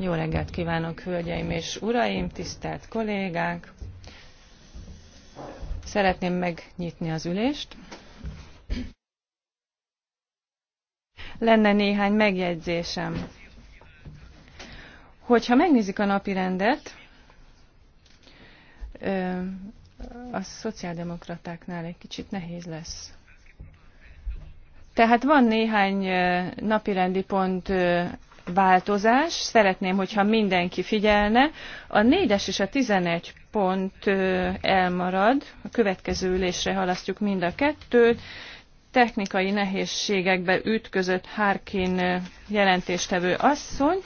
Jó reggelt kívánok, hölgyeim és uraim, tisztelt kollégák! Szeretném megnyitni az ülést. Lenne néhány megjegyzésem. Hogyha megnézik a napirendet, a szociáldemokratáknál egy kicsit nehéz lesz tehát van néhány napirendi pont változás, szeretném, hogyha mindenki figyelne. A 4-es és a 11 pont elmarad, a következő ülésre halasztjuk mind a kettőt. Technikai nehézségekbe ütközött Harkin jelentéstevő asszony,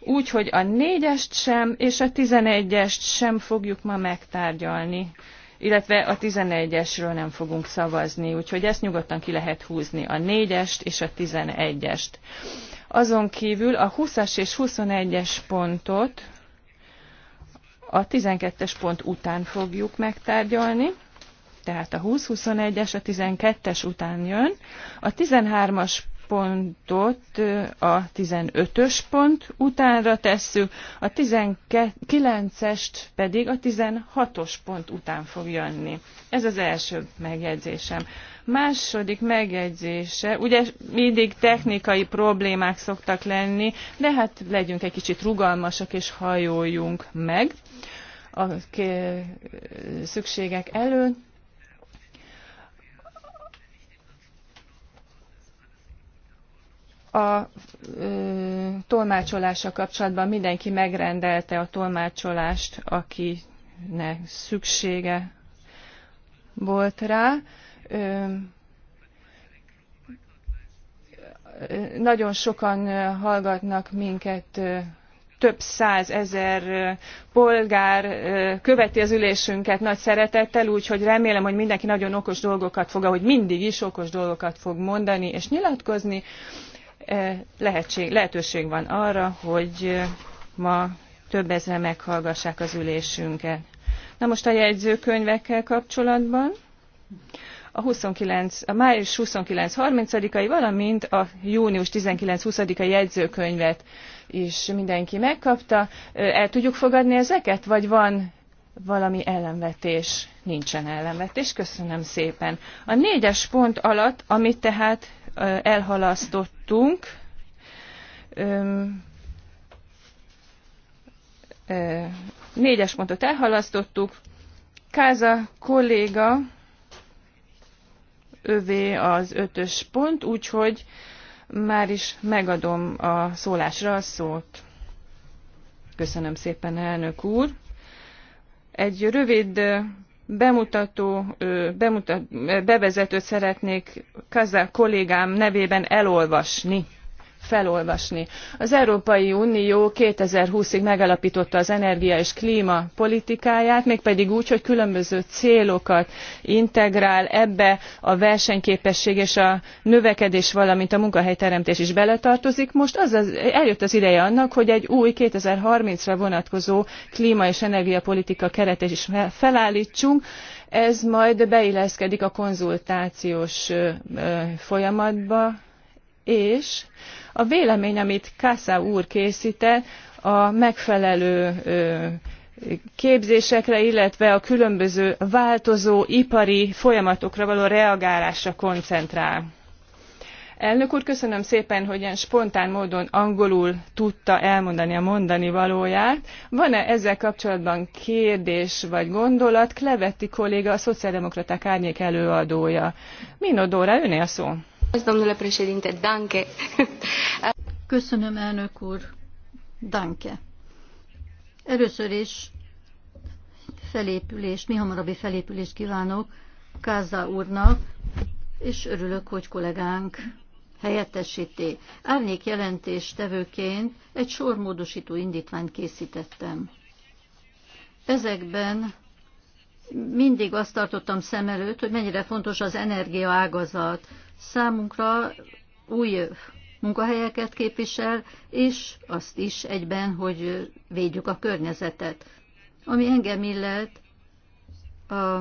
úgyhogy a 4-est sem és a 11-est sem fogjuk ma megtárgyalni illetve a 11-esről nem fogunk szavazni, úgyhogy ezt nyugodtan ki lehet húzni, a 4-est és a 11-est. Azon kívül a 20-as és 21-es pontot a 12-es pont után fogjuk megtárgyalni, tehát a 20-21-es a 12-es után jön. A 13-as pontot a 15-ös pont utánra tesszük, a 19-est pedig a 16-os pont után fog jönni. Ez az első megjegyzésem. Második megjegyzése, ugye mindig technikai problémák szoktak lenni, de hát legyünk egy kicsit rugalmasak és hajoljunk meg a szükségek előtt a ö, tolmácsolása kapcsolatban mindenki megrendelte a tolmácsolást, akinek szüksége volt rá. Ö, nagyon sokan hallgatnak minket, több százezer polgár követi az ülésünket nagy szeretettel, úgyhogy remélem, hogy mindenki nagyon okos dolgokat fog, ahogy mindig is okos dolgokat fog mondani és nyilatkozni lehetség, lehetőség van arra, hogy ma több ezre meghallgassák az ülésünket. Na most a jegyzőkönyvekkel kapcsolatban. A, 29, a május 29-30-ai, valamint a június 19-20-ai jegyzőkönyvet is mindenki megkapta. El tudjuk fogadni ezeket, vagy van valami ellenvetés? Nincsen ellenvetés, köszönöm szépen. A négyes pont alatt, amit tehát elhalasztott tudtunk. Négyes pontot elhalasztottuk. Káza kolléga övé az ötös pont, úgyhogy már is megadom a szólásra a szót. Köszönöm szépen, elnök úr. Egy rövid bemutató, bemutat, bevezetőt szeretnék Kazár kollégám nevében elolvasni felolvasni. Az Európai Unió 2020-ig megalapította az energia és klíma politikáját, mégpedig úgy, hogy különböző célokat integrál ebbe a versenyképesség és a növekedés, valamint a munkahelyteremtés is beletartozik. Most az az, eljött az ideje annak, hogy egy új 2030-ra vonatkozó klíma és energiapolitika keretet is felállítsunk, ez majd beilleszkedik a konzultációs folyamatba, és a vélemény, amit Kassa úr készített, a megfelelő képzésekre, illetve a különböző változó ipari folyamatokra való reagálásra koncentrál. Elnök úr, köszönöm szépen, hogy ilyen spontán módon angolul tudta elmondani a mondani valóját. Van-e ezzel kapcsolatban kérdés vagy gondolat? Klevetti kolléga, a szociáldemokraták árnyék előadója. Minodóra, öné a szó. Domnule președinte, danke. Köszönöm, elnök úr. Danke. Először is felépülést, mi hamarabbi felépülést kívánok Káza úrnak, és örülök, hogy kollégánk helyettesíti. Árnyék jelentés tevőként egy sor módosító indítványt készítettem. Ezekben mindig azt tartottam szem előtt, hogy mennyire fontos az energiaágazat, számunkra új munkahelyeket képvisel, és azt is egyben, hogy védjük a környezetet. Ami engem illet, a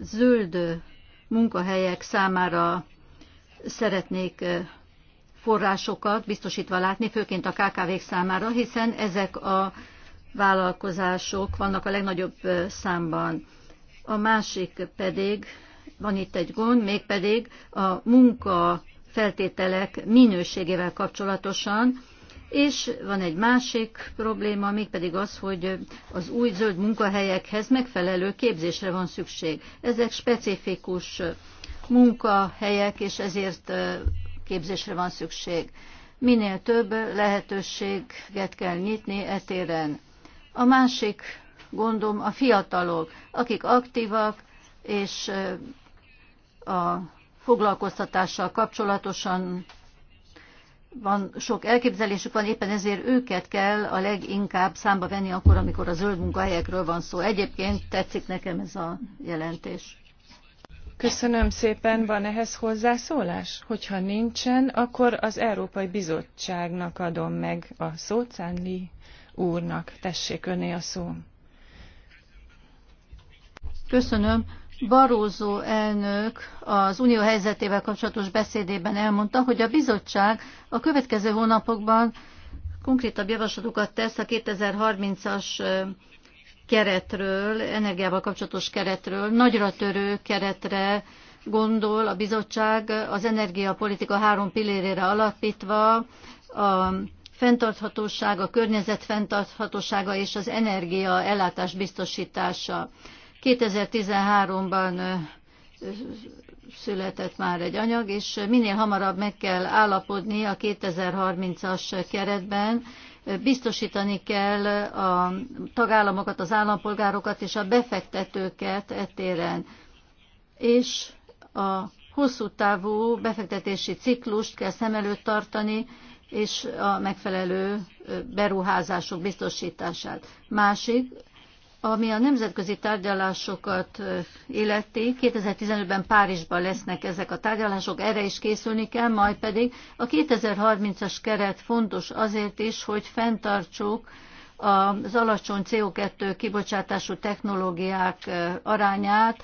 zöld munkahelyek számára szeretnék forrásokat biztosítva látni, főként a kkv számára, hiszen ezek a vállalkozások vannak a legnagyobb számban. A másik pedig van itt egy gond, mégpedig a munka feltételek minőségével kapcsolatosan, és van egy másik probléma, mégpedig az, hogy az új zöld munkahelyekhez megfelelő képzésre van szükség. Ezek specifikus munkahelyek, és ezért képzésre van szükség. Minél több lehetőséget kell nyitni etéren. A másik gondom a fiatalok, akik aktívak, és a foglalkoztatással kapcsolatosan van sok elképzelésük van, éppen ezért őket kell a leginkább számba venni akkor, amikor a zöld munkahelyekről van szó. Egyébként tetszik nekem ez a jelentés. Köszönöm szépen. Van ehhez hozzászólás? Hogyha nincsen, akkor az Európai Bizottságnak adom meg a szót, Szánli úrnak. Tessék öné a szó. Köszönöm. Barózó elnök az unió helyzetével kapcsolatos beszédében elmondta, hogy a bizottság a következő hónapokban konkrétabb javaslatokat tesz a 2030-as keretről, energiával kapcsolatos keretről, nagyra törő keretre gondol a bizottság az energiapolitika három pillérére alapítva, a fenntarthatóság, a környezet fenntarthatósága és az energia ellátás biztosítása. 2013-ban született már egy anyag, és minél hamarabb meg kell állapodni a 2030-as keretben, biztosítani kell a tagállamokat, az állampolgárokat és a befektetőket ettéren. És a hosszú távú befektetési ciklust kell szem előtt tartani, és a megfelelő beruházások biztosítását. Másik, ami a nemzetközi tárgyalásokat illeti, 2015-ben Párizsban lesznek ezek a tárgyalások, erre is készülni kell, majd pedig a 2030-as keret fontos azért is, hogy fenntartsuk az alacsony CO2 kibocsátású technológiák arányát,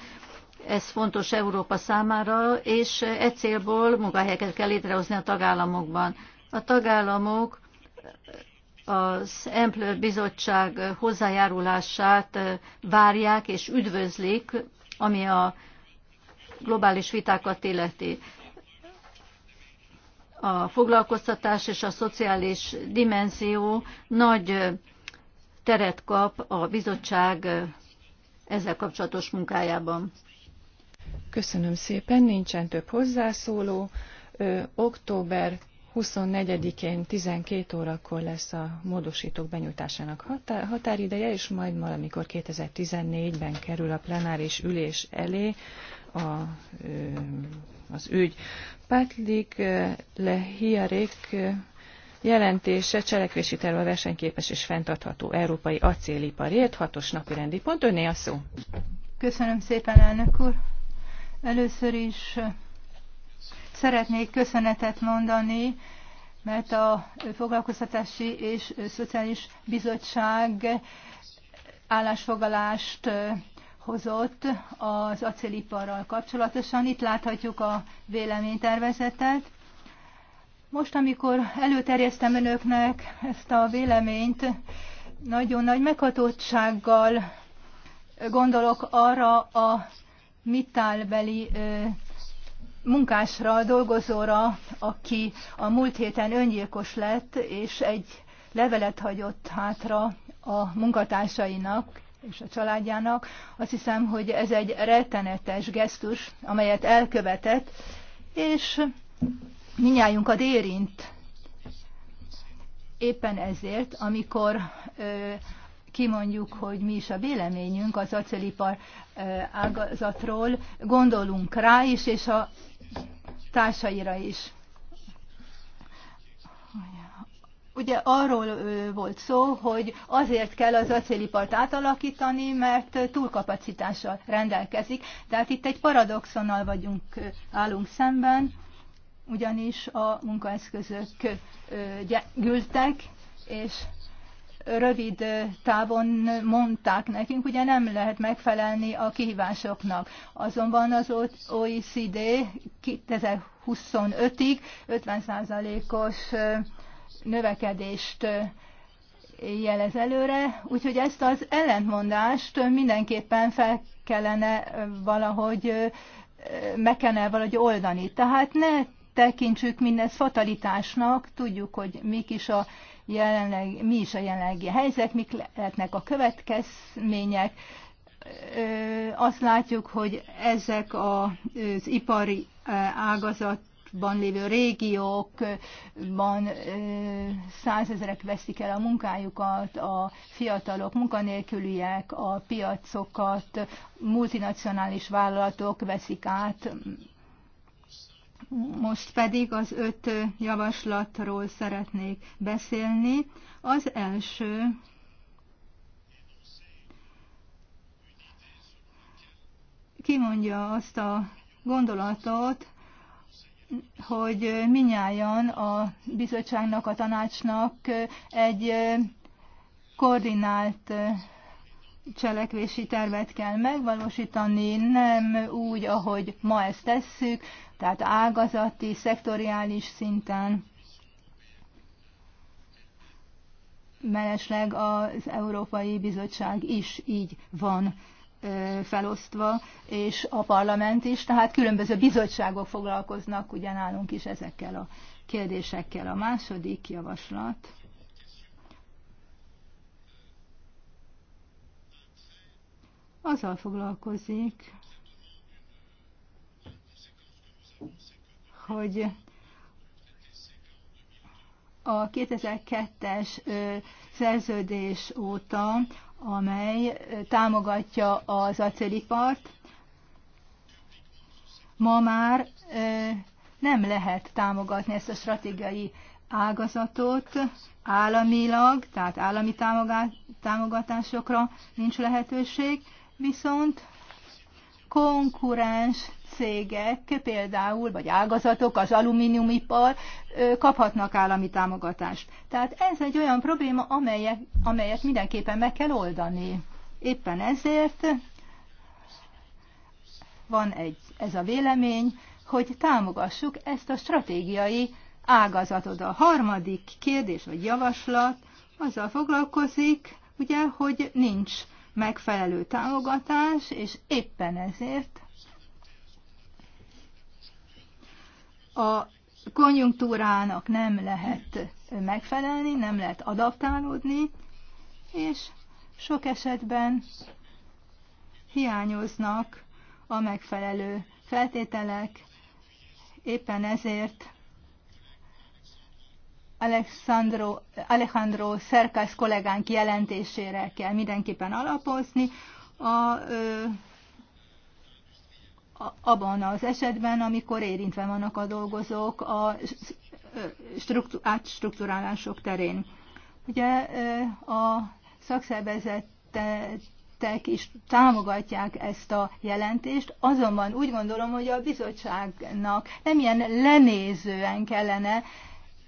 ez fontos Európa számára, és e célból munkahelyeket kell létrehozni a tagállamokban. A tagállamok az emplő bizottság hozzájárulását várják és üdvözlik, ami a globális vitákat illeti. A foglalkoztatás és a szociális dimenzió nagy teret kap a bizottság ezzel kapcsolatos munkájában. Köszönöm szépen, nincsen több hozzászóló. Ö, október 24-én 12 órakor lesz a módosítók benyújtásának határideje, és majd valamikor 2014-ben kerül a plenáris ülés elé a, az ügy. Pátlik Lehiarék jelentése cselekvési terve a versenyképes és fenntartható európai acéliparért, hatos napi rendi pont. Önné a szó. Köszönöm szépen, elnök úr. Először is Szeretnék köszönetet mondani, mert a Foglalkoztatási és Szociális Bizottság állásfoglalást hozott az acéliparral kapcsolatosan. Itt láthatjuk a véleménytervezetet. Most, amikor előterjesztem önöknek ezt a véleményt, nagyon nagy meghatottsággal gondolok arra a mitálbeli munkásra, dolgozóra, aki a múlt héten öngyilkos lett, és egy levelet hagyott hátra a munkatársainak és a családjának. Azt hiszem, hogy ez egy rettenetes gesztus, amelyet elkövetett, és minnyájunkat érint. Éppen ezért, amikor ö, kimondjuk, hogy mi is a véleményünk az acélipar ágazatról, gondolunk rá is, és a társaira is. Ugye arról volt szó, hogy azért kell az acélipart átalakítani, mert túlkapacitással rendelkezik. Tehát itt egy paradoxonnal vagyunk, állunk szemben, ugyanis a munkaeszközök gyengültek, és rövid távon mondták nekünk, ugye nem lehet megfelelni a kihívásoknak. Azonban az OECD 2025-ig 50%-os növekedést jelez előre, úgyhogy ezt az ellentmondást mindenképpen fel kellene valahogy meg kellene valahogy oldani. Tehát ne tekintsük mindezt fatalitásnak, tudjuk, hogy mik is a jelenleg, mi is a jelenlegi helyzet, mik lehetnek a következmények. Azt látjuk, hogy ezek az ipari ágazat ban lévő régiókban százezerek veszik el a munkájukat, a fiatalok munkanélküliek, a piacokat, multinacionális vállalatok veszik át most pedig az öt javaslatról szeretnék beszélni. Az első kimondja azt a gondolatot, hogy minnyáján a bizottságnak, a tanácsnak egy koordinált cselekvési tervet kell megvalósítani, nem úgy, ahogy ma ezt tesszük, tehát ágazati, szektoriális szinten. Mellesleg az Európai Bizottság is így van felosztva, és a parlament is, tehát különböző bizottságok foglalkoznak ugyanálunk is ezekkel a kérdésekkel. A második javaslat azzal foglalkozik, hogy a 2002-es szerződés óta, amely támogatja az acélipart, ma már nem lehet támogatni ezt a stratégiai ágazatot államilag, tehát állami támogatásokra nincs lehetőség, viszont konkurens cégek például, vagy ágazatok, az alumíniumipar kaphatnak állami támogatást. Tehát ez egy olyan probléma, amelyet, amelyet mindenképpen meg kell oldani. Éppen ezért van egy, ez a vélemény, hogy támogassuk ezt a stratégiai ágazatot. A harmadik kérdés vagy javaslat azzal foglalkozik, ugye, hogy nincs megfelelő támogatás, és éppen ezért a konjunktúrának nem lehet megfelelni, nem lehet adaptálódni, és sok esetben hiányoznak a megfelelő feltételek, éppen ezért Alexandro, Alejandro Szerkás kollégánk jelentésére kell mindenképpen alapozni. A, ö, abban az esetben, amikor érintve vannak a dolgozók a struktú, átstruktúrálások terén. Ugye a szakszervezetek is támogatják ezt a jelentést, azonban úgy gondolom, hogy a bizottságnak nem ilyen lenézően kellene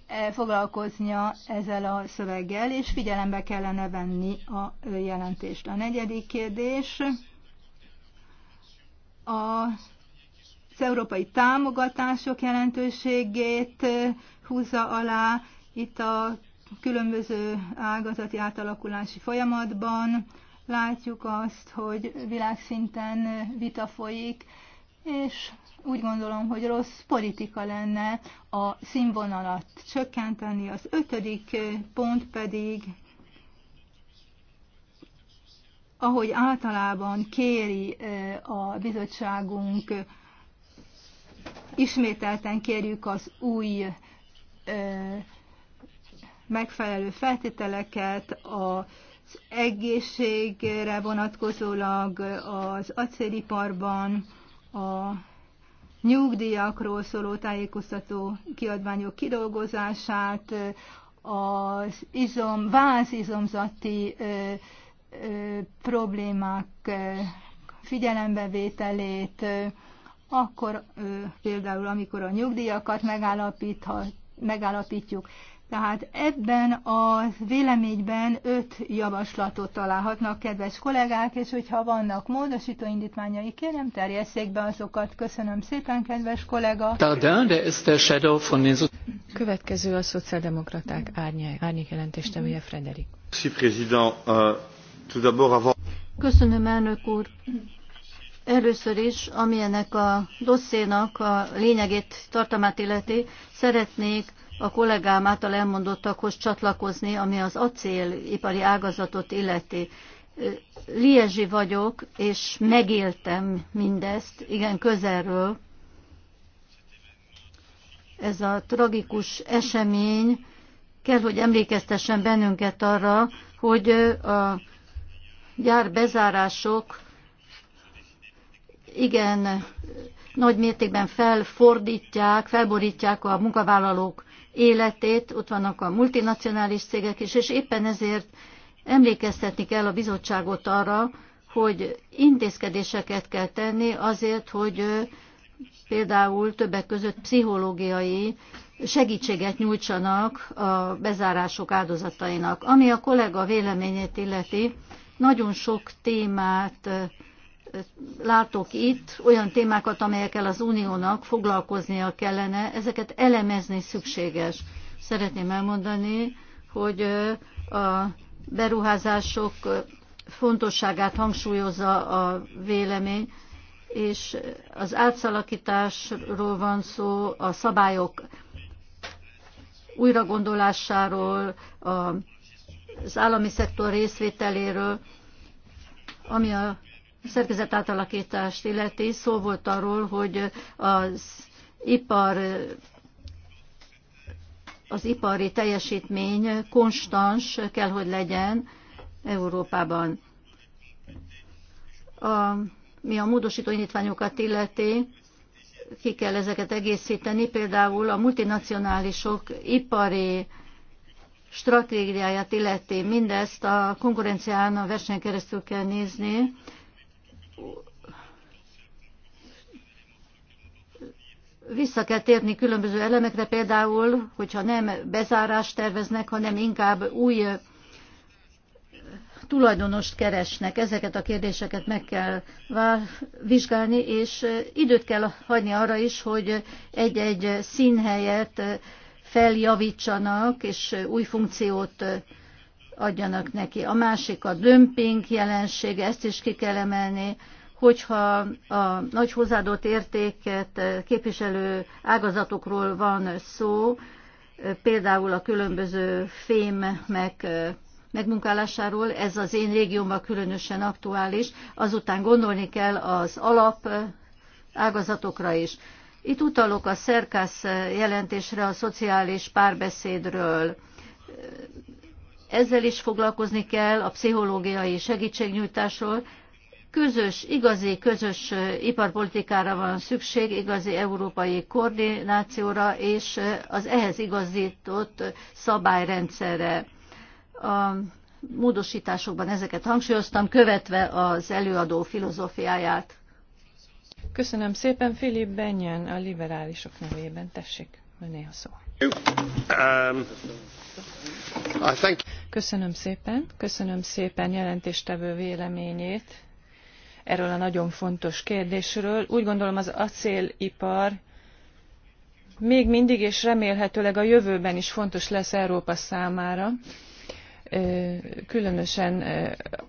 E, foglalkoznia ezzel a szöveggel, és figyelembe kellene venni a jelentést. A negyedik kérdés az európai támogatások jelentőségét húzza alá itt a különböző ágazati átalakulási folyamatban. Látjuk azt, hogy világszinten vita folyik, és úgy gondolom, hogy rossz politika lenne a színvonalat csökkenteni. Az ötödik pont pedig, ahogy általában kéri e, a bizottságunk, ismételten kérjük az új e, megfelelő feltételeket, a az egészségre vonatkozólag az acéliparban, a nyugdíjakról szóló tájékoztató kiadványok kidolgozását, az izom, vázizomzati ö, ö, problémák ö, figyelembevételét, ö, akkor ö, például, amikor a nyugdíjakat megállapíthat, megállapítjuk. Tehát ebben a véleményben öt javaslatot találhatnak, kedves kollégák, és hogyha vannak módosító indítványai, kérem terjesszék be azokat. Köszönöm szépen, kedves kollega. Következő a szociáldemokraták árnyék, árnyék jelentéstevője Frederik. Euh, Köszönöm, elnök úr. Először is, ami ennek a dosszénak a lényegét, tartalmát illeti, szeretnék a kollégám által elmondottakhoz csatlakozni, ami az acélipari ágazatot illeti. Liezsi vagyok, és megéltem mindezt, igen közelről. Ez a tragikus esemény kell, hogy emlékeztessen bennünket arra, hogy a gyár bezárások igen nagy mértékben felfordítják, felborítják a munkavállalók életét, ott vannak a multinacionális cégek is, és éppen ezért emlékeztetni kell a bizottságot arra, hogy intézkedéseket kell tenni azért, hogy például többek között pszichológiai segítséget nyújtsanak a bezárások áldozatainak. Ami a kollega véleményét illeti, nagyon sok témát látok itt olyan témákat, amelyekkel az uniónak foglalkoznia kellene, ezeket elemezni szükséges. Szeretném elmondani, hogy a beruházások fontosságát hangsúlyozza a vélemény, és az átszalakításról van szó, a szabályok újragondolásáról, az állami szektor részvételéről, ami a szerkezet átalakítást illeti, szó volt arról, hogy az ipar az ipari teljesítmény konstans kell, hogy legyen Európában. A, mi a módosító indítványokat illeti, ki kell ezeket egészíteni, például a multinacionálisok ipari stratégiáját illeti. Mindezt a konkurencián a verseny keresztül kell nézni, vissza kell térni különböző elemekre, például, hogyha nem bezárást terveznek, hanem inkább új eh, tulajdonost keresnek. Ezeket a kérdéseket meg kell vizsgálni, és eh, időt kell hagyni arra is, hogy egy-egy színhelyet eh, feljavítsanak, és új funkciót adjanak neki. A másik a dömping jelensége, ezt is ki kell emelni, hogyha a nagy hozzáadott értéket képviselő ágazatokról van szó, például a különböző fémek megmunkálásáról, ez az én régiómban különösen aktuális, azután gondolni kell az alap ágazatokra is. Itt utalok a szerkász jelentésre a szociális párbeszédről ezzel is foglalkozni kell, a pszichológiai segítségnyújtásról. Közös, igazi, közös iparpolitikára van szükség, igazi európai koordinációra és az ehhez igazított szabályrendszerre. A módosításokban ezeket hangsúlyoztam, követve az előadó filozófiáját. Köszönöm szépen, Filip Benyen a liberálisok nevében. Tessék, öné a szó. Um, Köszönöm szépen, köszönöm szépen jelentéstevő véleményét erről a nagyon fontos kérdésről. Úgy gondolom az acélipar még mindig és remélhetőleg a jövőben is fontos lesz Európa számára, különösen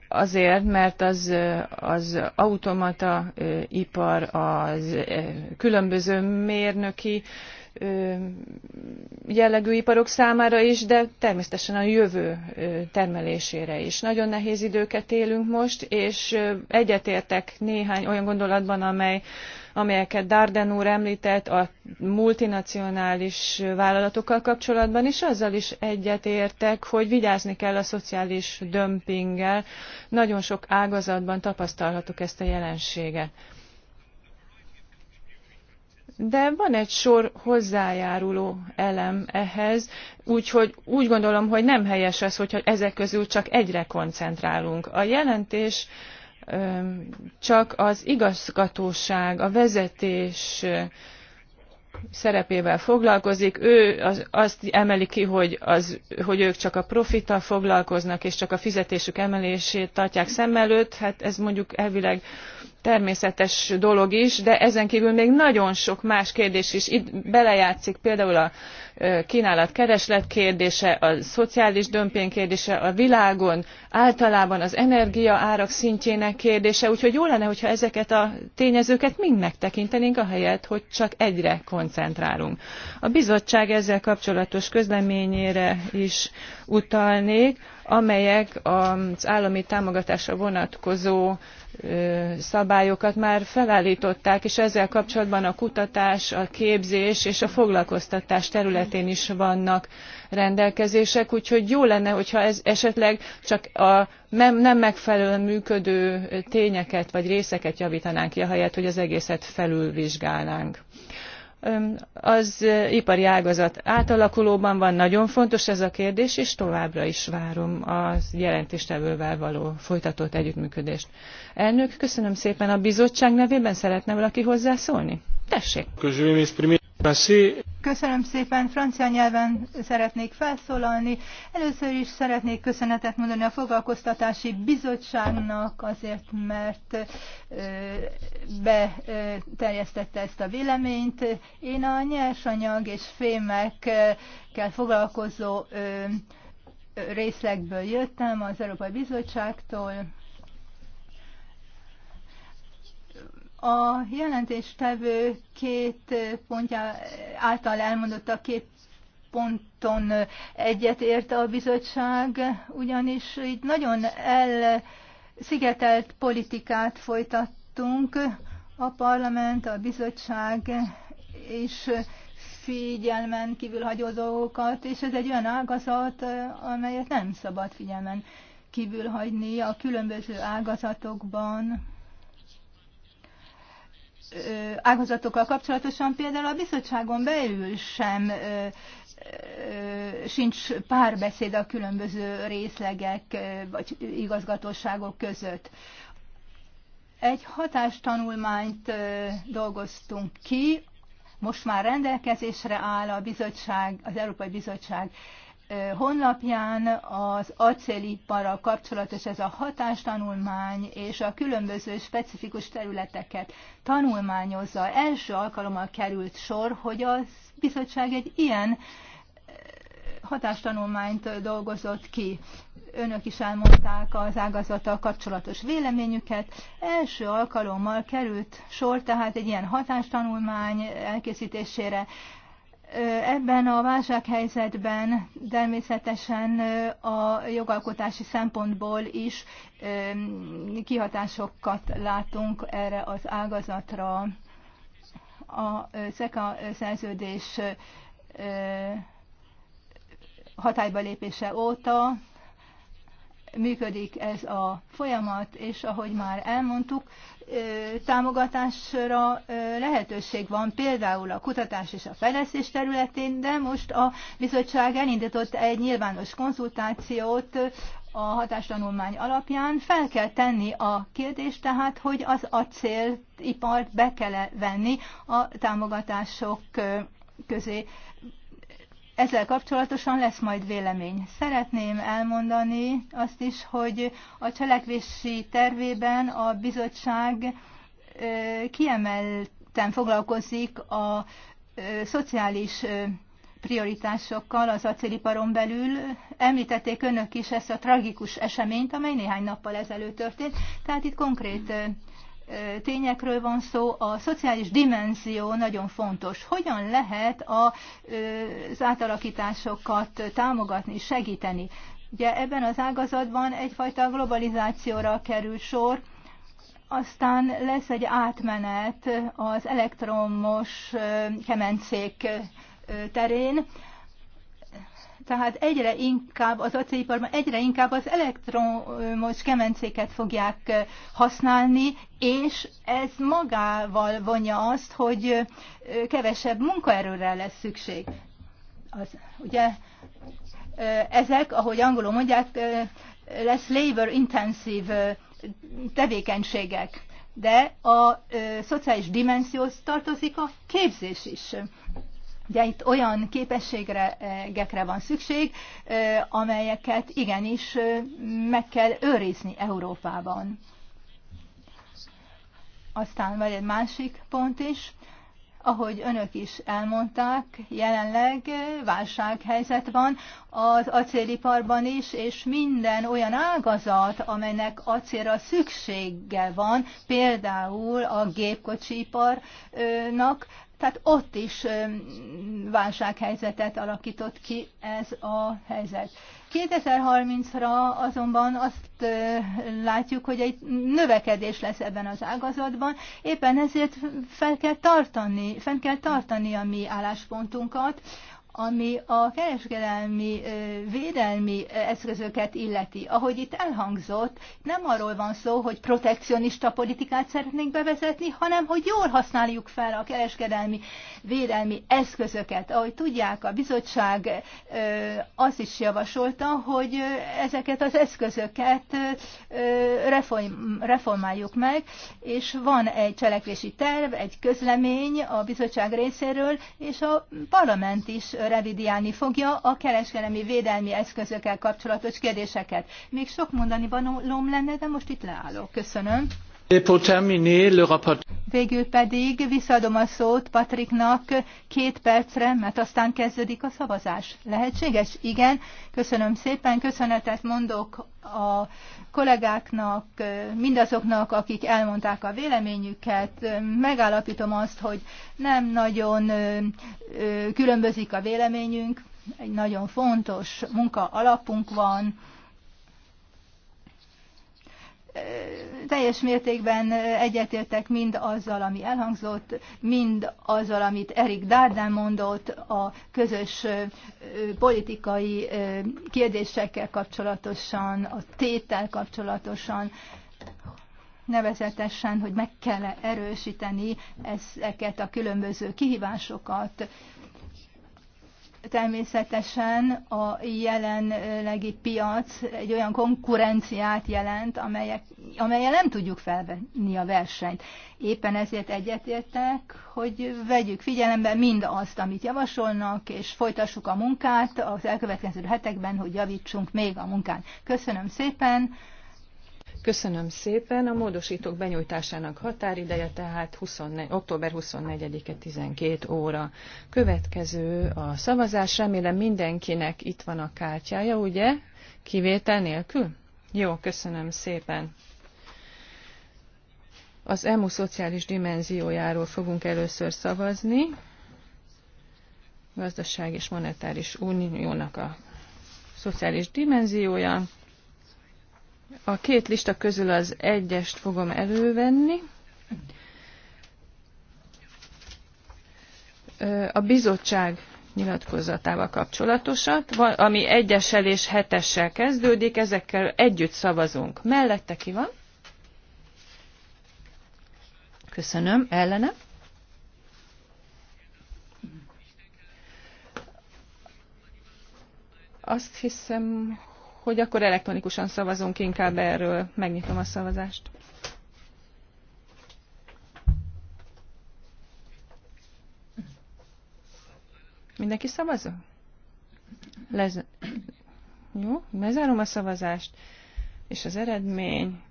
azért, mert az, az automata ipar, az különböző mérnöki jellegű iparok számára is, de természetesen a jövő termelésére is. Nagyon nehéz időket élünk most, és egyetértek néhány olyan gondolatban, amely, amelyeket Darden úr említett a multinacionális vállalatokkal kapcsolatban, és azzal is egyetértek, hogy vigyázni kell a szociális dömpinggel. Nagyon sok ágazatban tapasztalhatok ezt a jelenséget de van egy sor hozzájáruló elem ehhez, úgyhogy úgy gondolom, hogy nem helyes az, hogyha ezek közül csak egyre koncentrálunk. A jelentés csak az igazgatóság, a vezetés szerepével foglalkozik. Ő az, azt emeli ki, hogy, az, hogy ők csak a profittal foglalkoznak, és csak a fizetésük emelését tartják szem előtt. Hát ez mondjuk elvileg természetes dolog is, de ezen kívül még nagyon sok más kérdés is itt belejátszik, például a kínálat-kereslet kérdése, a szociális dömping kérdése, a világon általában az energia árak szintjének kérdése, úgyhogy jó lenne, hogyha ezeket a tényezőket mind megtekintenénk, ahelyett, hogy csak egyre koncentrálunk. A bizottság ezzel kapcsolatos közleményére is utalnék, amelyek az állami támogatásra vonatkozó szabályokat már felállították, és ezzel kapcsolatban a kutatás, a képzés és a foglalkoztatás területén is vannak rendelkezések, úgyhogy jó lenne, hogyha ez esetleg csak a nem megfelelően működő tényeket vagy részeket javítanánk ki, ahelyett, hogy az egészet felülvizsgálnánk az ipari ágazat átalakulóban van nagyon fontos ez a kérdés és továbbra is várom a jelentéstevővel való folytatott együttműködést. elnök köszönöm szépen a bizottság nevében szeretne valaki hozzászólni? tessék! Köszönöm szépen, francia nyelven szeretnék felszólalni. Először is szeretnék köszönetet mondani a foglalkoztatási bizottságnak azért, mert beterjesztette ezt a véleményt. Én a nyersanyag és fémekkel foglalkozó részlegből jöttem az Európai Bizottságtól, A jelentéstevő két pontja által elmondott a két ponton egyetért a bizottság, ugyanis itt nagyon elszigetelt politikát folytattunk. A parlament, a bizottság is figyelmen kívül hagyó dolgokat, és ez egy olyan ágazat, amelyet nem szabad figyelmen kívül hagyni a különböző ágazatokban ágazatokkal kapcsolatosan például a bizottságon belül sem sincs párbeszéd a különböző részlegek vagy igazgatóságok között. Egy hatástanulmányt dolgoztunk ki, most már rendelkezésre áll a bizottság, az Európai Bizottság honlapján az acéliparral kapcsolatos ez a hatástanulmány és a különböző specifikus területeket tanulmányozza. Első alkalommal került sor, hogy a bizottság egy ilyen hatástanulmányt dolgozott ki. Önök is elmondták az ágazattal kapcsolatos véleményüket. Első alkalommal került sor tehát egy ilyen hatástanulmány elkészítésére. Ebben a válsághelyzetben természetesen a jogalkotási szempontból is kihatásokat látunk erre az ágazatra. A SZEKA szerződés hatályba lépése óta működik ez a folyamat, és ahogy már elmondtuk, támogatásra lehetőség van például a kutatás és a fejlesztés területén, de most a bizottság elindított egy nyilvános konzultációt a hatástanulmány alapján fel kell tenni a kérdést, tehát hogy az acélipart be kell -e venni a támogatások közé ezzel kapcsolatosan lesz majd vélemény. Szeretném elmondani azt is, hogy a cselekvési tervében a bizottság kiemelten foglalkozik a szociális prioritásokkal az acéliparon belül. Említették önök is ezt a tragikus eseményt, amely néhány nappal ezelőtt történt. Tehát itt konkrét tényekről van szó, a szociális dimenzió nagyon fontos. Hogyan lehet az átalakításokat támogatni, segíteni? Ugye ebben az ágazatban egyfajta globalizációra kerül sor, aztán lesz egy átmenet az elektromos kemencék terén tehát egyre inkább az acéliparban egyre inkább az elektromos kemencéket fogják használni, és ez magával vonja azt, hogy kevesebb munkaerőre lesz szükség. Az, ugye ezek, ahogy angolul mondják, lesz labor intensive tevékenységek, de a szociális dimenzióhoz tartozik a képzés is. Ugye itt olyan képességre eh, van szükség, eh, amelyeket igenis eh, meg kell őrizni Európában. Aztán van egy másik pont is, ahogy önök is elmondták, jelenleg válsághelyzet van az acéliparban is, és minden olyan ágazat, amelynek acélra szüksége van, például a gépkocsiparnak tehát ott is válsághelyzetet alakított ki ez a helyzet. 2030-ra azonban azt látjuk, hogy egy növekedés lesz ebben az ágazatban, éppen ezért fel kell tartani, fel kell tartani a mi álláspontunkat, ami a kereskedelmi védelmi eszközöket illeti. Ahogy itt elhangzott, nem arról van szó, hogy protekcionista politikát szeretnénk bevezetni, hanem hogy jól használjuk fel a kereskedelmi védelmi eszközöket. Ahogy tudják, a bizottság azt is javasolta, hogy ezeket az eszközöket reformáljuk meg, és van egy cselekvési terv, egy közlemény a bizottság részéről, és a parlament is revidiálni fogja a kereskedelmi védelmi eszközökkel kapcsolatos kérdéseket. Még sok mondani valóm lenne, de most itt leállok. Köszönöm. Végül pedig visszaadom a szót Patriknak két percre, mert aztán kezdődik a szavazás. Lehetséges? Igen. Köszönöm szépen. Köszönetet mondok a kollégáknak, mindazoknak, akik elmondták a véleményüket. Megállapítom azt, hogy nem nagyon különbözik a véleményünk. Egy nagyon fontos munka alapunk van teljes mértékben egyetértek mind azzal, ami elhangzott, mind azzal, amit Erik Dárdán mondott a közös politikai kérdésekkel kapcsolatosan, a tétel kapcsolatosan, nevezetesen, hogy meg kell -e erősíteni ezeket a különböző kihívásokat, természetesen a jelenlegi piac egy olyan konkurenciát jelent, amelyek, amelyen nem tudjuk felvenni a versenyt. Éppen ezért egyetértek, hogy vegyük figyelembe mind azt, amit javasolnak, és folytassuk a munkát az elkövetkező hetekben, hogy javítsunk még a munkán. Köszönöm szépen! Köszönöm szépen. A módosítók benyújtásának határideje tehát 24, október 24-e 12 óra. Következő a szavazás. Remélem mindenkinek itt van a kártyája, ugye? Kivétel nélkül? Jó, köszönöm szépen. Az EMU szociális dimenziójáról fogunk először szavazni. Gazdaság és monetáris uniónak a szociális dimenziója. A két lista közül az egyest fogom elővenni. A bizottság nyilatkozatával kapcsolatosat, ami egyessel és hetessel kezdődik, ezekkel együtt szavazunk. Mellette ki van? Köszönöm. Ellene? Azt hiszem, hogy akkor elektronikusan szavazunk inkább erről. Megnyitom a szavazást. Mindenki szavazó? Lez... Jó, bezárom a szavazást, és az eredmény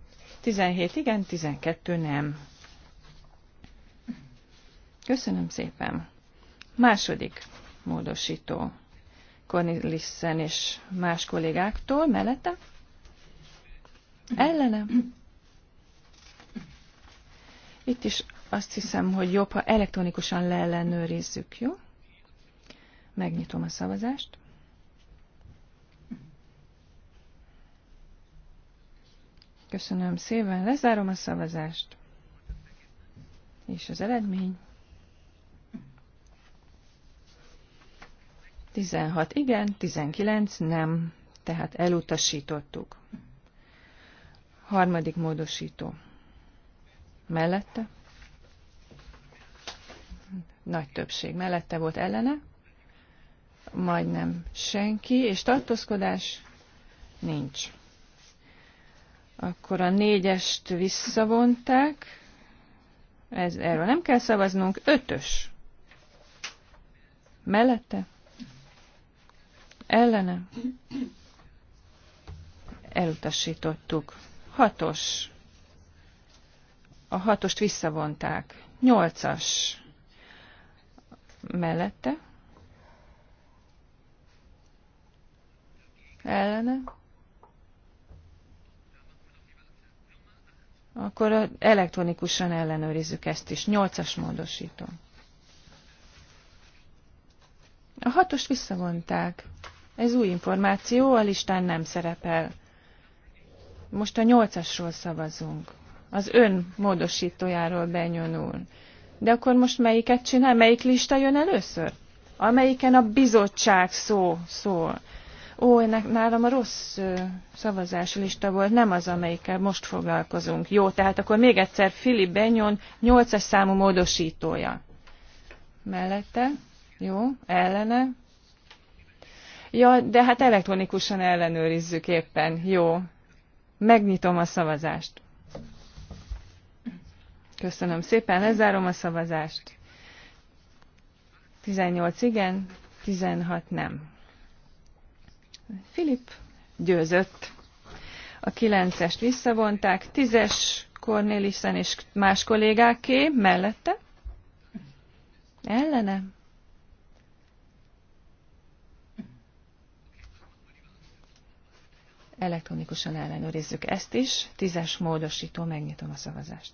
17 igen, 12 nem. Köszönöm szépen. Második módosító. Cornelissen és más kollégáktól mellette. Ellene. Itt is azt hiszem, hogy jobb, ha elektronikusan leellenőrizzük, jó? Megnyitom a szavazást. Köszönöm szépen, lezárom a szavazást. És az eredmény 16 igen, 19 nem, tehát elutasítottuk. Harmadik módosító. Mellette? Nagy többség mellette volt ellene. Majdnem senki, és tartózkodás nincs. Akkor a négyest visszavonták. Ez, erről nem kell szavaznunk. Ötös. Mellette? ellene elutasítottuk. Hatos. A hatost visszavonták. Nyolcas mellette. Ellene. Akkor elektronikusan ellenőrizzük ezt is. Nyolcas módosító. A hatost visszavonták. Ez új információ, a listán nem szerepel. Most a nyolcasról szavazunk. Az ön módosítójáról benyonul. De akkor most melyiket csinál? Melyik lista jön először? Amelyiken a bizottság szó szól. Ó, ennek nálam a rossz szavazási lista volt, nem az, amelyikkel most foglalkozunk. Jó, tehát akkor még egyszer Filip Benyon 8-as számú módosítója. Mellette, jó, ellene, Ja, de hát elektronikusan ellenőrizzük éppen. Jó. Megnyitom a szavazást. Köszönöm szépen, lezárom a szavazást. 18 igen, 16 nem. Filip győzött. A 9-est visszavonták, 10-es Cornelissen és más kollégáké mellette. Ellenem. Elektronikusan ellenőrizzük ezt is. Tízes módosító, megnyitom a szavazást.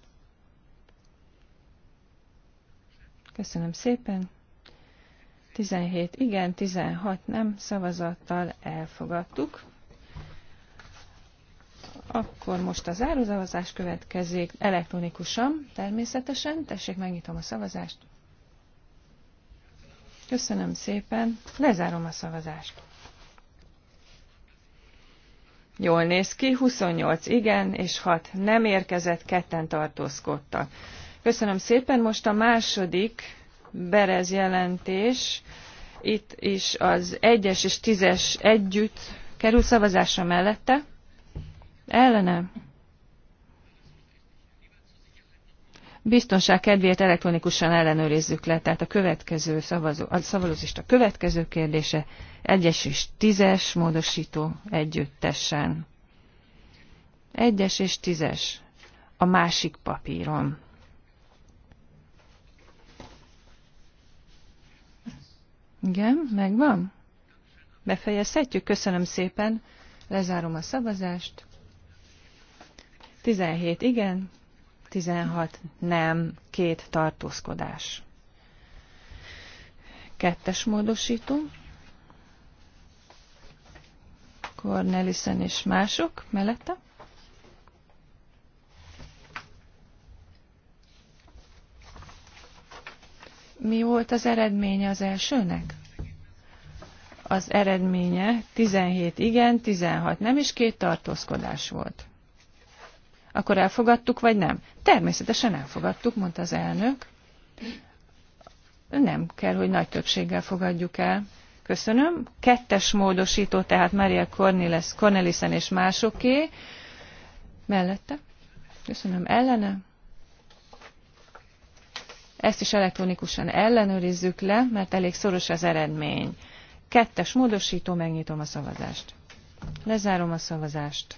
Köszönöm szépen. 17 igen, 16 nem szavazattal elfogadtuk. Akkor most a zárózavazás következik elektronikusan, természetesen. Tessék, megnyitom a szavazást. Köszönöm szépen. Lezárom a szavazást jól néz ki, 28 igen és 6 nem érkezett, ketten tartózkodtak. Köszönöm szépen, most a második Berez jelentés, itt is az 1-es és 10-es együtt kerül szavazásra mellette. Ellenem. biztonság kedvéért elektronikusan ellenőrizzük le. Tehát a következő szavazó, a következő kérdése, egyes és tízes módosító együttesen. Egyes és tízes a másik papíron. Igen, megvan. Befejezhetjük, köszönöm szépen. Lezárom a szavazást. 17 igen, 16 nem, két tartózkodás. Kettes módosító. Cornelissen és mások mellette. Mi volt az eredménye az elsőnek? Az eredménye 17 igen, 16 nem, is két tartózkodás volt. Akkor elfogadtuk, vagy nem? Természetesen elfogadtuk, mondta az elnök. Nem kell, hogy nagy többséggel fogadjuk el. Köszönöm. Kettes módosító, tehát Maria Cornelis, Cornelissen és másoké. Mellette. Köszönöm. Ellene. Ezt is elektronikusan ellenőrizzük le, mert elég szoros az eredmény. Kettes módosító, megnyitom a szavazást. Lezárom a szavazást.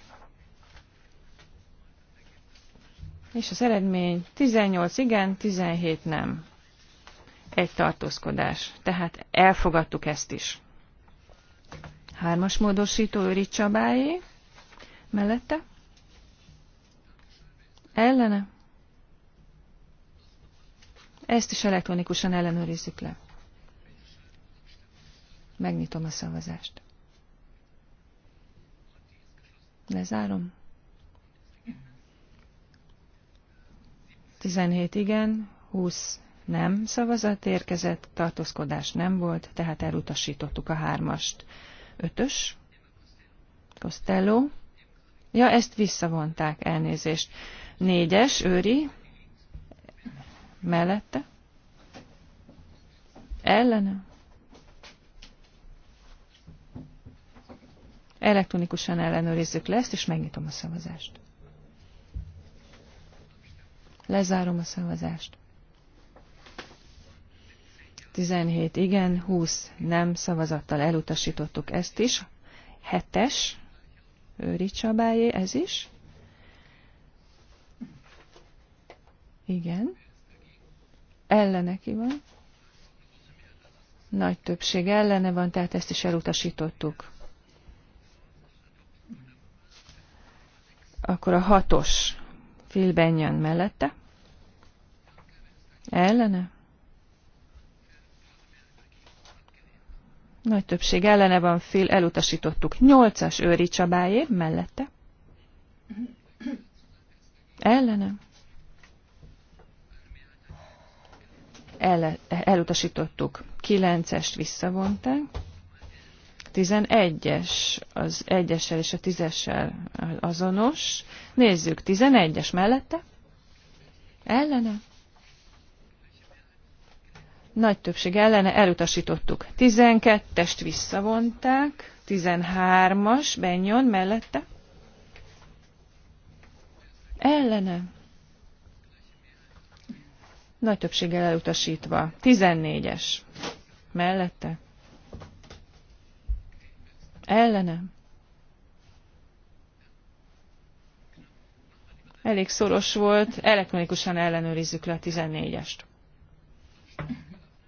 És az eredmény 18 igen, 17 nem. Egy tartózkodás. Tehát elfogadtuk ezt is. Hármas módosító Őri Csabáé. Mellette? Ellene? Ezt is elektronikusan ellenőrizzük le. Megnyitom a szavazást. Lezárom. 17 igen, 20 nem szavazat érkezett, tartózkodás nem volt, tehát elutasítottuk a hármast. Ötös, Costello. Ja, ezt visszavonták, elnézést. Négyes, Őri, mellette. Ellene. Elektronikusan ellenőrizzük le ezt, és megnyitom a szavazást. Lezárom a szavazást. 17 igen, 20 nem szavazattal elutasítottuk ezt is. Hetes, Őri Csabájé, ez is. Igen. Ellene ki van. Nagy többség ellene van, tehát ezt is elutasítottuk. Akkor a hatos Phil Benyon mellette. Ellene. Nagy többség ellene van, Phil, elutasítottuk. Nyolcas Őri Csabájé mellette. Ellene. El, elutasítottuk. Kilencest visszavonták. 11-es, az 1-essel és a 10-essel azonos. Nézzük, 11-es mellette. Ellene. Nagy többség ellene elutasítottuk. 12-est visszavonták, 13-as Benyon mellette. Ellene. Nagy többséggel elutasítva. 14-es. Mellette ellenem. Elég szoros volt, elektronikusan ellenőrizzük le a 14-est.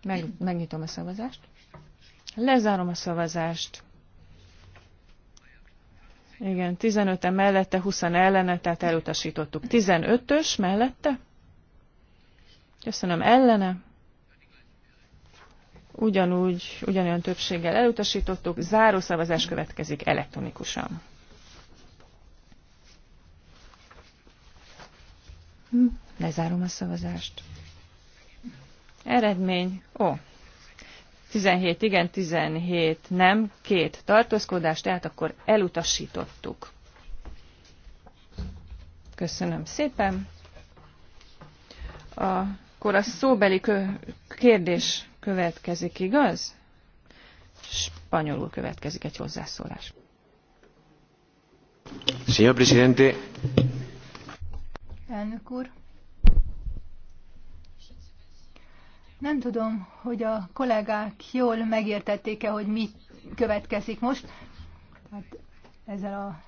Meg, megnyitom a szavazást. Lezárom a szavazást. Igen, 15 -e mellette, 20 ellene, tehát elutasítottuk. 15-ös mellette. Köszönöm, ellene ugyanúgy, ugyanolyan többséggel elutasítottuk, záró szavazás következik elektronikusan. Hm, lezárom a szavazást. Eredmény, ó, 17 igen, 17 nem, két tartózkodás, tehát akkor elutasítottuk. Köszönöm szépen. Akkor a szóbeli kérdés következik, igaz? Spanyolul következik egy hozzászólás. Señor presidente. Elnök úr. Nem tudom, hogy a kollégák jól megértették-e, hogy mi következik most. Hát ezzel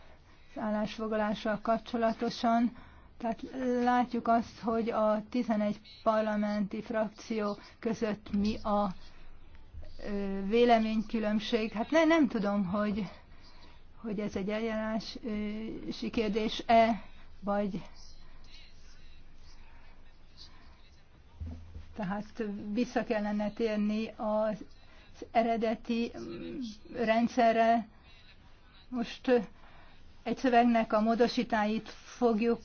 az állásfoglalással kapcsolatosan tehát látjuk azt, hogy a 11 parlamenti frakció között mi a véleménykülönbség. Hát ne, nem tudom, hogy, hogy ez egy eljárási kérdés-e, vagy tehát vissza kellene térni az eredeti rendszerre. Most egy szövegnek a módosítáit fogjuk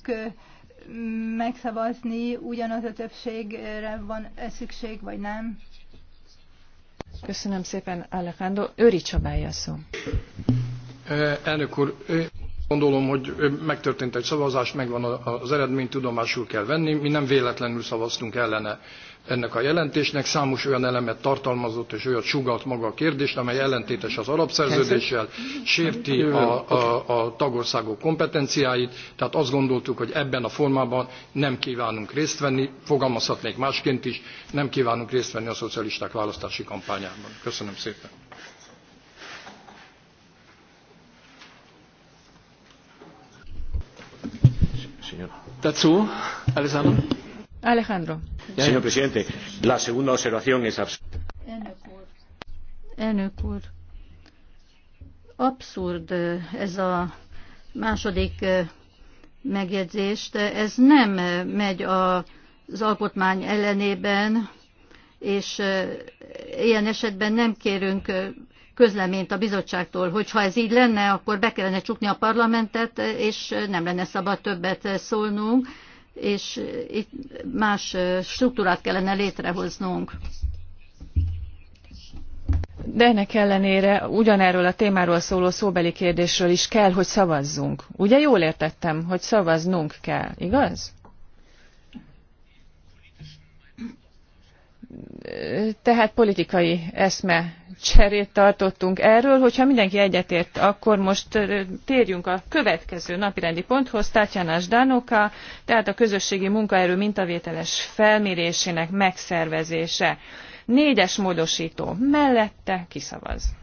megszavazni, ugyanaz a többségre van -e szükség, vagy nem? Köszönöm szépen, Alejandro. Őri Csabája szó. Elnök úr, gondolom, hogy megtörtént egy szavazás, megvan az eredmény, tudomásul kell venni. Mi nem véletlenül szavaztunk ellene ennek a jelentésnek számos olyan elemet tartalmazott és olyat sugalt maga a kérdést, amely ellentétes az alapszerződéssel, sérti a, a, a tagországok kompetenciáit, tehát azt gondoltuk, hogy ebben a formában nem kívánunk részt venni, fogalmazhatnék másként is, nem kívánunk részt venni a szocialisták választási kampányában. Köszönöm szépen. Dazu, Alessandro. Alejandro. Señor presidente, la segunda observación es absurda. Elnök úr. Abszurd eh, ez a második eh, megjegyzést. Ez nem eh, megy az alkotmány ellenében, és ilyen esetben nem kérünk közleményt a bizottságtól, hogyha ez így lenne, akkor be kellene csukni a parlamentet, és nem lenne szabad többet szólnunk, és itt más struktúrát kellene létrehoznunk. De ennek ellenére ugyanerről a témáról szóló szóbeli kérdésről is kell, hogy szavazzunk. Ugye jól értettem, hogy szavaznunk kell, igaz? tehát politikai eszme cserét tartottunk erről, hogyha mindenki egyetért, akkor most térjünk a következő napirendi ponthoz, Tatjana Zsdanoka, tehát a közösségi munkaerő mintavételes felmérésének megszervezése. Négyes módosító mellette kiszavaz.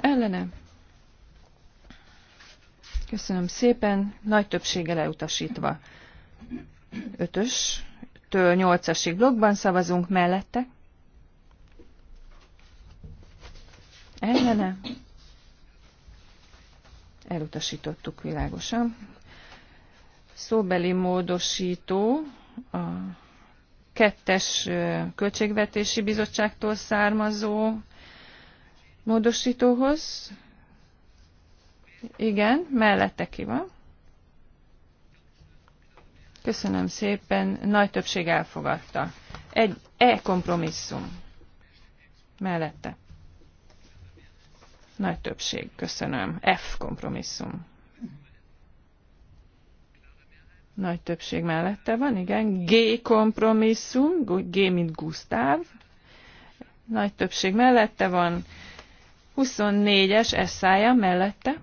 Ellenem. Köszönöm szépen, nagy többséggel elutasítva. Ötös 1-től 8-asig blokkban szavazunk mellette. Ellene. Elutasítottuk világosan. Szóbeli módosító a kettes költségvetési bizottságtól származó módosítóhoz. Igen, mellette ki van. Köszönöm szépen, nagy többség elfogadta. Egy E kompromisszum mellette. Nagy többség, köszönöm. F kompromisszum. Nagy többség mellette van, igen. G kompromisszum, G mint Gusztáv. Nagy többség mellette van. 24-es eszája mellette.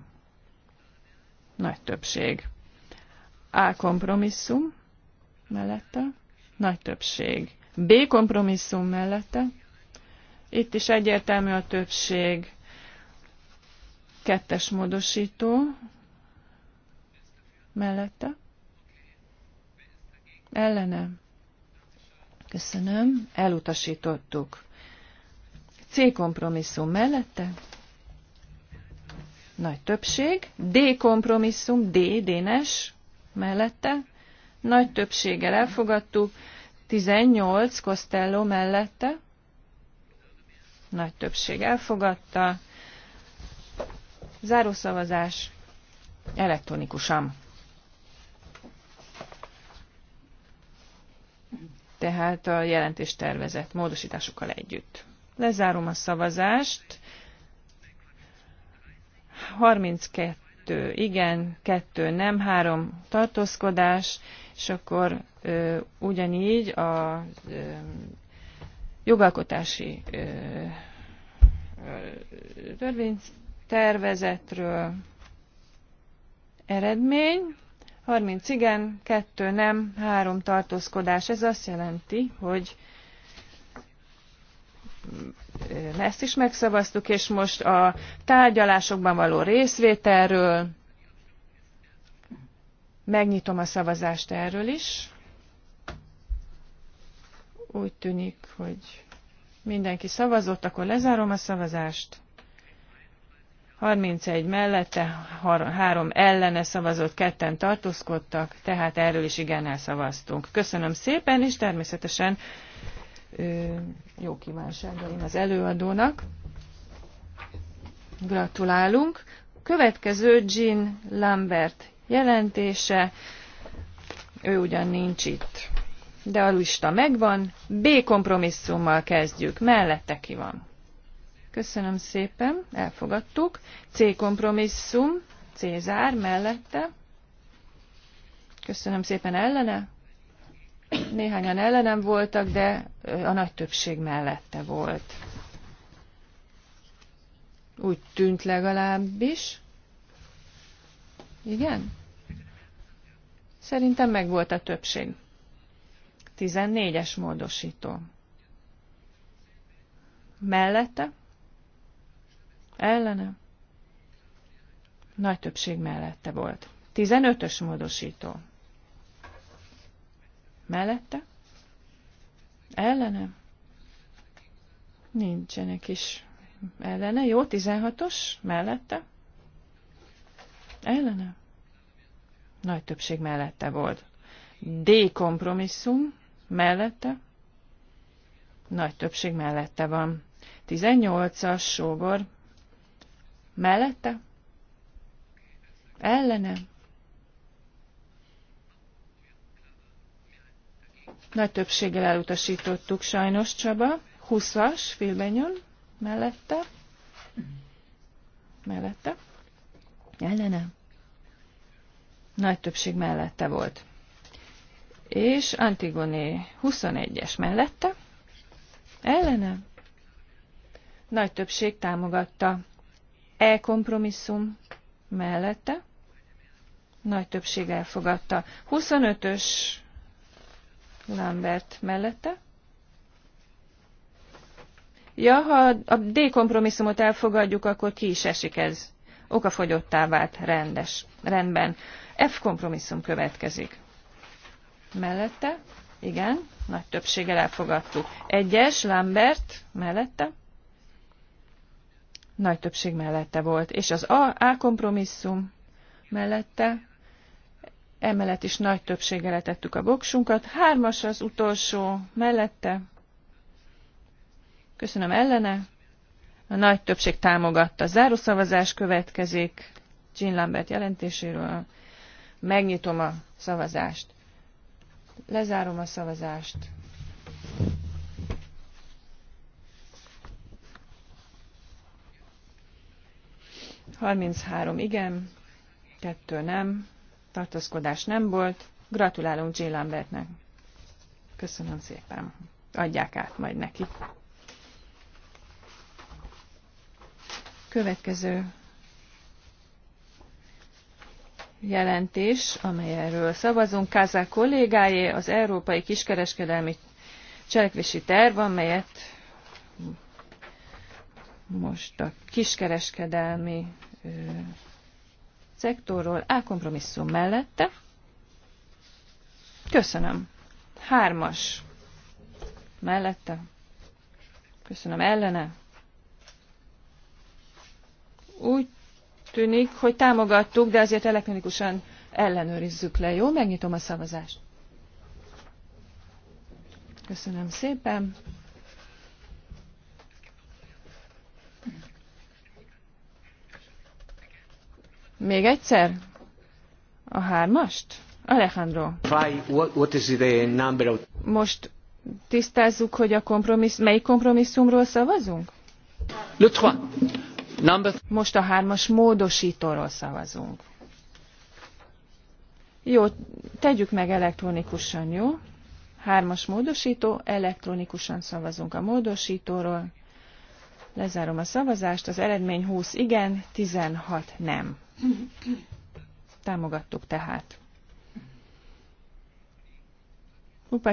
Nagy többség. A kompromisszum mellette, nagy többség. B kompromisszum mellette, itt is egyértelmű a többség. Kettes módosító mellette. Ellene. Köszönöm. Elutasítottuk. C kompromisszum mellette. Nagy többség. D kompromisszum. D, Dénes mellette, nagy többséggel elfogadtuk, 18 Costello mellette, nagy többség elfogadta, zárószavazás elektronikusan. Tehát a jelentés tervezett módosításokkal együtt. Lezárom a szavazást. 32 kettő igen, kettő nem, három tartózkodás, és akkor ö, ugyanígy a ö, jogalkotási ö, törvénytervezetről eredmény. 30 igen, 2 nem, 3 tartózkodás. Ez azt jelenti, hogy ezt is megszavaztuk, és most a tárgyalásokban való részvételről megnyitom a szavazást erről is. Úgy tűnik, hogy mindenki szavazott, akkor lezárom a szavazást. 31 mellette, 3 ellene szavazott, ketten tartózkodtak, tehát erről is igennel szavaztunk. Köszönöm szépen, és természetesen jó kívánságaim az előadónak. Gratulálunk. Következő Jean Lambert jelentése. Ő ugyan nincs itt, de a lista megvan. B kompromisszummal kezdjük. Mellette ki van. Köszönöm szépen, elfogadtuk. C kompromisszum, Cézár mellette. Köszönöm szépen ellene. Néhányan ellenem voltak, de a nagy többség mellette volt. Úgy tűnt legalábbis. Igen? Szerintem meg volt a többség. 14-es módosító. Mellette? Ellene? Nagy többség mellette volt. 15-ös módosító. Mellette? Ellene? Nincsenek is ellene. Jó, 16-os? Mellette? Ellene? Nagy többség mellette volt. D kompromisszum? Mellette? Nagy többség mellette van. 18-as sógor. Mellette? Ellene? Nagy többséggel elutasítottuk sajnos, Csaba. 20-as, Filbenyon, mellette. Mellette. Ellene. Nagy többség mellette volt. És Antigoné 21-es mellette. Ellene. Nagy többség támogatta. E kompromisszum mellette. Nagy többség elfogadta. 25-ös Lambert mellette. Ja, ha a D kompromisszumot elfogadjuk, akkor ki is esik ez. Okafogyottá vált, rendes, rendben. F kompromisszum következik. Mellette, igen, nagy többséggel elfogadtuk. Egyes, Lambert, mellette. Nagy többség mellette volt. És az A, A kompromisszum mellette, Emellett is nagy többséggel letettük a boksunkat. Hármas az utolsó mellette. Köszönöm ellene. A nagy többség támogatta. Zárószavazás következik Jean Lambert jelentéséről. Megnyitom a szavazást. Lezárom a szavazást. Harminchárom igen, kettő nem tartózkodás nem volt. Gratulálunk Jill Lambertnek. Köszönöm szépen. Adják át majd neki. Következő jelentés, amely erről szavazunk, Kázá kollégáé az Európai Kiskereskedelmi Cselekvési Terv, amelyet most a kiskereskedelmi szektorról A kompromisszum mellette. Köszönöm. Hármas mellette. Köszönöm ellene. Úgy tűnik, hogy támogattuk, de azért elektronikusan ellenőrizzük le. Jó, megnyitom a szavazást. Köszönöm szépen. Még egyszer? A hármast? Alejandro. Most tisztázzuk, hogy a kompromissz, melyik kompromisszumról szavazunk? Le trois. Number... Most a hármas módosítóról szavazunk. Jó, tegyük meg elektronikusan, jó? Hármas módosító, elektronikusan szavazunk a módosítóról. Lezárom a szavazást. Az eredmény 20 igen, 16 nem. Támogattuk tehát.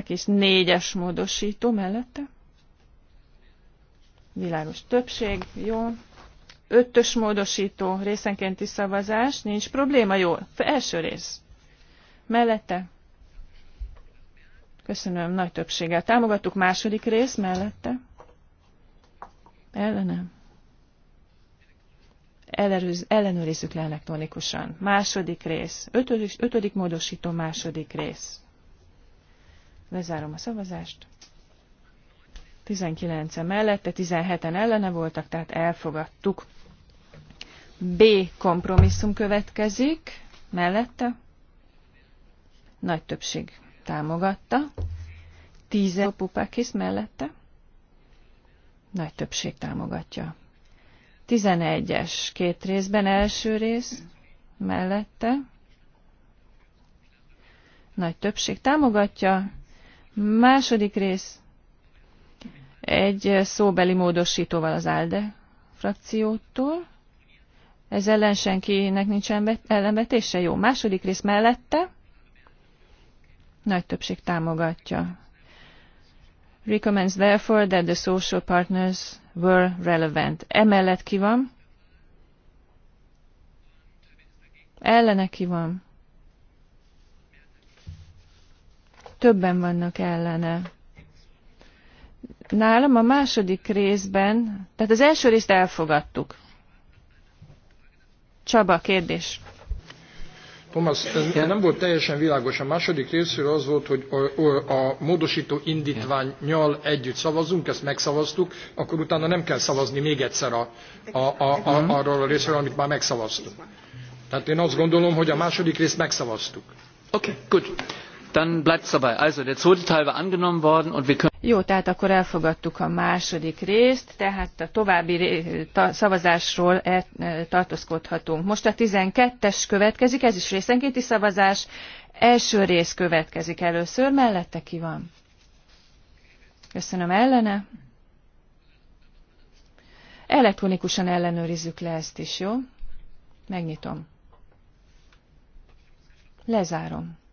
is négyes módosító mellette. Világos többség, jó. Ötös módosító, részenkénti szavazás, nincs probléma, jó. Első rész. Mellette. Köszönöm, nagy többséggel támogattuk. Második rész mellette. Ellenem? Ellerőz, ellenőrizzük le elektronikusan. Második rész. Ötödik, ötödik módosító második rész. Lezárom a szavazást. 19 mellette, 17-en ellene voltak, tehát elfogadtuk. B kompromisszum következik, mellette nagy többség támogatta, 10 Pupakis mellette, nagy többség támogatja. 11-es két részben első rész mellette nagy többség támogatja. Második rész egy szóbeli módosítóval az ALDE frakciótól. Ez ellen senkinek nincs ellenvetése? Jó. Második rész mellette nagy többség támogatja recommends therefore that the social partners were relevant. Emellett ki van? Ellene ki van? Többen vannak ellene. Nálam a második részben, tehát az első részt elfogadtuk. Csaba, kérdés. Thomas, ez nem volt teljesen világos. A második részről az volt, hogy a, a módosító indítványjal együtt szavazunk, ezt megszavaztuk, akkor utána nem kell szavazni még egyszer a, a, a, a, arról a részről, amit már megszavaztunk. Tehát én azt gondolom, hogy a második részt megszavaztuk. Oké, okay, good. Jó, tehát akkor elfogadtuk a második részt, tehát a további szavazásról e-, e, tartózkodhatunk. Most a tizenkettes következik, ez is részenkénti szavazás. Első rész következik először, mellette ki van? Köszönöm, ellene. Elektronikusan ellenőrizzük le ezt is, jó? Megnyitom. Lezárom.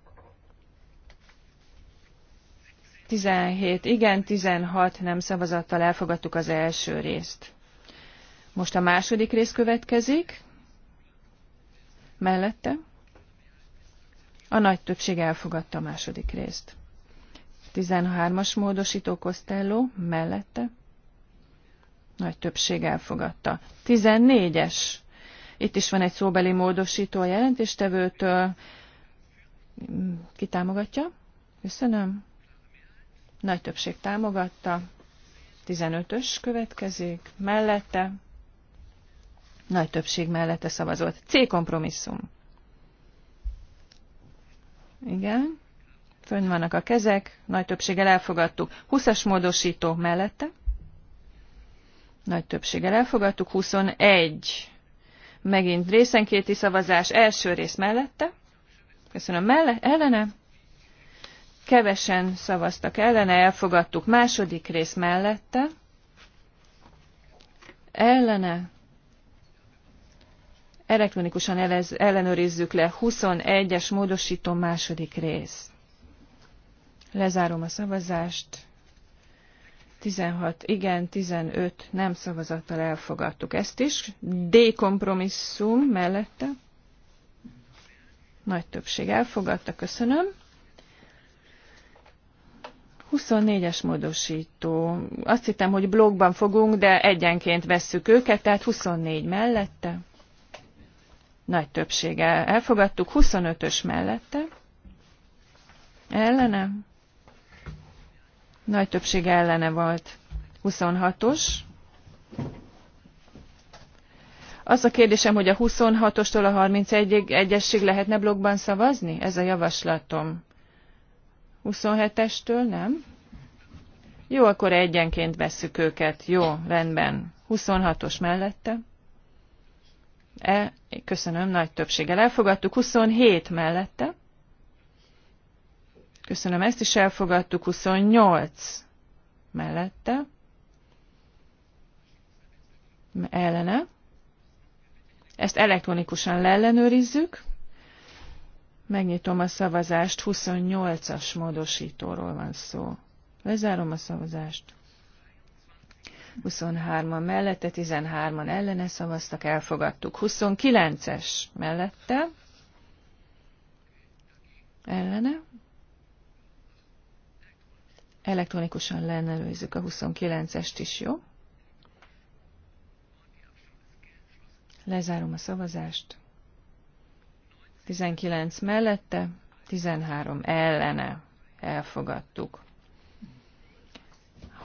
17 igen, 16 nem szavazattal elfogadtuk az első részt. Most a második rész következik. Mellette. A nagy többség elfogadta a második részt. 13-as módosító Costello mellette. Nagy többség elfogadta. 14-es. Itt is van egy szóbeli módosító a jelentéstevőtől. Kitámogatja? Köszönöm. Nagy többség támogatta. 15-ös következik, mellette. Nagy többség mellette szavazott. C kompromisszum. Igen. Fönn vannak a kezek, nagy többséggel elfogadtuk. 20-as módosító mellette. Nagy többséggel elfogadtuk. 21. Megint részenkéti szavazás első rész mellette. Köszönöm melle ellene. Kevesen szavaztak ellene, elfogadtuk második rész mellette. Ellene. Elektronikusan ellenőrizzük le 21-es módosító második rész. Lezárom a szavazást. 16 igen, 15 nem szavazattal elfogadtuk ezt is. D kompromisszum mellette. Nagy többség elfogadta, köszönöm. 24-es módosító. Azt hittem, hogy blogban fogunk, de egyenként vesszük őket, tehát 24 mellette. Nagy többsége elfogadtuk. 25-ös mellette. Ellene. Nagy többsége ellene volt. 26-os. Az a kérdésem, hogy a 26-ostól a 31-esig lehetne blogban szavazni? Ez a javaslatom. 27-estől, nem? Jó, akkor egyenként vesszük őket. Jó, rendben. 26-os mellette. E, köszönöm, nagy többséggel elfogadtuk. 27 mellette. Köszönöm, ezt is elfogadtuk. 28 mellette. Ellene. Ezt elektronikusan leellenőrizzük. Megnyitom a szavazást, 28-as módosítóról van szó. Lezárom a szavazást. 23-an mellette, 13-an ellene szavaztak, elfogadtuk. 29-es mellette, ellene. Elektronikusan leellenőrizzük a 29-est is, jó? Lezárom a szavazást. 19 mellette, 13 ellene elfogadtuk.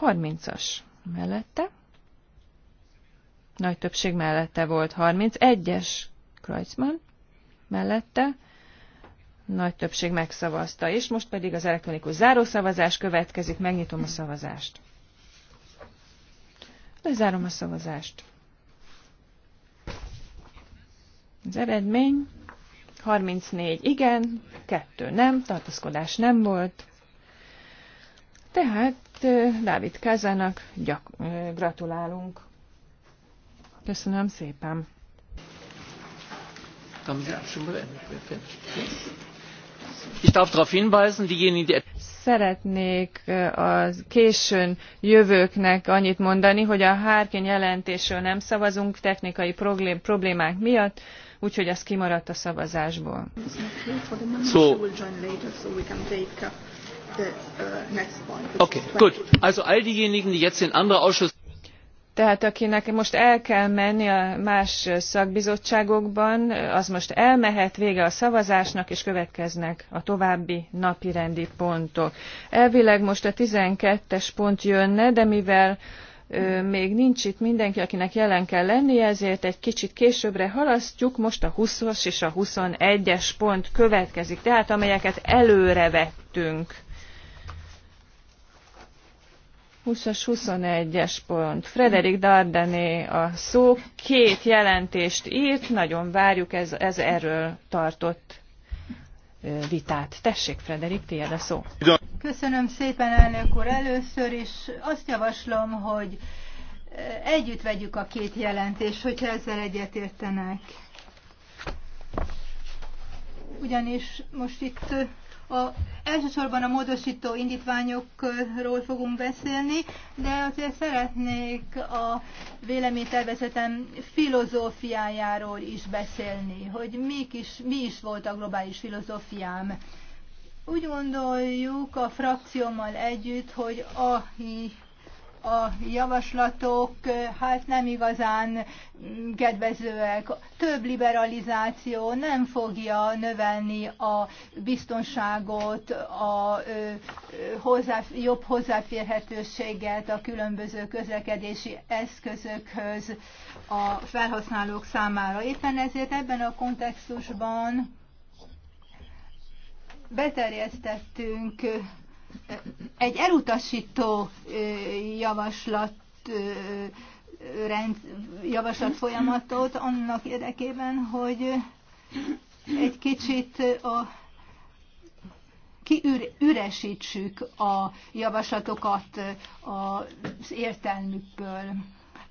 30-as mellette, nagy többség mellette volt 31-es Kreuzmann mellette, nagy többség megszavazta, és most pedig az elektronikus zárószavazás következik, megnyitom a szavazást. Lezárom a szavazást. Az eredmény 34 igen, 2 nem, tartózkodás nem volt. Tehát Dávid Kázának gyak- gratulálunk. Köszönöm szépen. Ich darf darauf hinweisen, diejenigen, die szeretnék a későn jövőknek annyit mondani, hogy a hárkén jelentésről nem szavazunk technikai problémák miatt, úgyhogy ez kimaradt a szavazásból. So, uh, uh, okay, good. Also all diejenigen, die jetzt in andere Ausschuss tehát akinek most el kell menni a más szakbizottságokban, az most elmehet vége a szavazásnak, és következnek a további napirendi pontok. Elvileg most a 12-es pont jönne, de mivel még nincs itt mindenki, akinek jelen kell lennie, ezért egy kicsit későbbre halasztjuk. Most a 20-as és a 21-es pont következik, tehát amelyeket előre vettünk. 20-as, 21-es pont. Frederik Dardené a szó, két jelentést írt, nagyon várjuk, ez, ez erről tartott vitát. Tessék, Frederik, tiéd a szó. Köszönöm szépen, elnök úr. Először is azt javaslom, hogy eh, együtt vegyük a két jelentést, hogyha ezzel egyetértenek. Ugyanis most itt a, elsősorban a módosító indítványokról fogunk beszélni, de azért szeretnék a véleménytervezetem filozófiájáról is beszélni, hogy mik is, mi is volt a globális filozófiám. Úgy gondoljuk a frakciómmal együtt, hogy a a javaslatok hát nem igazán kedvezőek. Több liberalizáció nem fogja növelni a biztonságot, a hozzá, jobb hozzáférhetőséget a különböző közlekedési eszközökhöz a felhasználók számára. Éppen ezért ebben a kontextusban beterjesztettünk egy elutasító javaslat rend, javaslat folyamatot annak érdekében, hogy egy kicsit a, kiüresítsük a javaslatokat az értelmükből.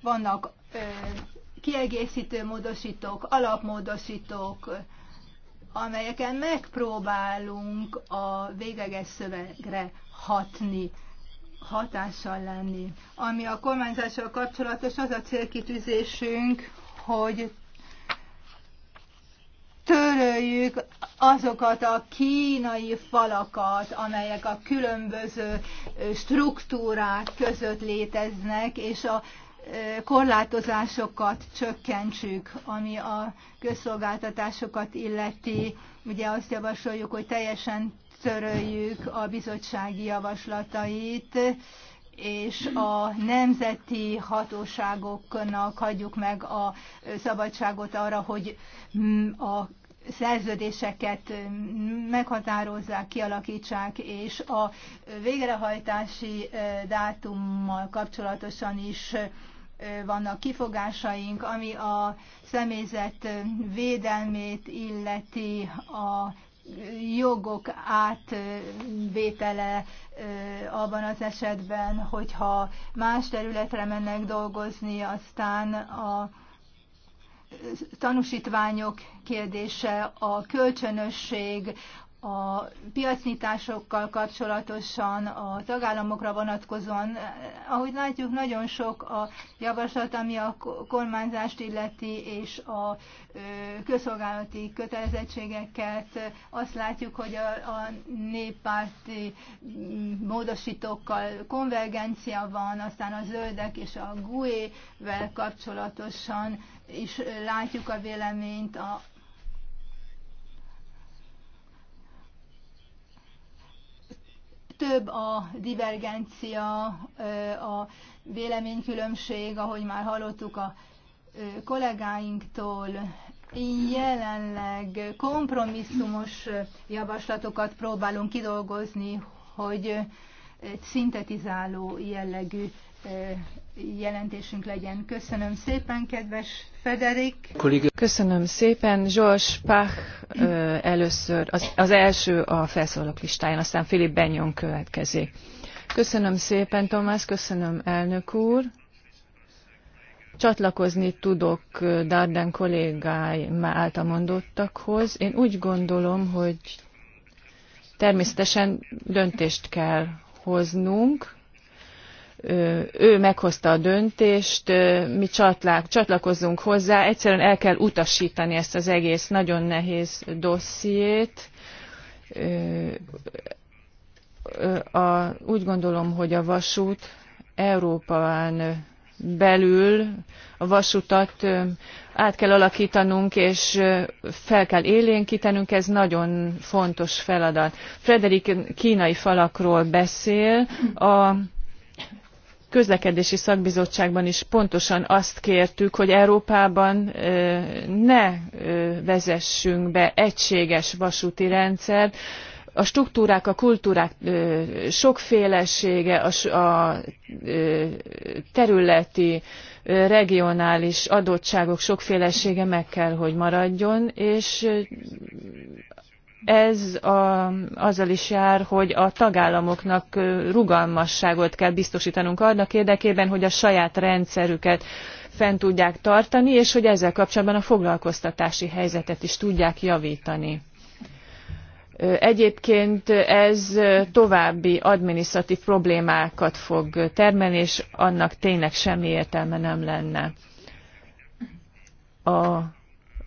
Vannak kiegészítő módosítók, alapmódosítók, amelyeken megpróbálunk a végeges szövegre hatni, hatással lenni. Ami a kormányzással kapcsolatos, az a célkitűzésünk, hogy töröljük azokat a kínai falakat, amelyek a különböző struktúrák között léteznek, és a korlátozásokat csökkentsük, ami a közszolgáltatásokat illeti. Ugye azt javasoljuk, hogy teljesen töröljük a bizottsági javaslatait, és a nemzeti hatóságoknak hagyjuk meg a szabadságot arra, hogy a szerződéseket meghatározzák, kialakítsák, és a végrehajtási dátummal kapcsolatosan is vannak kifogásaink, ami a személyzet védelmét illeti, a jogok átvétele abban az esetben, hogyha más területre mennek dolgozni, aztán a tanúsítványok kérdése, a kölcsönösség, a piacnyitásokkal kapcsolatosan, a tagállamokra vonatkozóan, eh, ahogy látjuk, nagyon sok a javaslat, ami a kormányzást illeti, és a közszolgálati kötelezettségeket. Azt látjuk, hogy a, a néppárti mm, módosítókkal konvergencia van, aztán a zöldek és a GUE-vel kapcsolatosan is látjuk a véleményt a több a divergencia, a véleménykülönbség, ahogy már hallottuk a kollégáinktól, jelenleg kompromisszumos javaslatokat próbálunk kidolgozni, hogy egy szintetizáló jellegű jelentésünk legyen. Köszönöm szépen, kedves Federik. Köszönöm szépen. Zsors Pach először, az, az első a felszólók listáján, aztán Filip Benyon következik. Köszönöm szépen, Tomás, köszönöm, elnök úr. Csatlakozni tudok Darden kollégáim által mondottakhoz. Én úgy gondolom, hogy természetesen döntést kell hoznunk, ő meghozta a döntést, mi csatlakozunk csatlakozzunk hozzá, egyszerűen el kell utasítani ezt az egész nagyon nehéz dossziét. A, úgy gondolom, hogy a vasút Európán belül a vasutat át kell alakítanunk, és fel kell élénkítenünk, ez nagyon fontos feladat. Frederik kínai falakról beszél, a közlekedési szakbizottságban is pontosan azt kértük, hogy Európában ne vezessünk be egységes vasúti rendszert, a struktúrák, a kultúrák sokfélesége, a, területi, regionális adottságok sokfélesége meg kell, hogy maradjon, és ez a, azzal is jár, hogy a tagállamoknak rugalmasságot kell biztosítanunk annak érdekében, hogy a saját rendszerüket fent tudják tartani, és hogy ezzel kapcsolatban a foglalkoztatási helyzetet is tudják javítani. Egyébként ez további adminisztratív problémákat fog termelni, és annak tényleg semmi értelme nem lenne. A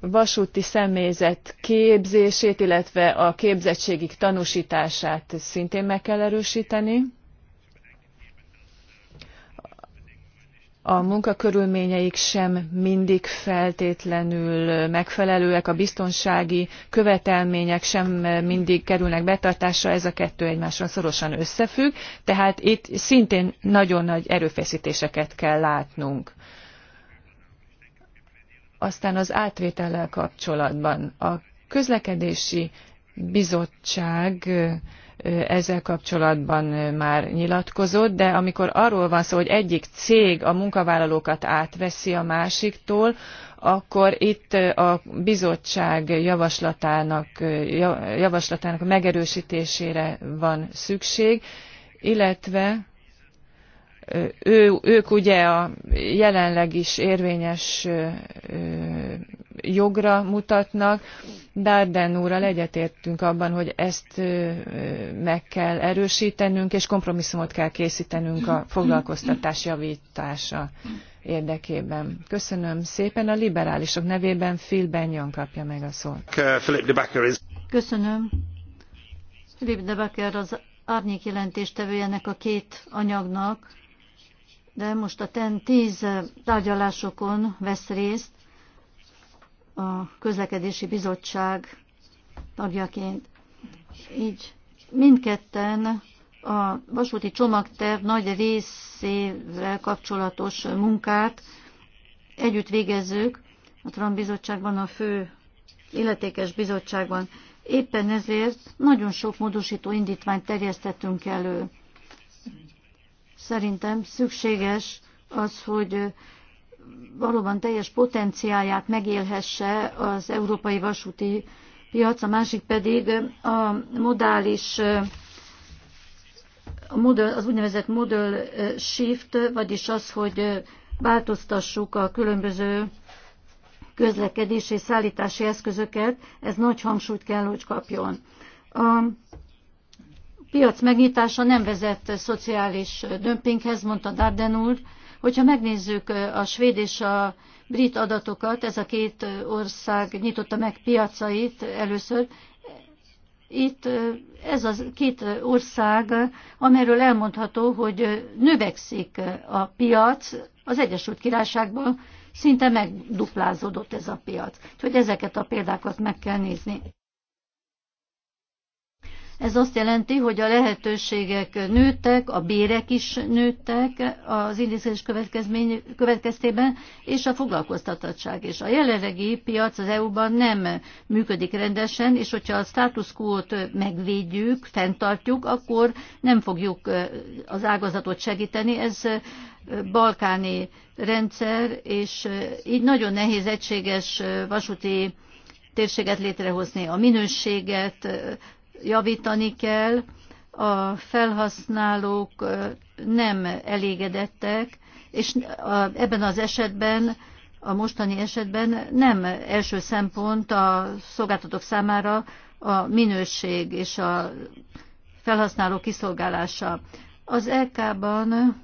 vasúti személyzet képzését, illetve a képzettségig tanúsítását szintén meg kell erősíteni. a munkakörülményeik sem mindig feltétlenül megfelelőek, a biztonsági követelmények sem mindig kerülnek betartásra, ez a kettő egymáson szorosan összefügg, tehát itt szintén nagyon nagy erőfeszítéseket kell látnunk. Aztán az átvétellel kapcsolatban a közlekedési bizottság ezzel kapcsolatban már nyilatkozott, de amikor arról van szó, hogy egyik cég a munkavállalókat átveszi a másiktól, akkor itt a bizottság javaslatának, javaslatának megerősítésére van szükség, illetve ő, ők ugye a jelenleg is érvényes jogra mutatnak. Darden úrral egyetértünk abban, hogy ezt meg kell erősítenünk, és kompromisszumot kell készítenünk a foglalkoztatás javítása érdekében. Köszönöm szépen. A liberálisok nevében Phil Benyon kapja meg a szót. Uh, Köszönöm. Philip de Becker az árnyék jelentéstevője a két anyagnak de most a TEN 10 eh, tárgyalásokon vesz részt a közlekedési bizottság tagjaként. Így mindketten a vasúti csomagterv nagy részével kapcsolatos munkát együtt végezzük a Trump bizottságban, a fő illetékes bizottságban. Éppen ezért nagyon sok módosító indítványt terjesztettünk elő. Szerintem szükséges az, hogy valóban teljes potenciáját megélhesse az európai vasúti piac, a másik pedig a modális a az úgynevezett model shift, vagyis az, hogy változtassuk a különböző közlekedési és szállítási eszközöket, ez nagy hangsúlyt kell, hogy kapjon. A piac megnyitása nem vezet szociális dömpinghez, mondta Darden úr. Hogyha megnézzük a svéd és a brit adatokat, ez a két ország nyitotta meg piacait először. Itt ez a két ország, amelyről elmondható, hogy növekszik a piac, az Egyesült Királyságban szinte megduplázódott ez a piac. Úgyhogy ezeket a példákat meg kell nézni. Ez azt jelenti, hogy a lehetőségek nőttek, a bérek is nőttek az indexes következtében, és a foglalkoztatottság is. A jelenlegi piac az EU-ban nem működik rendesen, és hogyha a status quo-t megvédjük, fenntartjuk, akkor nem fogjuk az ágazatot segíteni. Ez balkáni rendszer, és így nagyon nehéz egységes vasúti térséget létrehozni, a minőséget, javítani kell, a felhasználók nem elégedettek, és ebben az esetben, a mostani esetben nem első szempont a szolgáltatók számára a minőség és a felhasználó kiszolgálása. Az LK-ban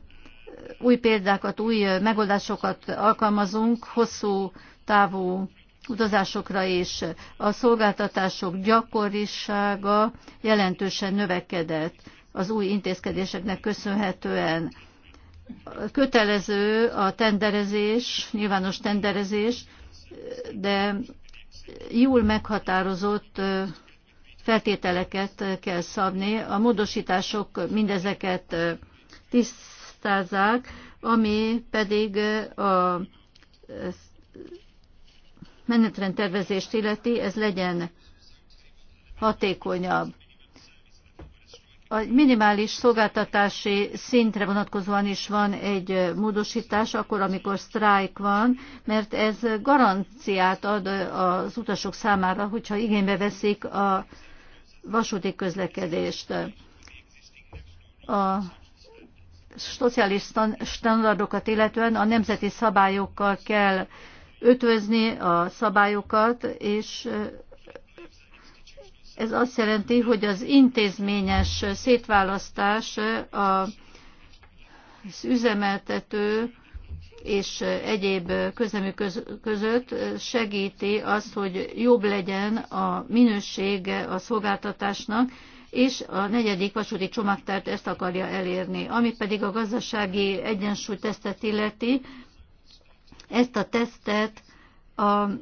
új példákat, új megoldásokat alkalmazunk, hosszú távú utazásokra és a szolgáltatások gyakorisága jelentősen növekedett az új intézkedéseknek köszönhetően. Kötelező a tenderezés, nyilvános tenderezés, de jól meghatározott feltételeket kell szabni. A módosítások mindezeket tisztázzák, ami pedig a menetrendtervezést illeti, ez legyen hatékonyabb. A minimális szolgáltatási szintre vonatkozóan is van egy módosítás, akkor, amikor sztrájk van, mert ez garanciát ad az utasok számára, hogyha igénybe veszik a vasúti közlekedést. A szociális standardokat illetően a nemzeti szabályokkal kell ötvözni a szabályokat, és ez azt jelenti, hogy az intézményes szétválasztás az üzemeltető és egyéb közemű között segíti azt, hogy jobb legyen a minősége a szolgáltatásnak, és a negyedik vasúti csomagtárt ezt akarja elérni. Ami pedig a gazdasági egyensúlytesztet illeti, ezt a tesztet az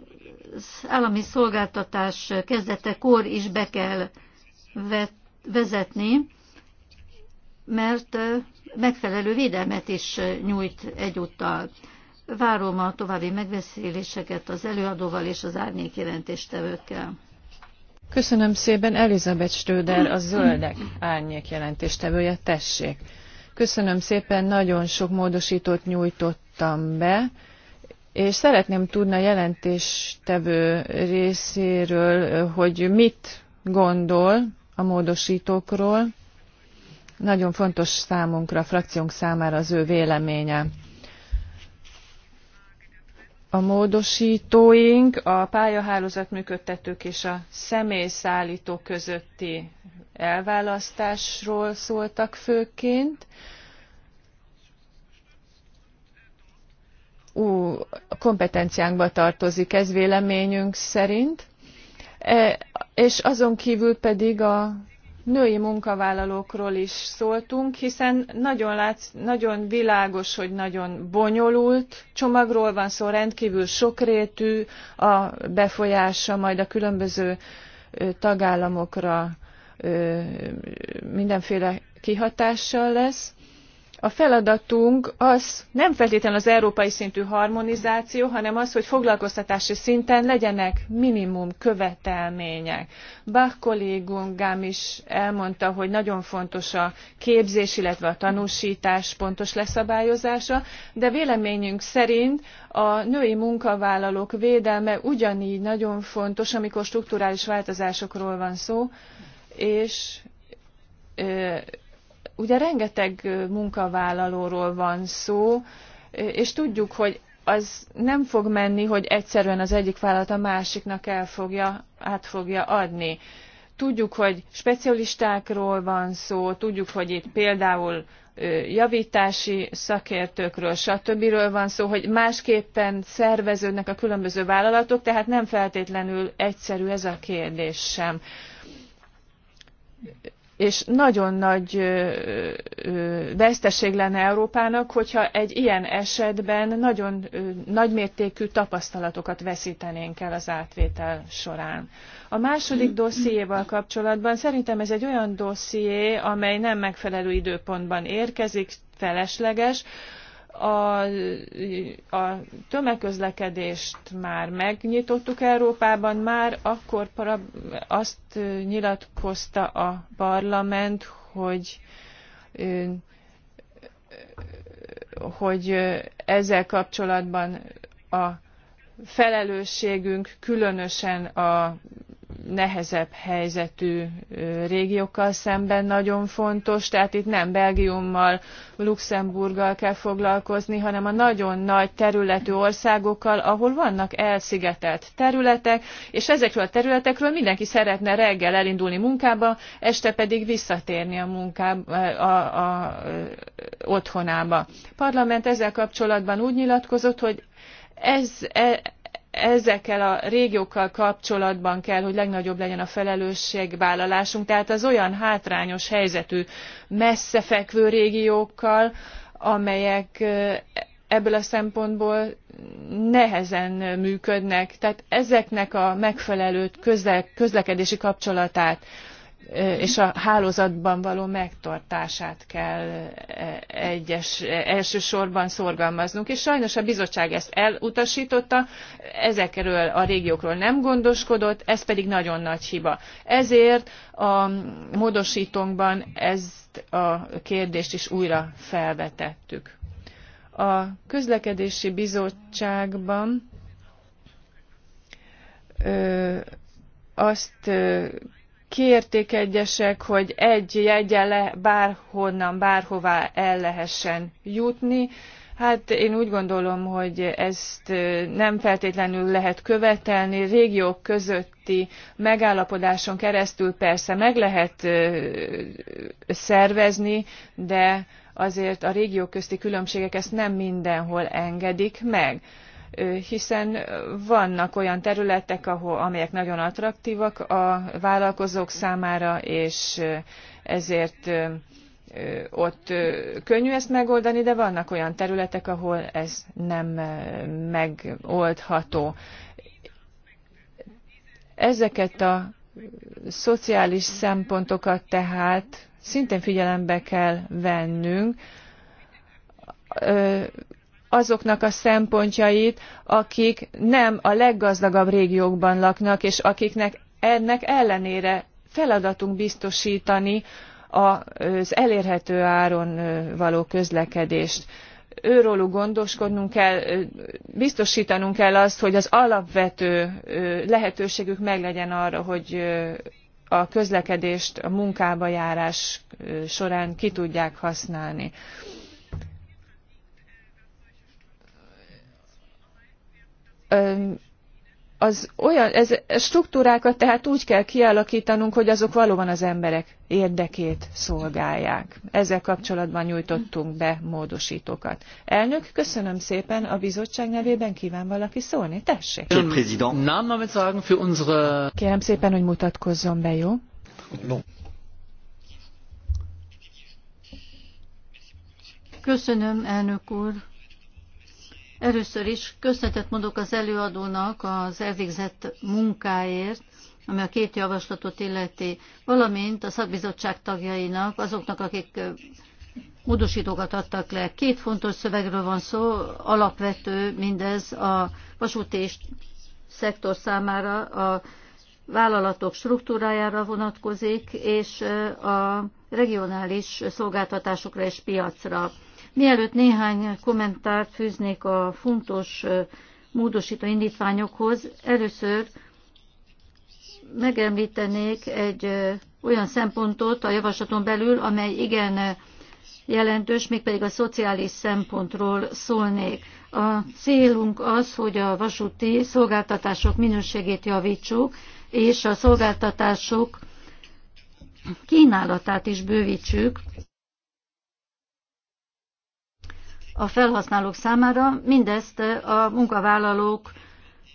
állami szolgáltatás kezdetekor is be kell vezetni, mert megfelelő védelmet is nyújt egyúttal. Várom a további megbeszéléseket az előadóval és az árnyék jelentéstevőkkel. Köszönöm szépen, Elizabeth Stöder, a Zöldek árnyék jelentéstevője, tessék. Köszönöm szépen, nagyon sok módosítót nyújtottam be és szeretném tudni a jelentéstevő részéről, hogy mit gondol a módosítókról. Nagyon fontos számunkra, a frakciónk számára az ő véleménye. A módosítóink a pályahálózat működtetők és a személyszállító közötti elválasztásról szóltak főként. ú, kompetenciánkba tartozik ez véleményünk szerint, e, és azon kívül pedig a női munkavállalókról is szóltunk, hiszen nagyon, látsz, nagyon világos, hogy nagyon bonyolult csomagról van szó, rendkívül sokrétű a befolyása majd a különböző tagállamokra mindenféle kihatással lesz a feladatunk az nem feltétlenül az európai szintű harmonizáció, hanem az, hogy foglalkoztatási szinten legyenek minimum követelmények. Bach kollégungám is elmondta, hogy nagyon fontos a képzés, illetve a tanúsítás pontos leszabályozása, de véleményünk szerint a női munkavállalók védelme ugyanígy nagyon fontos, amikor strukturális változásokról van szó, és ugye rengeteg munkavállalóról van szó, és tudjuk, hogy az nem fog menni, hogy egyszerűen az egyik vállalat a másiknak el fogja, át fogja adni. Tudjuk, hogy specialistákról van szó, tudjuk, hogy itt például javítási szakértőkről, stb. van szó, hogy másképpen szerveződnek a különböző vállalatok, tehát nem feltétlenül egyszerű ez a kérdés sem és nagyon nagy veszteség lenne Európának, hogyha egy ilyen esetben nagyon nagymértékű tapasztalatokat veszítenénk el az átvétel során. A második dossziéval kapcsolatban szerintem ez egy olyan dosszié, amely nem megfelelő időpontban érkezik, felesleges, a, a tömegközlekedést már megnyitottuk Európában, már akkor para, azt nyilatkozta a parlament, hogy hogy ezzel kapcsolatban a felelősségünk különösen a nehezebb helyzetű régiókkal szemben nagyon fontos, tehát itt nem Belgiummal, Luxemburggal kell foglalkozni, hanem a nagyon nagy területű országokkal, ahol vannak elszigetelt területek, és ezekről a területekről mindenki szeretne reggel elindulni munkába, este pedig visszatérni a munkába, a, a, a, otthonába. A parlament ezzel kapcsolatban úgy nyilatkozott, hogy ez, e, ezekkel a régiókkal kapcsolatban kell, hogy legnagyobb legyen a felelősségvállalásunk, tehát az olyan hátrányos helyzetű messze fekvő régiókkal, amelyek ebből a szempontból nehezen működnek. Tehát ezeknek a megfelelő közlekedési kapcsolatát és a hálózatban való megtartását kell e, egyes, elsősorban szorgalmaznunk. És sajnos a bizottság ezt elutasította, ezekről a régiókról nem gondoskodott, ez pedig nagyon nagy hiba. Ezért a módosítónkban ezt a kérdést is újra felvetettük. A közlekedési bizottságban ö, azt kérték egyesek, hogy egy jegyen le, bárhonnan, bárhová el lehessen jutni. Hát én úgy gondolom, hogy ezt nem feltétlenül lehet követelni. Régiók közötti megállapodáson keresztül persze meg lehet szervezni, de azért a régiók közti különbségek ezt nem mindenhol engedik meg hiszen vannak olyan területek, ahol, amelyek nagyon attraktívak a vállalkozók számára, és ezért ott könnyű ezt megoldani, de vannak olyan területek, ahol ez nem megoldható. Ezeket a szociális szempontokat tehát szintén figyelembe kell vennünk, azoknak a szempontjait, akik nem a leggazdagabb régiókban laknak, és akiknek ennek ellenére feladatunk biztosítani az elérhető áron való közlekedést őróluk gondoskodnunk kell biztosítanunk kell azt hogy az alapvető lehetőségük meglegyen arra hogy a közlekedést a munkába járás során ki tudják használni. az olyan, ez struktúrákat tehát úgy kell kialakítanunk, hogy azok valóban az emberek érdekét szolgálják. Ezzel kapcsolatban nyújtottunk be módosítókat. Elnök, köszönöm szépen, a bizottság nevében kíván valaki szólni, tessék. Kérem szépen, hogy mutatkozzon be, jó? Köszönöm, elnök úr. Először is köszönetet mondok az előadónak az elvégzett munkáért, ami a két javaslatot illeti, valamint a szakbizottság tagjainak, azoknak, akik módosítókat adtak le. Két fontos szövegről van szó, alapvető mindez a vasúti szektor számára, a vállalatok struktúrájára vonatkozik, és a regionális szolgáltatásokra és piacra. Mielőtt néhány kommentárt fűznék a fontos módosító indítványokhoz, először megemlítenék egy olyan szempontot a javaslaton belül, amely igen jelentős, mégpedig a szociális szempontról szólnék. A célunk az, hogy a vasúti szolgáltatások minőségét javítsuk, és a szolgáltatások kínálatát is bővítsük a felhasználók számára, mindezt eh, a munkavállalók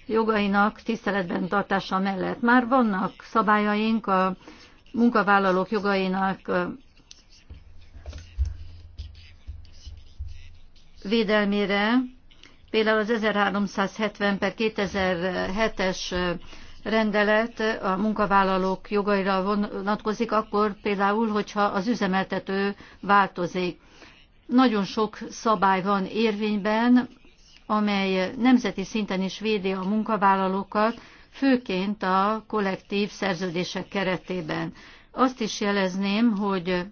jogainak tiszteletben tartása mellett. Már vannak szabályaink a munkavállalók jogainak eh, védelmére, például az 1370 per 2007-es eh, rendelet a munkavállalók jogaira vonatkozik, akkor például, hogyha az üzemeltető változik. Nagyon sok szabály van érvényben, amely nemzeti szinten is védi a munkavállalókat, főként a kollektív szerződések keretében. Azt is jelezném, hogy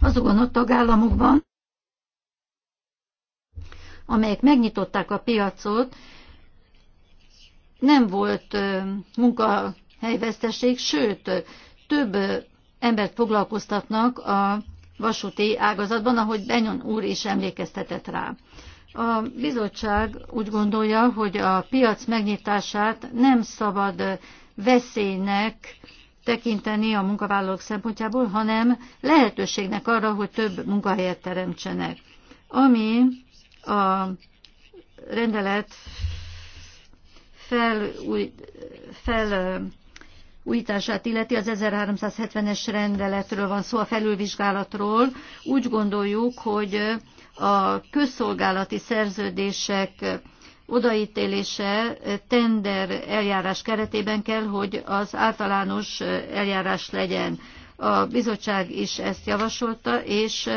azokon a tagállamokban, amelyek megnyitották a piacot, nem volt munkahelyveszteség, sőt, több embert foglalkoztatnak a vasúti ágazatban, ahogy Benyon úr is emlékeztetett rá. A bizottság úgy gondolja, hogy a piac megnyitását nem szabad veszélynek tekinteni a munkavállalók szempontjából, hanem lehetőségnek arra, hogy több munkahelyet teremtsenek. Ami a rendelet felúj, fel újítását illeti, az 1370-es rendeletről van szó, a felülvizsgálatról. Úgy gondoljuk, hogy a közszolgálati szerződések odaítélése tender eljárás keretében kell, hogy az általános eljárás legyen. A bizottság is ezt javasolta, és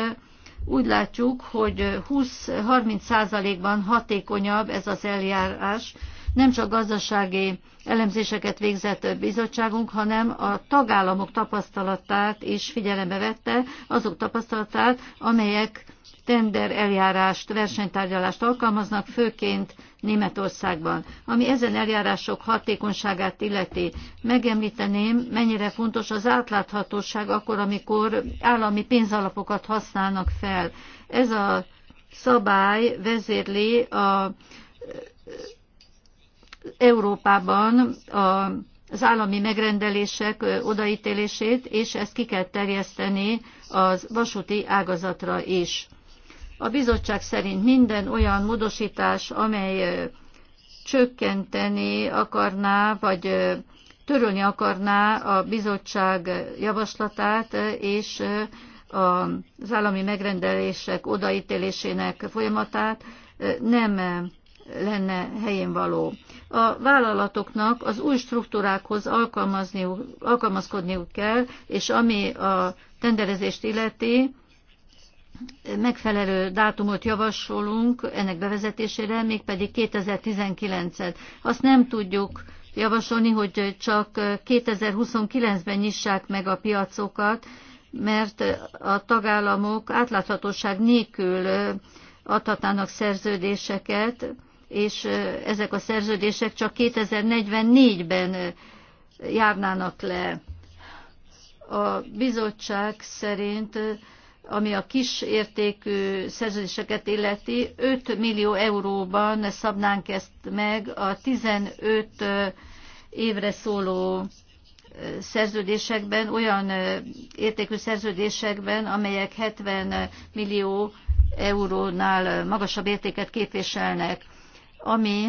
úgy látjuk, hogy 20-30 százalékban hatékonyabb ez az eljárás, nem csak gazdasági elemzéseket végzett bizottságunk, hanem a tagállamok tapasztalatát is figyelembe vette, azok tapasztalatát, amelyek tender eljárást, versenytárgyalást alkalmaznak, főként Németországban. Ami ezen eljárások hatékonyságát illeti, megemlíteném, mennyire fontos az átláthatóság akkor, amikor állami pénzalapokat használnak fel. Ez a szabály vezérli a Európában a az állami megrendelések odaítélését, és ezt ki kell terjeszteni az vasúti ágazatra is. A bizottság szerint minden olyan módosítás, amely csökkenteni akarná, vagy törölni akarná a bizottság javaslatát, és az állami megrendelések odaítélésének folyamatát nem lenne helyén való a vállalatoknak az új struktúrákhoz alkalmazkodniuk kell, és ami a tenderezést illeti, megfelelő dátumot javasolunk ennek bevezetésére, mégpedig 2019-et. Azt nem tudjuk javasolni, hogy csak 2029-ben nyissák meg a piacokat, mert a tagállamok átláthatóság nélkül adhatnának szerződéseket, és ezek a szerződések csak 2044-ben járnának le. A bizottság szerint, ami a kisértékű szerződéseket illeti, 5 millió euróban szabnánk ezt meg a 15 évre szóló szerződésekben, olyan értékű szerződésekben, amelyek 70 millió eurónál magasabb értéket képviselnek ami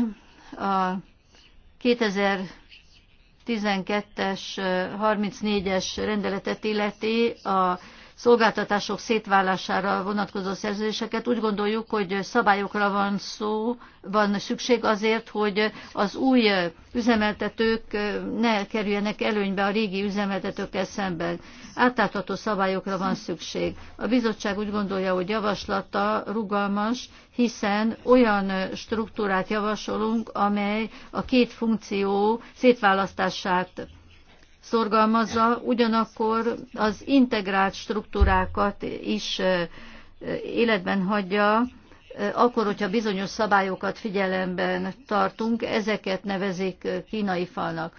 a 2012-es 34-es rendeletet illeti a szolgáltatások szétválására vonatkozó szerződéseket. Úgy gondoljuk, hogy szabályokra van szó, van szükség azért, hogy az új üzemeltetők ne kerüljenek előnybe a régi üzemeltetőkkel szemben. Átlátható szabályokra van szükség. A bizottság úgy gondolja, hogy javaslata rugalmas, hiszen olyan struktúrát javasolunk, amely a két funkció szétválasztását szorgalmazza, ugyanakkor az integrált struktúrákat is életben hagyja, akkor, hogyha bizonyos szabályokat figyelemben tartunk, ezeket nevezik kínai falnak.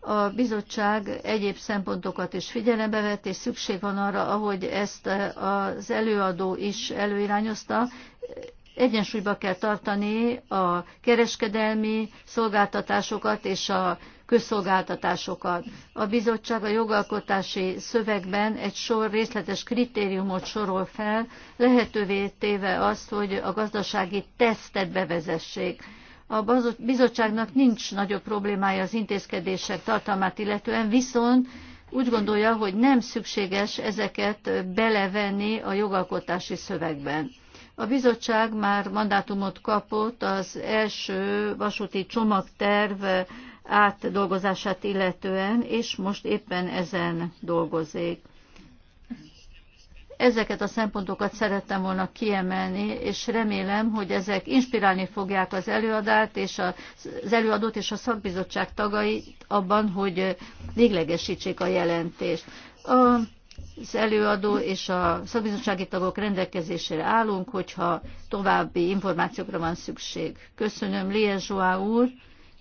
A bizottság egyéb szempontokat is figyelembe vett, és szükség van arra, ahogy ezt az előadó is előirányozta, egyensúlyba kell tartani a kereskedelmi szolgáltatásokat és a közszolgáltatásokat. A bizottság a jogalkotási szövegben egy sor részletes kritériumot sorol fel, lehetővé téve azt, hogy a gazdasági tesztet bevezessék. A bizottságnak nincs nagyobb problémája az intézkedések tartalmát illetően, viszont úgy gondolja, hogy nem szükséges ezeket belevenni a jogalkotási szövegben. A bizottság már mandátumot kapott az első vasúti csomagterv átdolgozását illetően, és most éppen ezen dolgozik. Ezeket a szempontokat szerettem volna kiemelni, és remélem, hogy ezek inspirálni fogják az előadást és a, az előadót és a szakbizottság tagai abban, hogy véglegesítsék a jelentést. A, az előadó és a szakbizottsági tagok rendelkezésére állunk, hogyha további információkra van szükség. Köszönöm, Lie Zsóá úr!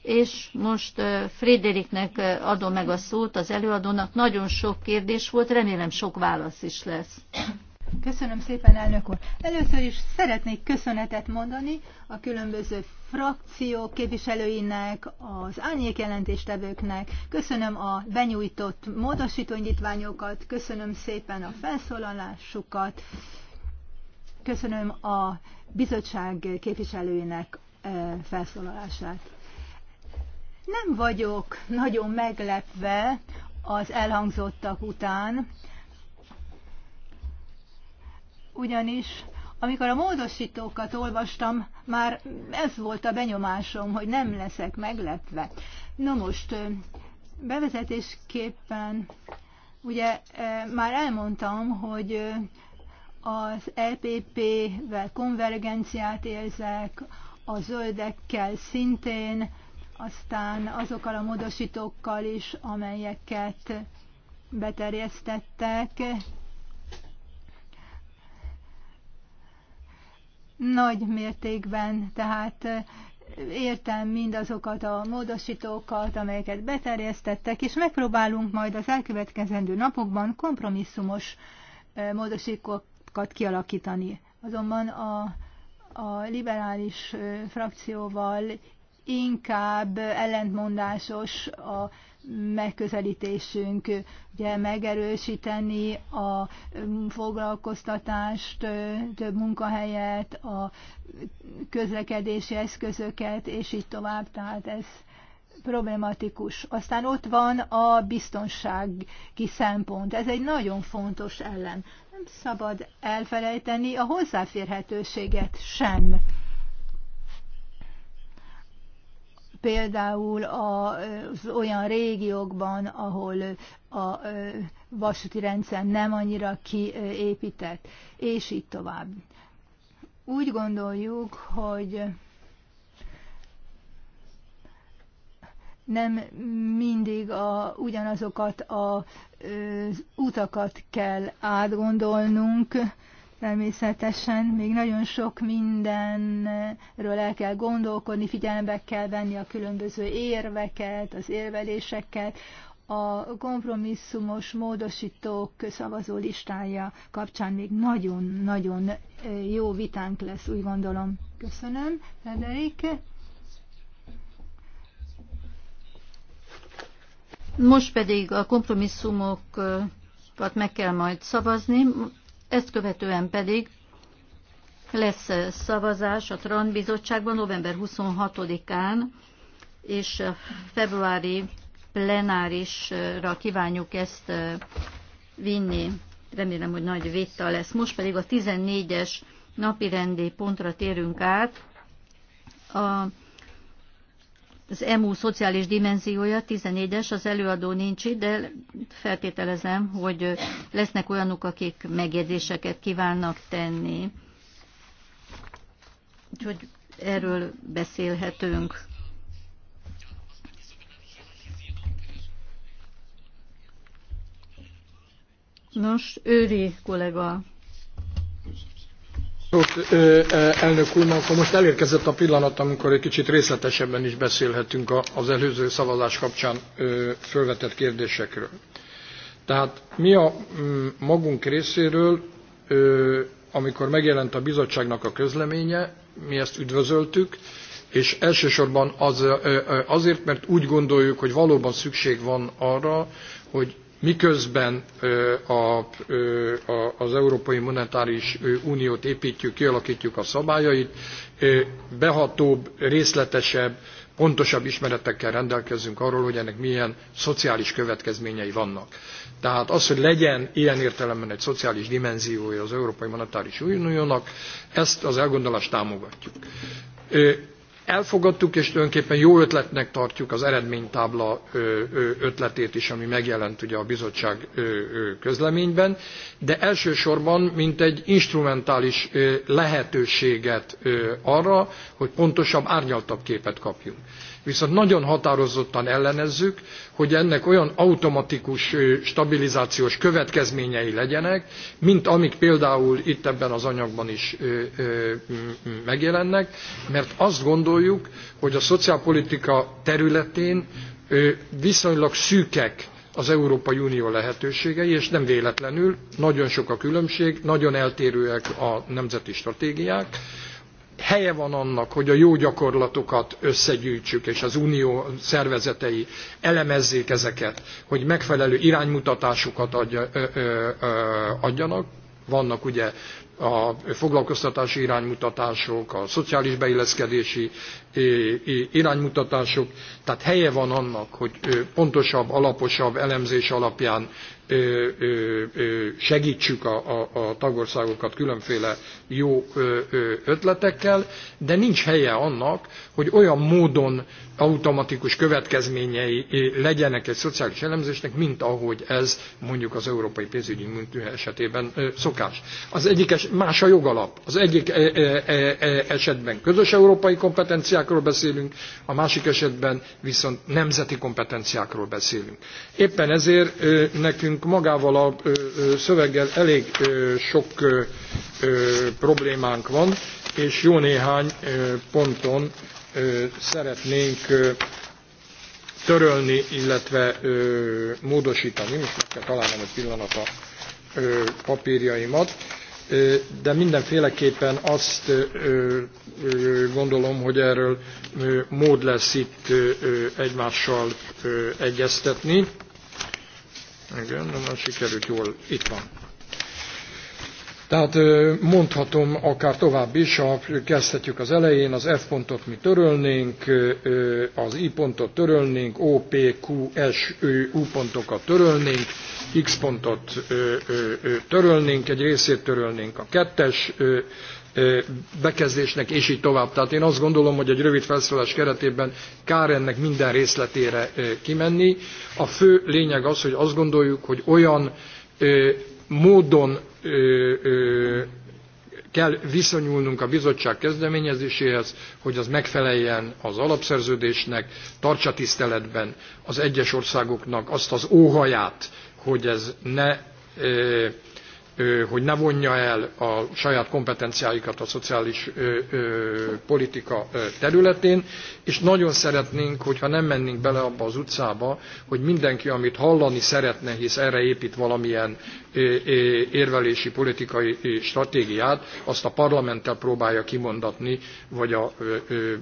és most Frédériknek adom meg a szót, az előadónak. Nagyon sok kérdés volt, remélem sok válasz is lesz. Köszönöm szépen, elnök úr. Először is szeretnék köszönetet mondani a különböző frakciók képviselőinek, az jelentéstevőknek. köszönöm a benyújtott módosítóindítványokat, köszönöm szépen a felszólalásukat, köszönöm a bizottság képviselőinek felszólalását. Nem vagyok nagyon meglepve az elhangzottak után, ugyanis amikor a módosítókat olvastam, már ez volt a benyomásom, hogy nem leszek meglepve. Na most, bevezetésképpen ugye már elmondtam, hogy az EPP-vel konvergenciát érzek, a zöldekkel szintén, aztán azokkal a módosítókkal is, amelyeket beterjesztettek. Nagy mértékben, tehát értem mindazokat a módosítókat, amelyeket beterjesztettek, és megpróbálunk majd az elkövetkezendő napokban kompromisszumos módosítókat kialakítani. Azonban a, a liberális frakcióval inkább ellentmondásos a megközelítésünk, ugye megerősíteni a foglalkoztatást, több munkahelyet, a közlekedési eszközöket, és így tovább, tehát ez problematikus. Aztán ott van a biztonsági szempont. Ez egy nagyon fontos ellen. Nem szabad elfelejteni a hozzáférhetőséget sem. például az olyan régiókban, ahol a vasúti rendszer nem annyira kiépített, és így tovább. Úgy gondoljuk, hogy nem mindig a, ugyanazokat a, az utakat kell átgondolnunk, Természetesen még nagyon sok mindenről el kell gondolkodni, figyelembe kell venni a különböző érveket, az érveléseket, a kompromisszumos módosítók szavazó listája kapcsán még nagyon-nagyon eh, jó vitánk lesz, úgy gondolom. Köszönöm, Frederik. Most pedig a kompromisszumokat meg kell majd szavazni. Ezt követően pedig lesz eh, szavazás a TRAN bizottságban november 26-án, és eh, februári plenárisra kívánjuk ezt eh, vinni. Remélem, hogy nagy vita lesz. Most pedig a 14-es napirendi pontra térünk át. A az EMU szociális dimenziója, 14-es, az előadó nincs itt, de feltételezem, hogy lesznek olyanok, akik megjegyzéseket kívánnak tenni. Úgyhogy erről beszélhetünk. Nos, Őri kollega Elnök úr, akkor most elérkezett a pillanat, amikor egy kicsit részletesebben is beszélhetünk az előző szavazás kapcsán fölvetett kérdésekről. Tehát mi a mm, magunk részéről, amikor megjelent a bizottságnak a közleménye, mi ezt üdvözöltük, és elsősorban az, azért, mert úgy gondoljuk, hogy valóban szükség van arra, hogy miközben az Európai Monetáris Uniót építjük, kialakítjuk a szabályait, behatóbb, részletesebb, pontosabb ismeretekkel rendelkezzünk arról, hogy ennek milyen szociális következményei vannak. Tehát az, hogy legyen ilyen értelemben egy szociális dimenziója az Európai Monetáris Uniónak, ezt az elgondolást támogatjuk Elfogadtuk, és tulajdonképpen jó ötletnek tartjuk az eredménytábla ötletét is, ami megjelent ugye a bizottság közleményben, de elsősorban mint egy instrumentális lehetőséget arra, hogy pontosabb, árnyaltabb képet kapjunk viszont nagyon határozottan ellenezzük, hogy ennek olyan automatikus stabilizációs következményei legyenek, mint amik például itt ebben az anyagban is megjelennek, mert azt gondoljuk, hogy a szociálpolitika területén viszonylag szűkek az Európai Unió lehetőségei, és nem véletlenül nagyon sok a különbség, nagyon eltérőek a nemzeti stratégiák, helye van annak, hogy a jó gyakorlatokat összegyűjtsük, és az unió szervezetei elemezzék ezeket, hogy megfelelő iránymutatásokat adja, ö, ö, ö, adjanak. Vannak ugye a foglalkoztatási iránymutatások, a szociális beilleszkedési iránymutatások. Tehát helye van annak, hogy pontosabb, alaposabb elemzés alapján segítsük a, a, a tagországokat különféle jó ötletekkel, de nincs helye annak, hogy olyan módon automatikus következményei legyenek egy szociális elemzésnek, mint ahogy ez mondjuk az európai pénzügyi műtő esetében szokás. Az egyik es, más a jogalap. Az egyik e, e, e, esetben közös európai kompetenciákról beszélünk, a másik esetben viszont nemzeti kompetenciákról beszélünk. Éppen ezért nekünk magával a szöveggel elég sok problémánk van, és jó néhány ponton szeretnénk törölni, illetve módosítani. Most meg kell találnom egy pillanat a papírjaimat de mindenféleképpen azt gondolom, hogy erről mód lesz itt egymással egyeztetni. Igen, nem sikerült jól, itt van. Tehát mondhatom akár tovább is, ha kezdhetjük az elején, az F pontot mi törölnénk, az I pontot törölnénk, O, P, Q, S, Ö, U pontokat törölnénk, X pontot törölnénk, egy részét törölnénk a kettes bekezdésnek, és így tovább. Tehát én azt gondolom, hogy egy rövid felszólás keretében kár ennek minden részletére kimenni. A fő lényeg az, hogy azt gondoljuk, hogy olyan módon kell viszonyulnunk a bizottság kezdeményezéséhez, hogy az megfeleljen az alapszerződésnek, tartsa tiszteletben az egyes országoknak azt az óhaját, hogy ez ne hogy ne vonja el a saját kompetenciáikat a szociális politika területén, és nagyon szeretnénk, hogyha nem mennénk bele abba az utcába, hogy mindenki, amit hallani szeretne, hisz erre épít valamilyen érvelési politikai stratégiát, azt a parlamenttel próbálja kimondatni, vagy a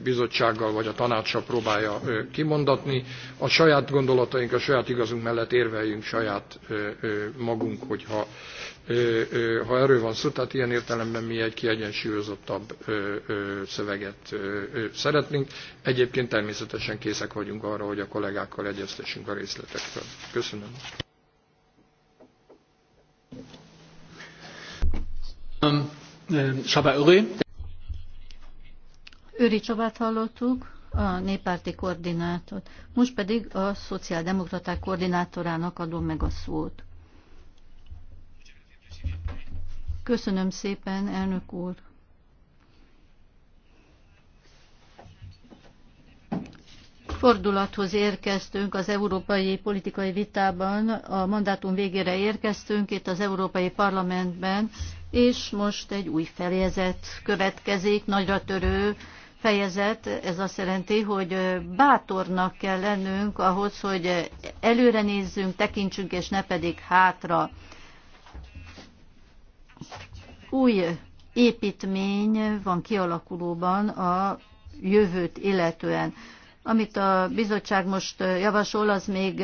bizottsággal, vagy a tanácssal próbálja kimondatni. A saját gondolataink, a saját igazunk mellett érveljünk saját magunk, hogyha ha erről van szó, tehát ilyen értelemben mi egy kiegyensúlyozottabb szöveget szeretnénk. Egyébként természetesen készek vagyunk arra, hogy a kollégákkal egyeztessünk a részletekről. Köszönöm. Um, um, Csaba Öri. Öri Csabát hallottuk, a néppárti koordinátort. Most pedig a szociáldemokraták koordinátorának adom meg a szót. Köszönöm szépen, elnök úr. Fordulathoz érkeztünk az európai politikai vitában, a mandátum végére érkeztünk itt az Európai Parlamentben, és most egy új fejezet következik, nagyra törő fejezet, ez azt jelenti, hogy bátornak kell lennünk ahhoz, hogy előre nézzünk, tekintsünk, és ne pedig hátra új építmény van kialakulóban a jövőt illetően. Amit a bizottság most javasol, az még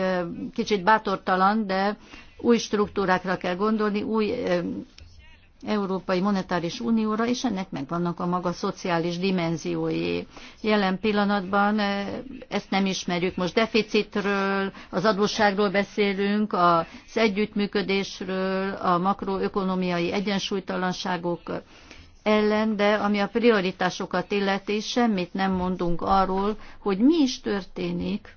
kicsit bátortalan, de új struktúrákra kell gondolni, új Európai Monetáris Unióra, és ennek megvannak a maga szociális dimenziói. Jelen pillanatban e, ezt nem ismerjük. Most deficitről, az adósságról beszélünk, az együttműködésről, a makroökonomiai egyensúlytalanságok ellen, de ami a prioritásokat illeti, semmit nem mondunk arról, hogy mi is történik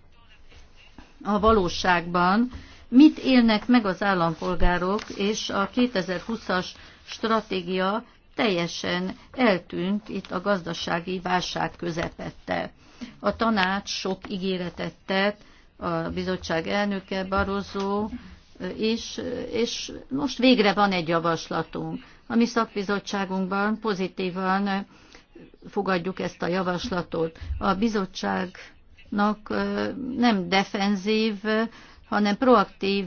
a valóságban, mit élnek meg az állampolgárok, és a 2020-as stratégia teljesen eltűnt itt a gazdasági válság közepette. A tanács sok ígéretet tett, a bizottság elnöke Barozó, és, és most végre van egy javaslatunk. A mi szakbizottságunkban pozitívan fogadjuk ezt a javaslatot. A bizottságnak nem defenzív, hanem proaktív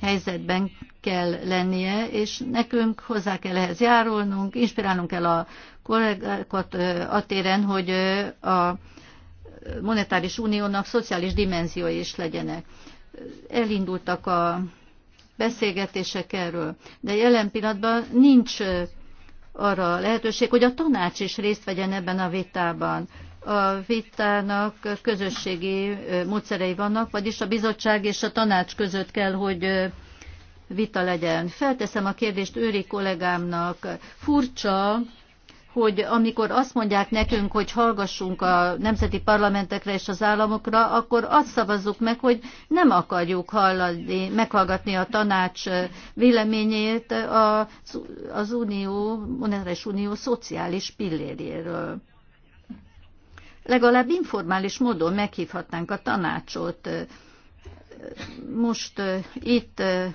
helyzetben kell lennie, és nekünk hozzá kell ehhez járulnunk, inspirálnunk kell a kollégákat a téren, hogy a monetáris uniónak szociális dimenziói is legyenek. Elindultak a beszélgetések erről, de jelen pillanatban nincs arra lehetőség, hogy a tanács is részt vegyen ebben a vitában. A vitának közösségi módszerei vannak, vagyis a bizottság és a tanács között kell, hogy vita legyen. Felteszem a kérdést Őri kollégámnak. Furcsa, hogy amikor azt mondják nekünk, hogy hallgassunk a nemzeti parlamentekre és az államokra, akkor azt szavazzuk meg, hogy nem akarjuk hallani, meghallgatni a tanács véleményét az, az Unió, Monetáris Unió szociális pilléréről. Legalább informális módon meghívhatnánk a tanácsot. Most eh, itt eh,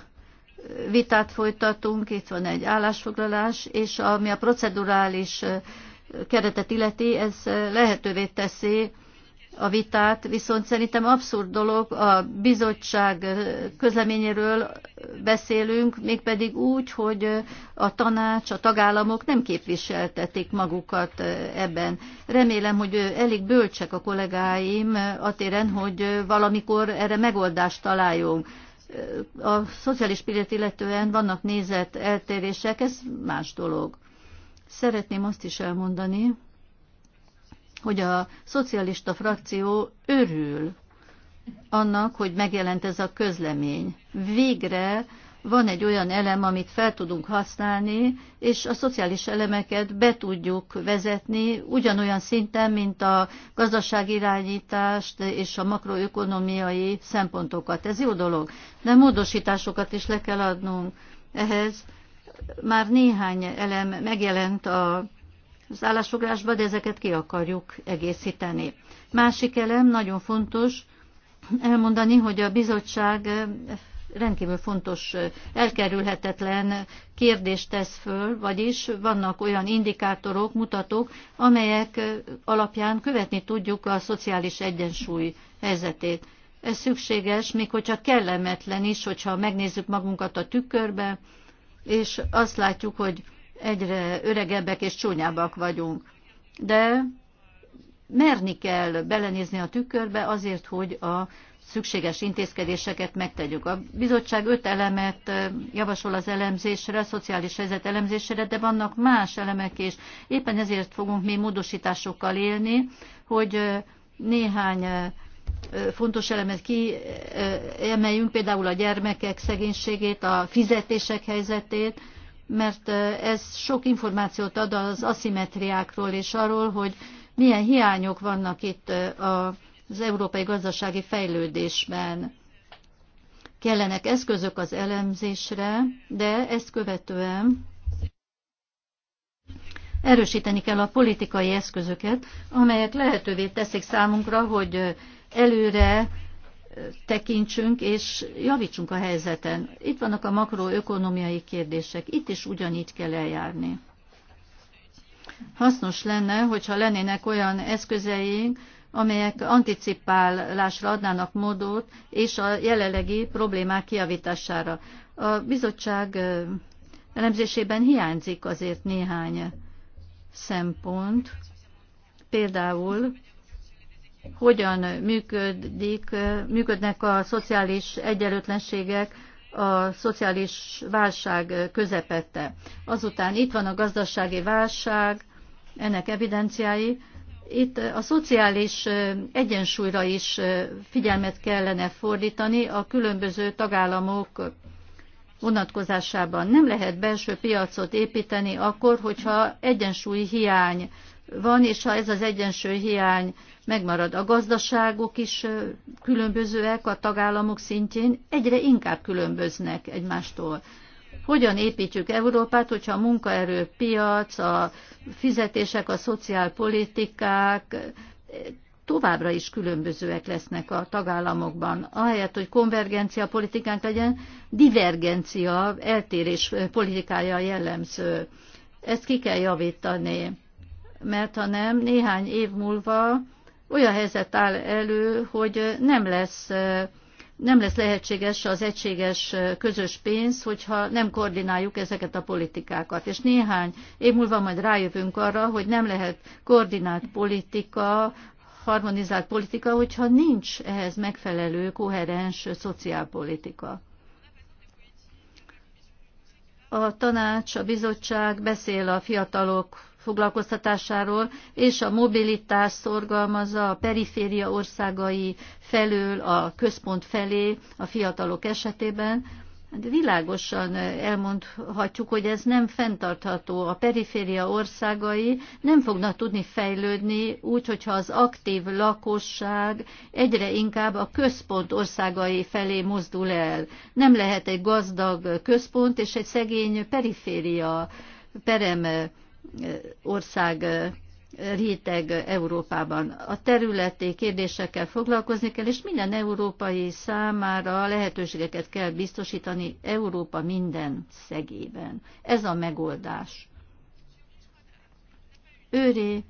vitát folytatunk, itt van egy állásfoglalás, és ami a procedurális keretet illeti, ez lehetővé teszi a vitát, viszont szerintem abszurd dolog, a bizottság közleményéről beszélünk, mégpedig úgy, hogy a tanács, a tagállamok nem képviseltetik magukat ebben. Remélem, hogy elég bölcsek a kollégáim a téren, hogy valamikor erre megoldást találjunk a szociális pillét illetően vannak nézett eltérések, ez más dolog. Szeretném azt is elmondani, hogy a szocialista frakció örül annak, hogy megjelent ez a közlemény. Végre van egy olyan elem, amit fel tudunk használni, és a szociális elemeket be tudjuk vezetni ugyanolyan szinten, mint a gazdaságirányítást és a makroökonomiai szempontokat. Ez jó dolog, de módosításokat is le kell adnunk ehhez. Már néhány elem megjelent a az állásfoglásban, de ezeket ki akarjuk egészíteni. Másik elem, nagyon fontos elmondani, hogy a bizottság rendkívül fontos, elkerülhetetlen kérdést tesz föl, vagyis vannak olyan indikátorok, mutatók, amelyek alapján követni tudjuk a szociális egyensúly helyzetét. Ez szükséges, még hogyha kellemetlen is, hogyha megnézzük magunkat a tükörbe, és azt látjuk, hogy egyre öregebbek és csúnyábbak vagyunk. De merni kell belenézni a tükörbe azért, hogy a szükséges intézkedéseket megtegyük. A bizottság öt elemet javasol az elemzésre, a szociális helyzet elemzésére, de vannak más elemek is. Éppen ezért fogunk mi módosításokkal élni, hogy néhány fontos elemet kiemeljünk, például a gyermekek szegénységét, a fizetések helyzetét, mert ez sok információt ad az aszimetriákról és arról, hogy milyen hiányok vannak itt a az európai gazdasági fejlődésben. Kellenek eszközök az elemzésre, de ezt követően erősíteni kell a politikai eszközöket, amelyek lehetővé teszik számunkra, hogy előre tekintsünk és javítsunk a helyzeten. Itt vannak a makroökonomiai kérdések, itt is ugyanígy kell eljárni. Hasznos lenne, hogyha lennének olyan eszközeink, amelyek anticipálásra adnának módot, és a jelenlegi problémák kiavítására. A bizottság elemzésében hiányzik azért néhány szempont, például hogyan működik, működnek a szociális egyenlőtlenségek a szociális válság közepette. Azután itt van a gazdasági válság, ennek evidenciái, itt a szociális egyensúlyra is figyelmet kellene fordítani a különböző tagállamok vonatkozásában. Nem lehet belső piacot építeni akkor, hogyha egyensúly hiány van, és ha ez az egyensúly hiány megmarad, a gazdaságok is különbözőek a tagállamok szintjén, egyre inkább különböznek egymástól. Hogyan építjük Európát, hogyha a munkaerőpiac, a fizetések, a szociálpolitikák továbbra is különbözőek lesznek a tagállamokban. Ahelyett, hogy konvergencia politikánk legyen, divergencia, eltérés politikája jellemző. Ezt ki kell javítani, mert ha nem, néhány év múlva olyan helyzet áll elő, hogy nem lesz nem lesz lehetséges az egységes közös pénz, hogyha nem koordináljuk ezeket a politikákat. És néhány év múlva majd rájövünk arra, hogy nem lehet koordinált politika, harmonizált politika, hogyha nincs ehhez megfelelő, koherens szociálpolitika. A tanács, a bizottság beszél a fiatalok foglalkoztatásáról, és a mobilitás szorgalmazza a periféria országai felől a központ felé a fiatalok esetében. De világosan elmondhatjuk, hogy ez nem fenntartható. A periféria országai nem fognak tudni fejlődni úgy, hogyha az aktív lakosság egyre inkább a központ országai felé mozdul el. Nem lehet egy gazdag központ és egy szegény periféria perem ország réteg Európában. A területi kérdésekkel foglalkozni kell, és minden európai számára lehetőségeket kell biztosítani Európa minden szegében. Ez a megoldás. Őri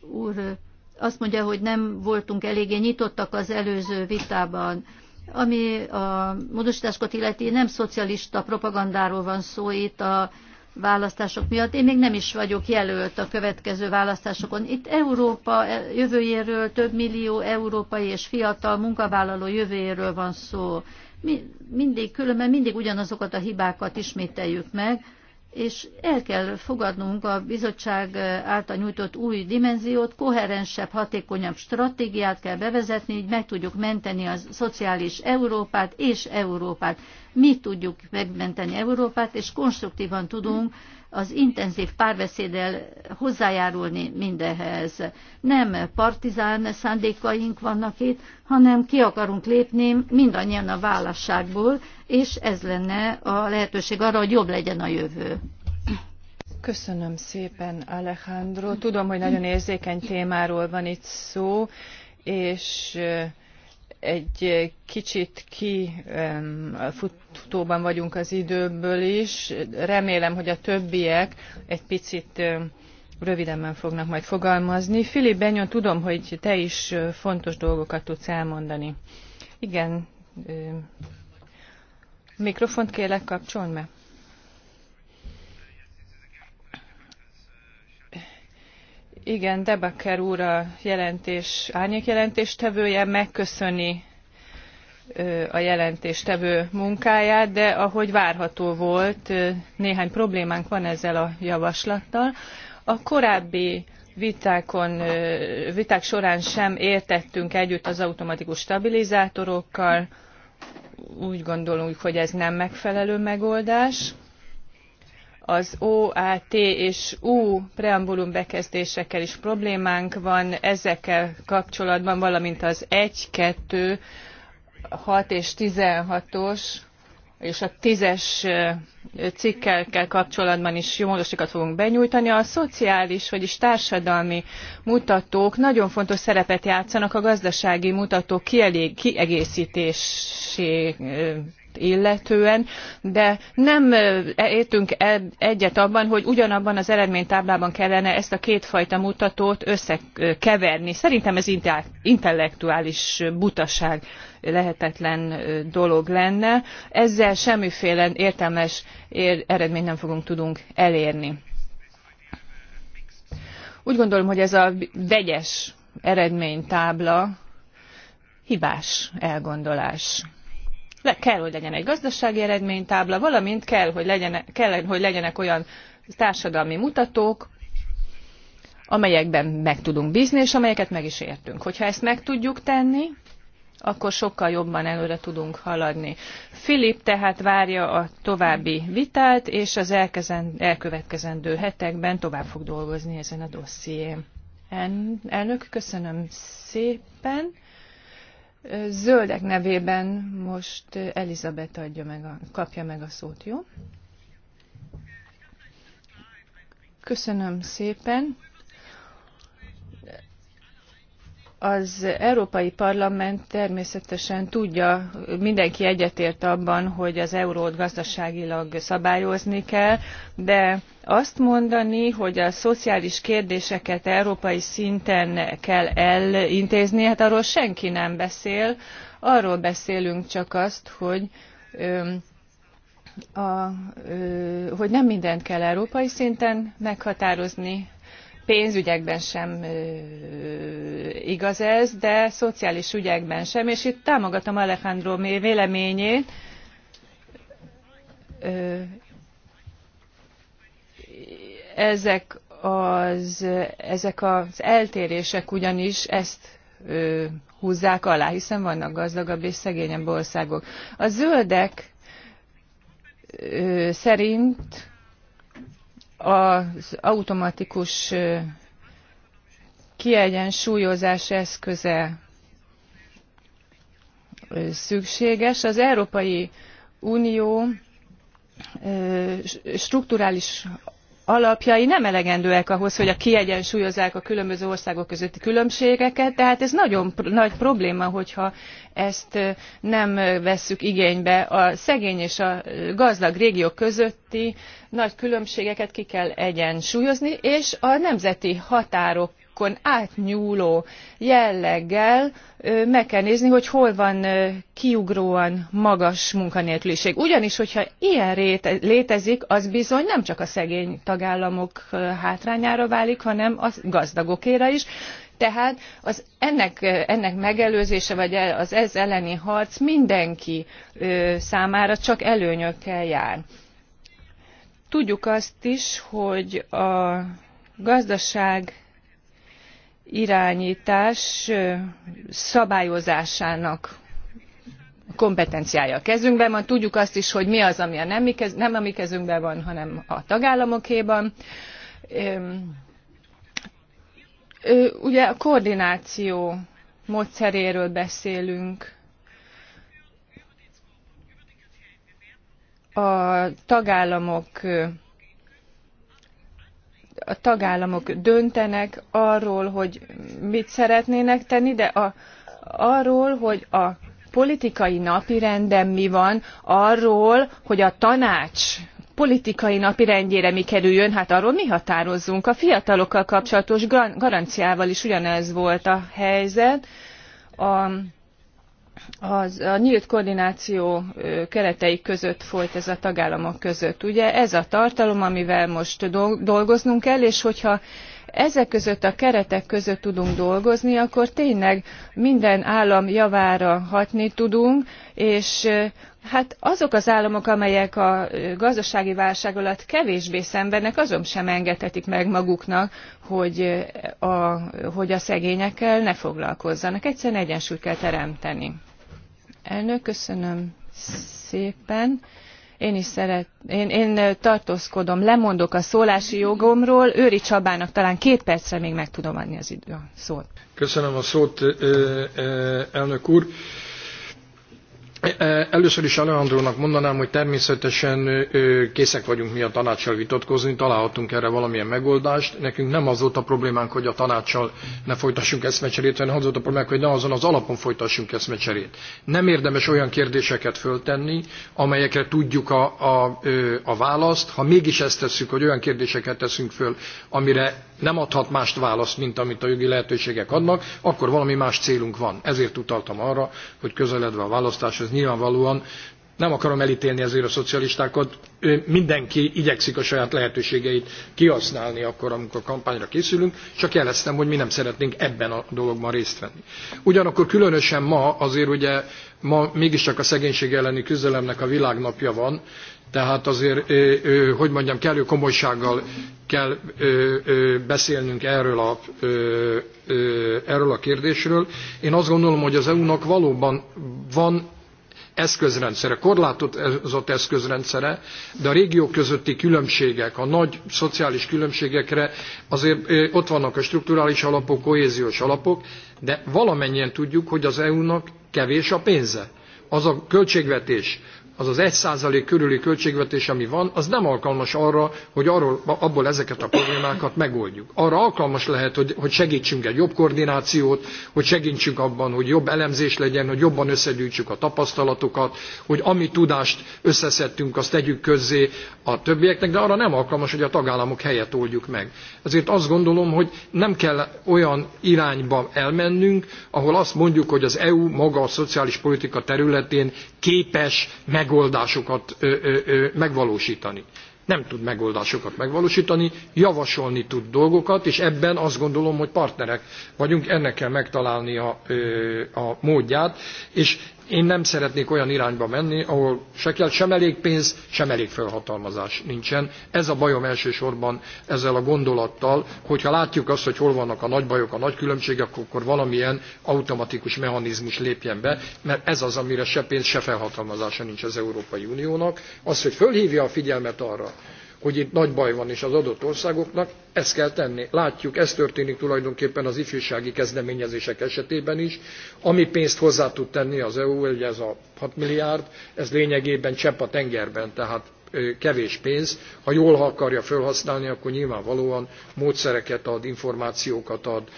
úr azt mondja, hogy nem voltunk eléggé nyitottak az előző vitában. Ami a módosításkot illeti, nem szocialista propagandáról van szó itt, a választások miatt. Én még nem is vagyok jelölt a következő választásokon. Itt Európa jövőjéről, több millió európai és fiatal munkavállaló jövőjéről van szó. Mi, mindig, különben mindig ugyanazokat a hibákat ismételjük meg, és el kell fogadnunk a bizottság által nyújtott új dimenziót, koherensebb, hatékonyabb stratégiát kell bevezetni, így meg tudjuk menteni a szociális Európát és Európát. Mi tudjuk megmenteni Európát, és konstruktívan tudunk az intenzív párbeszéddel hozzájárulni mindehez. Nem partizán szándékaink vannak itt, hanem ki akarunk lépni mindannyian a válasságból, és ez lenne a lehetőség arra, hogy jobb legyen a jövő. Köszönöm szépen, Alejandro. Tudom, hogy nagyon érzékeny témáról van itt szó, és egy kicsit kifutóban vagyunk az időből is. Remélem, hogy a többiek egy picit rövidebben fognak majd fogalmazni. Filip Benyon, tudom, hogy te is fontos dolgokat tudsz elmondani. Igen, mikrofont kérlek kapcsolj be. Igen, Debakker úr a jelentés, árnyékjelentéstevője megköszöni a jelentéstevő munkáját, de ahogy várható volt, néhány problémánk van ezzel a javaslattal. A korábbi vitákon, viták során sem értettünk együtt az automatikus stabilizátorokkal, úgy gondolunk, hogy ez nem megfelelő megoldás az OAT és U preambulum bekezdésekkel is problémánk van, ezekkel kapcsolatban, valamint az 1, 2, 6 és 16-os és a 10-es cikkekkel kapcsolatban is jó módosítókat fogunk benyújtani. A szociális, vagyis társadalmi mutatók nagyon fontos szerepet játszanak a gazdasági mutatók kielég, kiegészítésé illetően, de nem értünk e, egyet abban, hogy ugyanabban az eredménytáblában kellene ezt a kétfajta mutatót összekeverni. Szerintem ez intellektuális butaság lehetetlen dolog lenne. Ezzel semmiféle értelmes eredményt nem fogunk tudunk elérni. Úgy gondolom, hogy ez a vegyes eredménytábla hibás elgondolás le kell, hogy legyen egy gazdasági eredménytábla, valamint kell, hogy, legyen, kell, hogy legyenek olyan társadalmi mutatók, amelyekben meg tudunk bízni, és amelyeket meg is értünk. Hogyha ezt meg tudjuk tenni, akkor sokkal jobban előre tudunk haladni. Filip tehát várja a további vitát, és az elkövetkezendő hetekben tovább fog dolgozni ezen a dosszién. elnök, köszönöm szépen zöldek nevében most Elizabeth adja meg a, kapja meg a szót, jó? Köszönöm szépen. az Európai Parlament természetesen tudja, mindenki egyetért abban, hogy az eurót gazdaságilag szabályozni kell, de azt mondani, hogy a szociális kérdéseket európai szinten kell elintézni, hát arról senki nem beszél. Arról beszélünk csak azt, hogy a, hogy nem mindent kell európai szinten meghatározni, pénzügyekben sem igaz ez, de szociális ügyekben sem, és itt támogatom Alejandro véleményét, ezek az, ezek az eltérések ugyanis ezt ö, húzzák alá, hiszen vannak gazdagabb és szegényebb országok. A zöldek ö, szerint az automatikus kiegyensúlyozás eszköze szükséges. Az Európai Unió strukturális alapjai nem elegendőek ahhoz, hogy a kiegyensúlyozzák a különböző országok közötti különbségeket, tehát ez nagyon nagy probléma, hogyha ezt nem vesszük igénybe. A szegény és a gazdag régiók közötti nagy különbségeket ki kell egyensúlyozni, és a nemzeti határok határokon átnyúló jelleggel meg kell nézni hogy hol van kiugróan magas munkanélküliség ugyanis hogyha ilyen létezik az bizony nem csak a szegény tagállamok hátrányára válik hanem a gazdagokéra is tehát az ennek, ennek megelőzése vagy e, az ez elleni harc mindenki számára csak előnyökkel jár. Tudjuk azt is, hogy a gazdaság iránytás szabályozásának kompetenciája a kezünkben van tudjuk azt is hogy mi az ami a nem, nem a mi kezünkben van hanem a tagállamokéban. ugye a koordináció módszeréről beszélünk a tagállamok a tagállamok döntenek arról, hogy mit szeretnének tenni, de a, arról, hogy a politikai napirenden mi van, arról, hogy a tanács politikai napirendjére mi kerüljön, hát arról mi határozzunk. A fiatalokkal kapcsolatos garanciával is ugyanez volt a helyzet. A, az, a nyílt koordináció keretei között folyt ez a tagállamok között. Ugye ez a tartalom, amivel most dolgoznunk kell, és hogyha ezek között a keretek között tudunk dolgozni, akkor tényleg minden állam javára hatni tudunk, és hát azok az államok, amelyek a gazdasági válság alatt kevésbé szenvednek, azon sem engedhetik meg maguknak, hogy a, hogy a szegényekkel ne foglalkozzanak. Egyszerűen egyensúlyt kell teremteni. Elnök, köszönöm szépen. Én is szeret, én, én tartózkodom, lemondok a szólási jogomról. Őri Csabának talán két percre még meg tudom adni az idő, a szót. Köszönöm a szót, elnök úr. E, először is Alejandrónak mondanám, hogy természetesen készek vagyunk mi a tanácssal vitatkozni, találhatunk erre valamilyen megoldást. Nekünk nem az volt a problémánk, hogy a tanácssal ne folytassunk eszmecserét, hanem az volt a problémánk, hogy ne azon az alapon folytassunk eszmecserét. Nem érdemes olyan kérdéseket föltenni, amelyekre tudjuk a, a, a választ. Ha mégis ezt tesszük, hogy olyan kérdéseket teszünk föl, amire nem adhat mást választ, mint amit a jogi lehetőségek adnak, akkor valami más célunk van. Ezért utaltam arra, hogy közeledve a választáshoz nyilvánvalóan nem akarom elítélni ezért a szocialistákat, mindenki igyekszik a saját lehetőségeit kihasználni akkor, amikor kampányra készülünk, csak jeleztem, hogy mi nem szeretnénk ebben a dologban részt venni. Ugyanakkor különösen ma azért ugye ma mégiscsak a szegénység elleni küzdelemnek a világnapja van, tehát azért, hogy mondjam, kellő komolysággal kell beszélnünk erről a, erről a kérdésről. Én azt gondolom, hogy az EU-nak valóban van eszközrendszere, korlátozott eszközrendszere, de a régiók közötti különbségek, a nagy szociális különbségekre azért ott vannak a strukturális alapok, kohéziós alapok, de valamennyien tudjuk, hogy az EU-nak kevés a pénze. Az a költségvetés, az az 1% körüli költségvetés, ami van, az nem alkalmas arra, hogy arról, abból ezeket a problémákat megoldjuk. Arra alkalmas lehet, hogy, hogy segítsünk egy jobb koordinációt, hogy segítsünk abban, hogy jobb elemzés legyen, hogy jobban összegyűjtsük a tapasztalatokat, hogy ami tudást összeszedtünk, azt tegyük közzé a többieknek, de arra nem alkalmas, hogy a tagállamok helyet oldjuk meg. Ezért azt gondolom, hogy nem kell olyan irányba elmennünk, ahol azt mondjuk, hogy az EU maga a szociális politika területén képes meg megoldásokat megvalósítani. Nem tud megoldásokat megvalósítani, javasolni tud dolgokat, és ebben azt gondolom, hogy partnerek vagyunk, ennek kell megtalálni a, a módját, és én nem szeretnék olyan irányba menni, ahol se kell sem elég pénz, sem elég felhatalmazás nincsen. Ez a bajom elsősorban ezzel a gondolattal, hogyha látjuk azt, hogy hol vannak a nagy bajok, a nagy különbségek, akkor valamilyen automatikus mechanizmus lépjen be, mert ez az, amire se pénz, se felhatalmazása nincs az Európai Uniónak. Az, hogy fölhívja a figyelmet arra, hogy itt nagy baj van is az adott országoknak, ezt kell tenni. Látjuk, ez történik tulajdonképpen az ifjúsági kezdeményezések esetében is. Ami pénzt hozzá tud tenni az EU, ugye ez a 6 milliárd, ez lényegében csepp a tengerben, tehát kevés pénz. Ha jól akarja felhasználni, akkor nyilvánvalóan módszereket ad, információkat ad,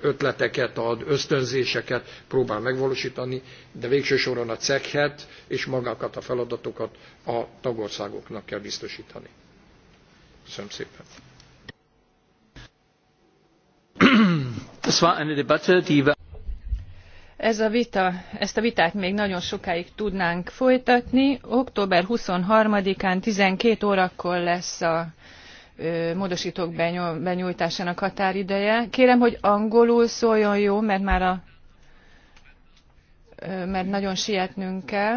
ötleteket ad, ösztönzéseket próbál megvalósítani, de végső soron a cekhet és magákat a feladatokat a tagországoknak kell biztosítani. Köszönöm szépen. Das war eine Debatte, die ez a vita, ezt a vitát még nagyon sokáig tudnánk folytatni. Október 23-án 12 órakor lesz a módosítók benyújtásának határideje. Kérem, hogy angolul szóljon jó, mert már a mert nagyon sietnünk kell.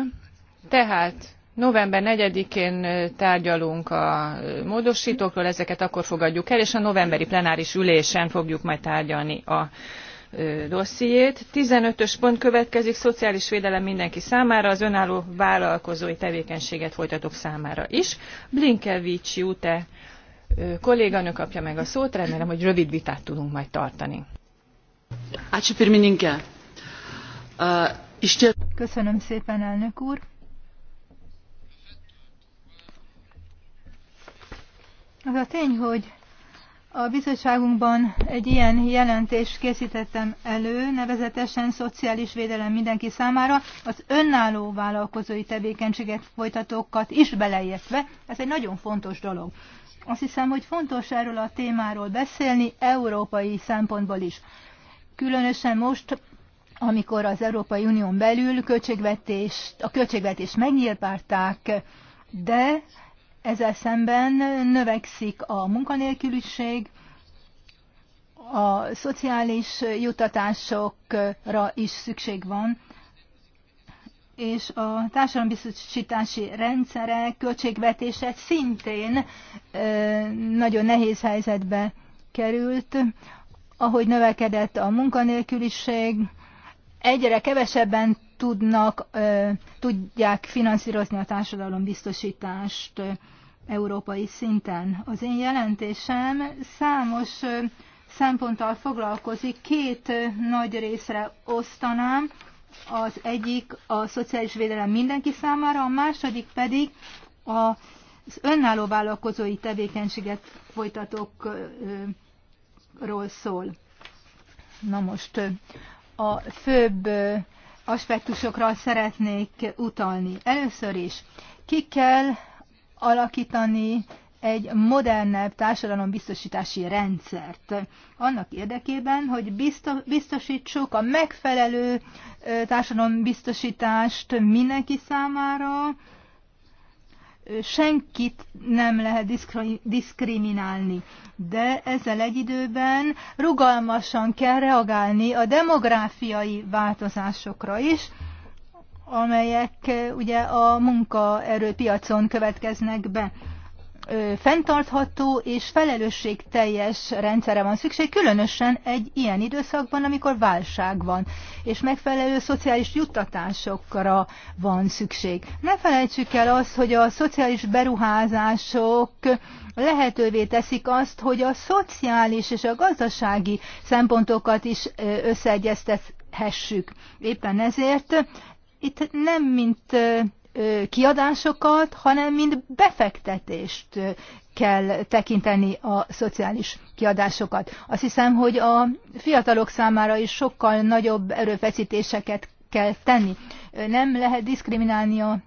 Tehát november 4-én tárgyalunk a módosítókról, ezeket akkor fogadjuk el, és a novemberi plenáris ülésen fogjuk majd tárgyalni a dossziét. Tizenötös ös pont következik, szociális védelem mindenki számára, az önálló vállalkozói tevékenységet folytatók számára is. Blinkevics Jute kolléganő kapja meg a szót, remélem, hogy rövid vitát tudunk majd tartani. Köszönöm szépen, elnök úr. Az a tény, hogy a bizottságunkban egy ilyen jelentést készítettem elő, nevezetesen szociális védelem mindenki számára, az önálló vállalkozói tevékenységet folytatókat is beleértve. Ez egy nagyon fontos dolog. Azt hiszem, hogy fontos erről a témáról beszélni európai szempontból is. Különösen most, amikor az Európai Unión belül költségvetést, a költségvetést megnyilvárták, de ezzel szemben növekszik a munkanélküliség, a szociális jutatásokra is szükség van, és a társadalombiztosítási rendszere költségvetése szintén nagyon nehéz helyzetbe került, ahogy növekedett a munkanélküliség, egyre kevesebben tudnak, tudják finanszírozni a társadalombiztosítást európai szinten. Az én jelentésem számos szemponttal foglalkozik, két nagy részre osztanám. Az egyik a szociális védelem mindenki számára, a második pedig a az önálló vállalkozói tevékenységet folytatókról szól. Na most a főbb aspektusokra szeretnék utalni. Először is ki kell alakítani egy modernebb társadalombiztosítási rendszert. Annak érdekében, hogy biztosítsuk a megfelelő társadalombiztosítást mindenki számára, senkit nem lehet diszkriminálni, de ezzel egy időben rugalmasan kell reagálni a demográfiai változásokra is, amelyek eh, ugye a munkaerőpiacon következnek be fenntartható és felelősségteljes rendszerre van szükség, különösen egy ilyen időszakban, amikor válság van, és megfelelő szociális juttatásokra van szükség. Ne felejtsük el azt, hogy a szociális beruházások lehetővé teszik azt, hogy a szociális és a gazdasági szempontokat is összeegyeztethessük. Éppen ezért itt nem mint kiadásokat, hanem mint befektetést kell tekinteni a szociális kiadásokat. Azt hiszem, hogy a fiatalok számára is sokkal nagyobb erőfeszítéseket kell tenni. Nem lehet diszkriminálni a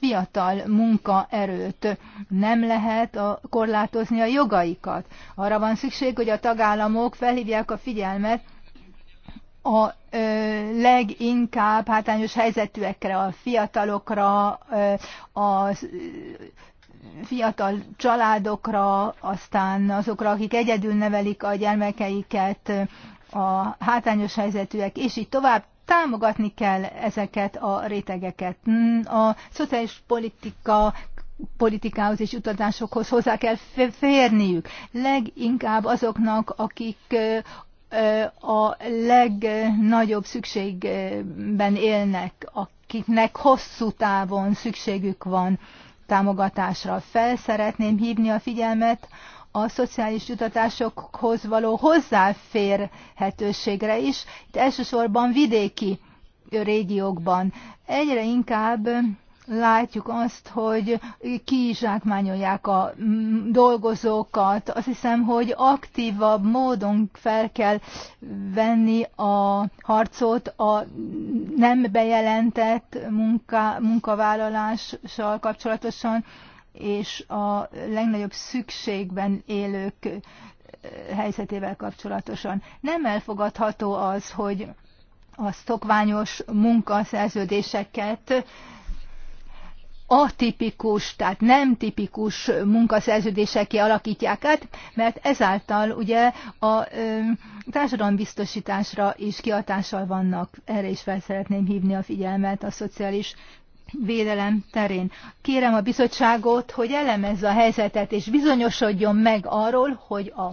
fiatal munkaerőt, nem lehet a, korlátozni a jogaikat. Arra van szükség, hogy a tagállamok felhívják a figyelmet a leginkább hátrányos helyzetűekre, a fiatalokra, a fiatal családokra, aztán azokra, akik egyedül nevelik a gyermekeiket, a hátrányos helyzetűek, és így tovább támogatni kell ezeket a rétegeket. Mm, a szociális politika politikához és utatásokhoz hozzá kell férniük. Leginkább azoknak, akik a legnagyobb szükségben élnek, akiknek hosszú távon szükségük van támogatásra. Fel szeretném hívni a figyelmet a szociális jutatásokhoz való hozzáférhetőségre is, itt elsősorban vidéki régiókban. Egyre inkább látjuk azt, hogy kizsákmányolják a mm, dolgozókat. Azt hiszem, hogy aktívabb módon fel kell venni a harcot a nem bejelentett munka, munkavállalással kapcsolatosan, és a legnagyobb szükségben élők eh, helyzetével kapcsolatosan. Nem elfogadható az, hogy a szokványos munkaszerződéseket atipikus, tehát nem tipikus munkaszerződések alakítják, át, mert ezáltal ugye a társadalombiztosításra is kiatással vannak. Erre is fel szeretném hívni a figyelmet a szociális védelem terén. Kérem a bizottságot, hogy elemezze a helyzetet, és bizonyosodjon meg arról, hogy a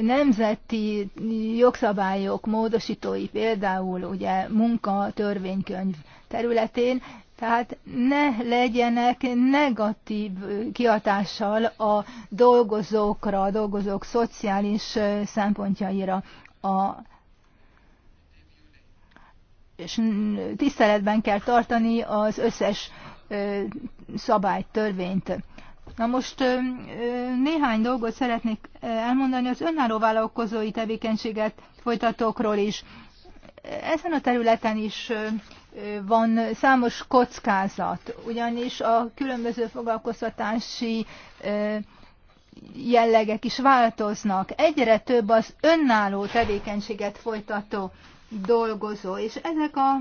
nemzeti jogszabályok módosítói, például ugye munka, törvénykönyv területén, tehát ne legyenek negatív kihatással a dolgozókra, a dolgozók szociális szempontjaira. A és tiszteletben kell tartani az összes szabályt, törvényt. Na most néhány dolgot szeretnék elmondani az önálló vállalkozói tevékenységet folytatókról is. Ezen a területen is van számos kockázat, ugyanis a különböző foglalkoztatási jellegek is változnak. Egyre több az önálló tevékenységet folytató dolgozó, és ezek a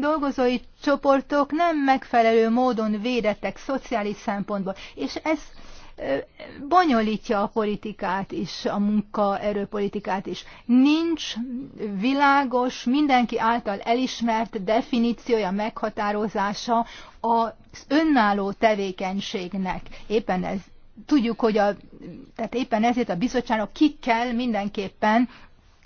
dolgozói csoportok nem megfelelő módon védettek szociális szempontból, és ez bonyolítja a politikát is, a munkaerőpolitikát is. Nincs világos, mindenki által elismert definíciója, meghatározása az önálló tevékenységnek. Éppen ez tudjuk, hogy a, tehát éppen ezért a bizottságnak ki kell mindenképpen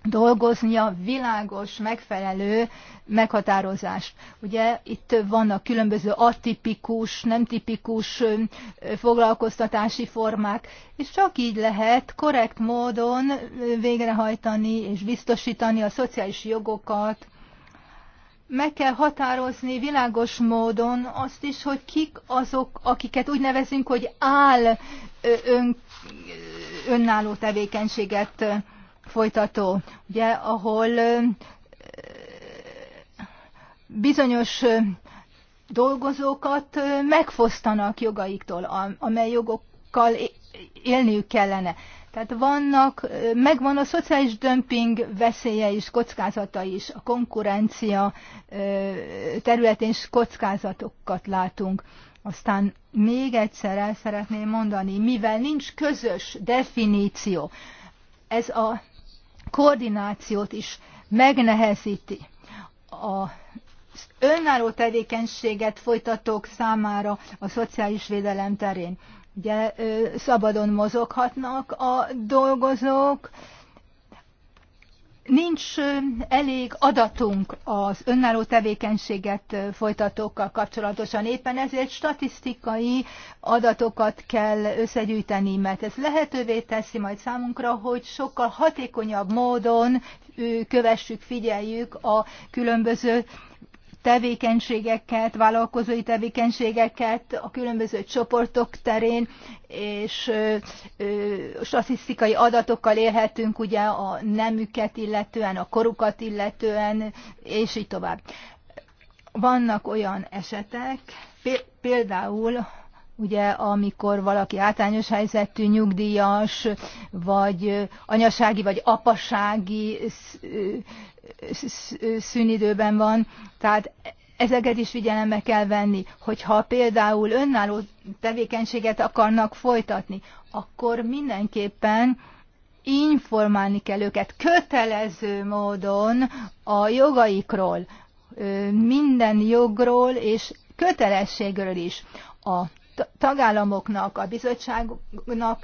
dolgoznia világos, megfelelő meghatározást. Ugye itt vannak különböző atipikus, nem tipikus foglalkoztatási formák, és csak így lehet korrekt módon végrehajtani és biztosítani a szociális jogokat, meg kell határozni világos módon azt is, hogy kik azok, akiket úgy nevezünk, hogy áll ön, önálló tevékenységet folytató, ugye, ahol bizonyos dolgozókat megfosztanak jogaiktól, amely jogokkal élniük kellene. Tehát vannak, megvan a szociális dömping veszélye is, kockázata is, a konkurencia területén is kockázatokat látunk. Aztán még egyszer el szeretném mondani, mivel nincs közös definíció, ez a koordinációt is megnehezíti. A önálló tevékenységet folytatók számára a szociális védelem terén. Ugye szabadon mozoghatnak a dolgozók, Nincs elég adatunk az önálló tevékenységet folytatókkal kapcsolatosan, éppen ezért statisztikai adatokat kell összegyűjteni, mert ez lehetővé teszi majd számunkra, hogy sokkal hatékonyabb módon kövessük, figyeljük a különböző tevékenységeket, vállalkozói tevékenységeket a különböző csoportok terén, és statisztikai adatokkal élhetünk ugye a nemüket illetően, a korukat illetően, és így tovább. Vannak olyan esetek, például ugye amikor valaki általános helyzetű, nyugdíjas, vagy anyasági, vagy apasági szűnidőben van, tehát ezeket is figyelembe kell venni, hogyha például önálló tevékenységet akarnak folytatni, akkor mindenképpen informálni kell őket kötelező módon a jogaikról, minden jogról és kötelességről is. A tagállamoknak, a bizottságnak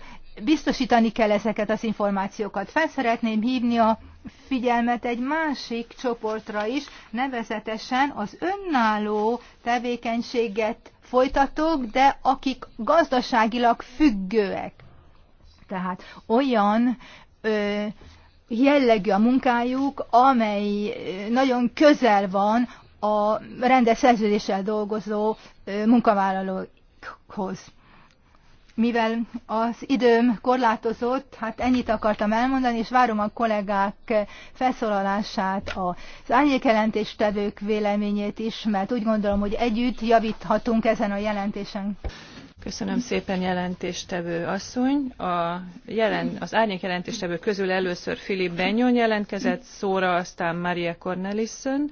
biztosítani kell ezeket az információkat. Fel szeretném hívni a figyelmet egy másik csoportra is, nevezetesen az önálló tevékenységet folytatók, de akik gazdaságilag függőek. Tehát olyan ö, jellegű a munkájuk, amely nagyon közel van a rendes szerződéssel dolgozó munkavállalókhoz mivel az időm korlátozott, hát ennyit akartam elmondani, és várom a kollégák felszólalását, az tevők véleményét is, mert úgy gondolom, hogy együtt javíthatunk ezen a jelentésen. Köszönöm szépen jelentéstevő asszony. A jelen, az árnyék jelentéstevő közül először Filip Benyon jelentkezett szóra, aztán Maria Cornelissen,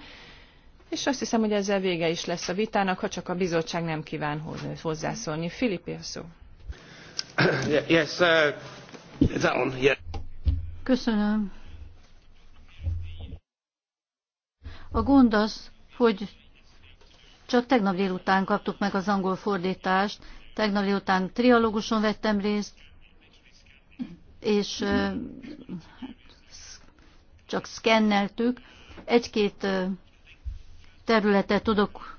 és azt hiszem, hogy ezzel vége is lesz a vitának, ha csak a bizottság nem kíván hozzászólni. Filip, szó. Yes, uh, that yeah. Köszönöm. A gond az, hogy csak tegnap délután kaptuk meg az angol fordítást, tegnap délután trialóguson vettem részt, és csak szkenneltük. Egy-két területet tudok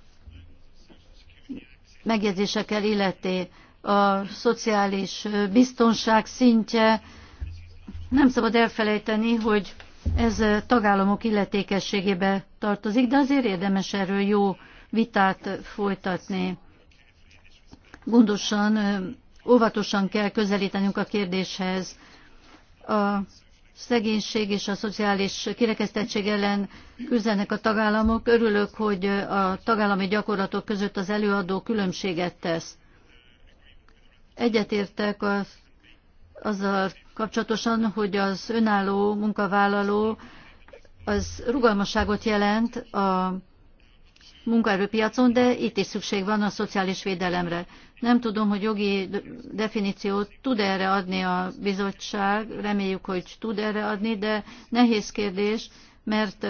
megjegyzésekkel illeti a szociális biztonság szintje. Nem szabad elfelejteni, hogy ez tagállamok illetékességébe tartozik, de azért érdemes erről jó vitát folytatni. Gondosan, óvatosan kell közelítenünk a kérdéshez. A szegénység és a szociális kirekesztettség ellen küzdenek a tagállamok. Örülök, hogy a tagállami gyakorlatok között az előadó különbséget tesz. Egyetértek az, azzal kapcsolatosan, hogy az önálló munkavállaló az rugalmasságot jelent a munkaerőpiacon, de itt is szükség van a szociális védelemre. Nem tudom, hogy jogi definíciót tud erre adni a bizottság, reméljük, hogy tud erre adni, de nehéz kérdés, mert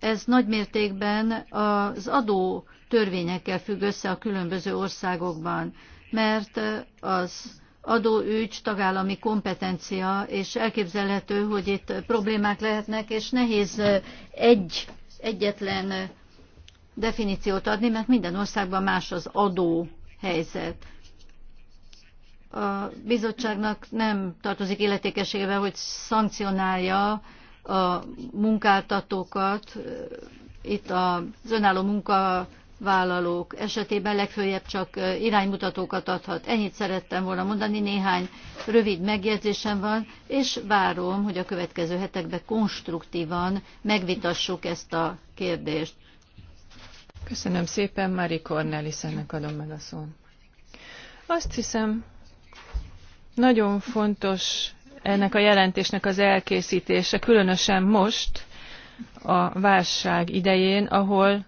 ez nagy mértékben az adó törvényekkel függ össze a különböző országokban mert az adóügy tagállami kompetencia, és elképzelhető, hogy itt problémák lehetnek, és nehéz egy, egyetlen definíciót adni, mert minden országban más az adó helyzet. A bizottságnak nem tartozik illetékeségével, hogy szankcionálja a munkáltatókat, itt az önálló munka vállalók esetében legfőjebb csak iránymutatókat adhat. Ennyit szerettem volna mondani, néhány rövid megjegyzésem van, és várom, hogy a következő hetekben konstruktívan megvitassuk ezt a kérdést. Köszönöm szépen, Mári Cornelissennek adom meg a szót. Azt hiszem, nagyon fontos ennek a jelentésnek az elkészítése, különösen most, a válság idején, ahol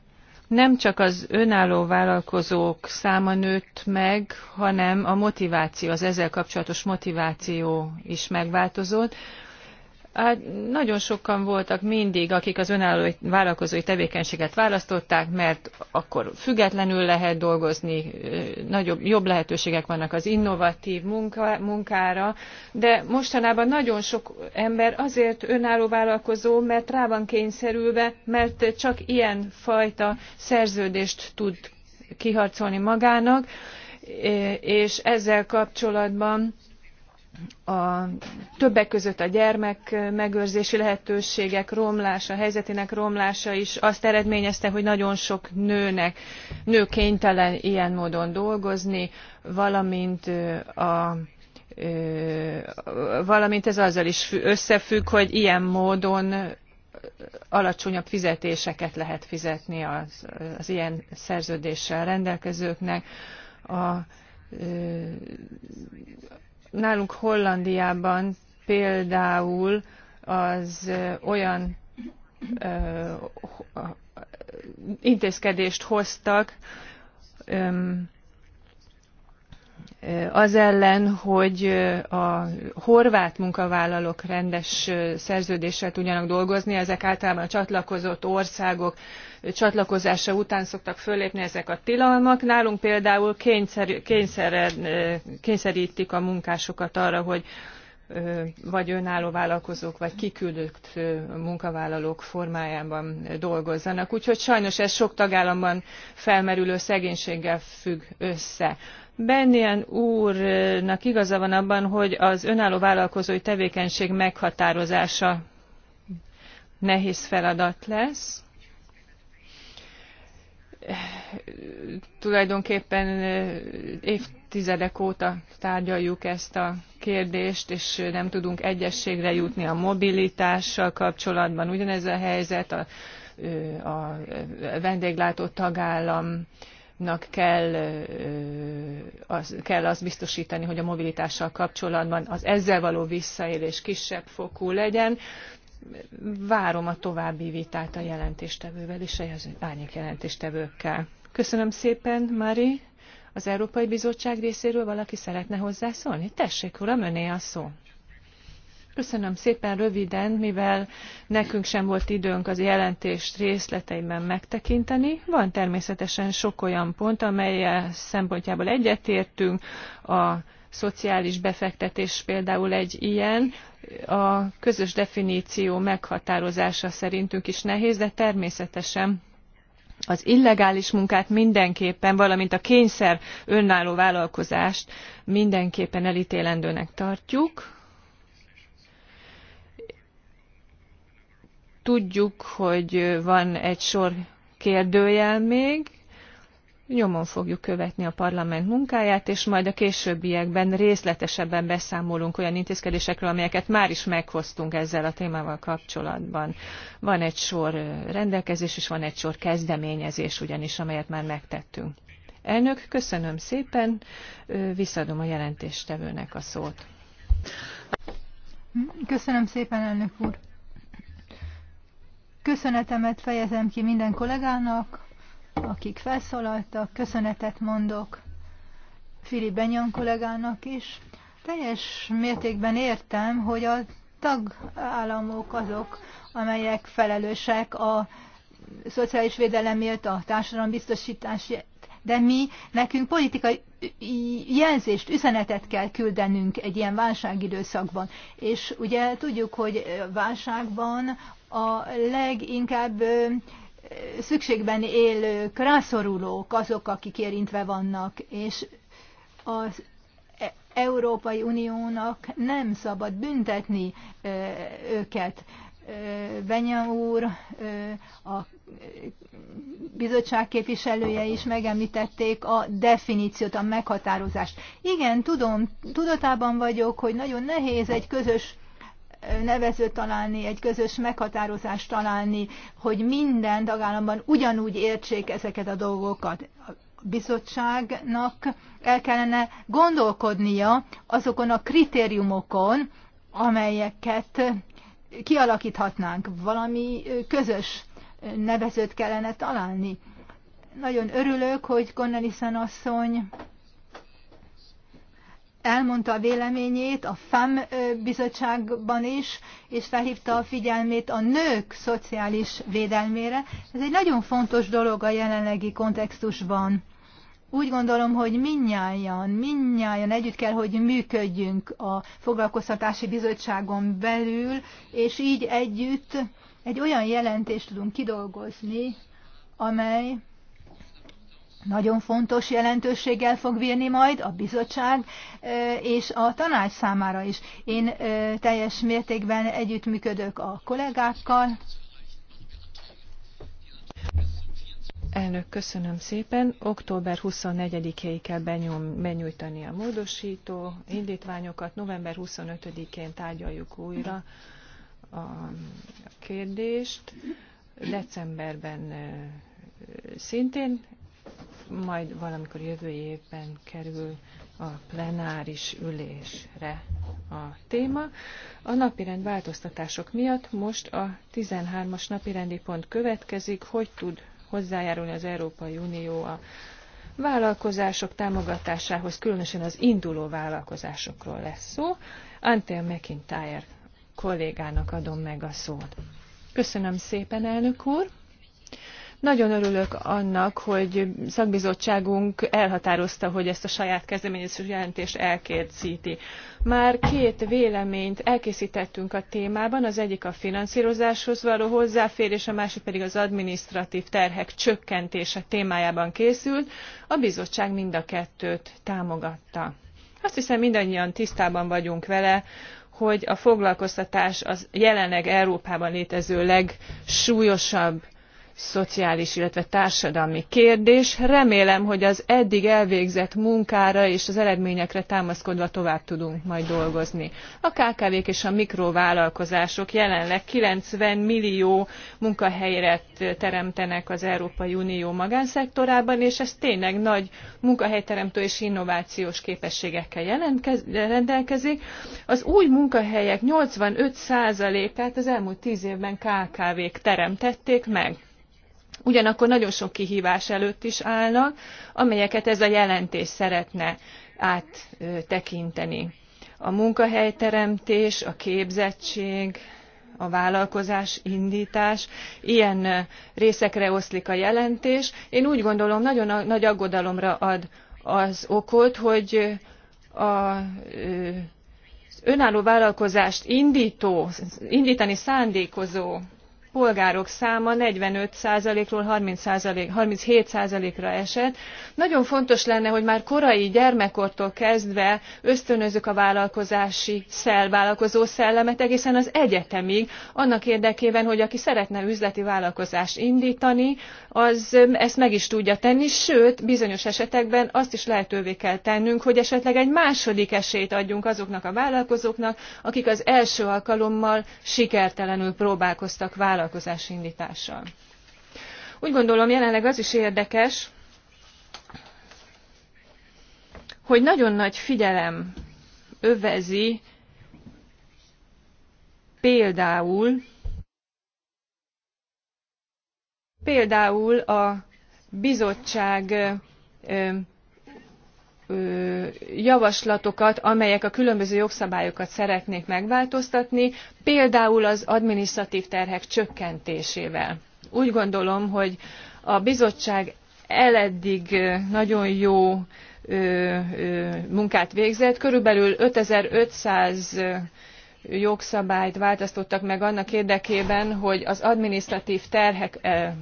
nem csak az önálló vállalkozók száma nőtt meg, hanem a motiváció, az ezzel kapcsolatos motiváció is megváltozott, Hát nagyon sokan voltak mindig, akik az önálló vállalkozói tevékenységet választották, mert akkor függetlenül lehet dolgozni, nagyobb, jobb lehetőségek vannak az innovatív munka, munkára, de mostanában nagyon sok ember azért önálló vállalkozó, mert rá van kényszerülve, mert csak ilyen fajta szerződést tud kiharcolni magának, és ezzel kapcsolatban a többek között a gyermek megőrzési lehetőségek romlása, helyzetének romlása is azt eredményezte, hogy nagyon sok nőnek, nő kénytelen ilyen módon dolgozni, valamint a valamint ez azzal is összefügg, hogy ilyen módon alacsonyabb fizetéseket lehet fizetni az, az ilyen szerződéssel rendelkezőknek. A, nálunk Hollandiában például az olyan intézkedést hoztak az ellen, hogy a horvát munkavállalók rendes szerződéssel tudjanak dolgozni, ezek általában a csatlakozott országok csatlakozása után szoktak föllépni ezek a tilalmak. Nálunk például kényszer, kényszer, kényszerítik a munkásokat arra, hogy vagy önálló vállalkozók, vagy kiküldött munkavállalók formájában dolgozzanak. Úgyhogy sajnos ez sok tagállamban felmerülő szegénységgel függ össze. Bennian úrnak igaza van abban, hogy az önálló vállalkozói tevékenység meghatározása nehéz feladat lesz tulajdonképpen évtizedek óta tárgyaljuk ezt a kérdést, és nem tudunk egyességre jutni a mobilitással kapcsolatban. Ugyanez a helyzet a, a vendéglátó tagállam kell, az, kell azt biztosítani, hogy a mobilitással kapcsolatban az ezzel való visszaélés kisebb fokú legyen várom a további vitát a jelentéstevővel és a árnyék jelentéstevőkkel. Köszönöm szépen, Mari. Az Európai Bizottság részéről valaki szeretne hozzászólni? Tessék, uram, öné a szó. Köszönöm szépen röviden, mivel nekünk sem volt időnk az jelentést részleteiben megtekinteni. Van természetesen sok olyan pont, amelyel szempontjából egyetértünk. A szociális befektetés például egy ilyen. A közös definíció meghatározása szerintünk is nehéz, de természetesen az illegális munkát mindenképpen, valamint a kényszer önálló vállalkozást mindenképpen elítélendőnek tartjuk. Tudjuk, hogy van egy sor kérdőjel még, nyomon fogjuk követni a parlament munkáját, és majd a későbbiekben részletesebben beszámolunk olyan intézkedésekről, amelyeket már is meghoztunk ezzel a témával kapcsolatban. Van egy sor rendelkezés, és van egy sor kezdeményezés ugyanis, amelyet már megtettünk. Elnök, köszönöm szépen, visszadom a jelentéstevőnek a szót. Köszönöm szépen, elnök úr. Köszönetemet fejezem ki minden kollégának, akik felszólaltak, köszönetet mondok Fili Benyan kollégának is. Teljes mértékben értem, hogy a tagállamok azok, amelyek felelősek a szociális védelemért, a biztosításért, de mi nekünk politikai jelzést, üzenetet kell küldenünk egy ilyen válságidőszakban. És ugye tudjuk, hogy válságban a leginkább szükségben élők, rászorulók azok, akik érintve vannak, és az e- Európai Uniónak nem szabad büntetni őket. Benya úr, a bizottság képviselője is megemlítették a definíciót, a meghatározást. Igen, tudom, tudatában vagyok, hogy nagyon nehéz egy közös nevezőt találni, egy közös meghatározást találni, hogy minden tagállamban ugyanúgy értsék ezeket a dolgokat. A bizottságnak el kellene gondolkodnia azokon a kritériumokon, amelyeket kialakíthatnánk. Valami közös nevezőt kellene találni. Nagyon örülök, hogy Cornelissen asszony elmondta a véleményét a FAM bizottságban is, és felhívta a figyelmét a nők szociális védelmére. Ez egy nagyon fontos dolog a jelenlegi kontextusban. Úgy gondolom, hogy minnyáján, minnyáján együtt kell, hogy működjünk a foglalkoztatási bizottságon belül, és így együtt egy olyan jelentést tudunk kidolgozni, amely nagyon fontos jelentőséggel fog bírni majd a bizottság és a tanács számára is. Én teljes mértékben együttműködök a kollégákkal. Elnök, köszönöm szépen. Október 24-éig kell benyom, benyújtani a módosító indítványokat. November 25-én tárgyaljuk újra a kérdést. Decemberben szintén majd valamikor jövő évben kerül a plenáris ülésre a téma. A napirend változtatások miatt most a 13-as napirendi pont következik, hogy tud hozzájárulni az Európai Unió a vállalkozások támogatásához, különösen az induló vállalkozásokról lesz szó. Antél McIntyre kollégának adom meg a szót. Köszönöm szépen, elnök úr! Nagyon örülök annak, hogy szakbizottságunk elhatározta, hogy ezt a saját kezdeményező jelentést elkészíti. Már két véleményt elkészítettünk a témában, az egyik a finanszírozáshoz való hozzáférés, a másik pedig az administratív terhek csökkentése témájában készült. A bizottság mind a kettőt támogatta. Azt hiszem mindannyian tisztában vagyunk vele, hogy a foglalkoztatás az jelenleg Európában létező legsúlyosabb szociális, illetve társadalmi kérdés. Remélem, hogy az eddig elvégzett munkára és az eredményekre támaszkodva tovább tudunk majd dolgozni. A KKV-k és a mikrovállalkozások jelenleg 90 millió munkahelyet teremtenek az Európai Unió magánszektorában, és ez tényleg nagy munkahelyteremtő és innovációs képességekkel rendelkezik. Az új munkahelyek 85%-át az elmúlt 10 évben KKV-k teremtették meg ugyanakkor nagyon sok kihívás előtt is állnak, amelyeket ez a jelentés szeretne áttekinteni. A munkahelyteremtés, a képzettség, a vállalkozás indítás, ilyen részekre oszlik a jelentés. Én úgy gondolom, nagyon nagy aggodalomra ad az okot, hogy a önálló vállalkozást indító, indítani szándékozó polgárok száma 45%-ról 37%-ra esett. Nagyon fontos lenne, hogy már korai gyermekkortól kezdve ösztönözzük a vállalkozási szel, vállalkozó szellemet egészen az egyetemig, annak érdekében, hogy aki szeretne üzleti vállalkozást indítani, az ezt meg is tudja tenni, sőt, bizonyos esetekben azt is lehetővé kell tennünk, hogy esetleg egy második esélyt adjunk azoknak a vállalkozóknak, akik az első alkalommal sikertelenül próbálkoztak vállalkozni vállalkozás indítással. Úgy gondolom jelenleg az is érdekes, hogy nagyon nagy figyelem övezi például például a bizottság javaslatokat, amelyek a különböző jogszabályokat szeretnék megváltoztatni, például az adminisztratív terhek csökkentésével. Úgy gondolom, hogy a bizottság eleddig nagyon jó munkát végzett, körülbelül 5500 jogszabályt változtattak meg annak érdekében, hogy az adminisztratív terhek e,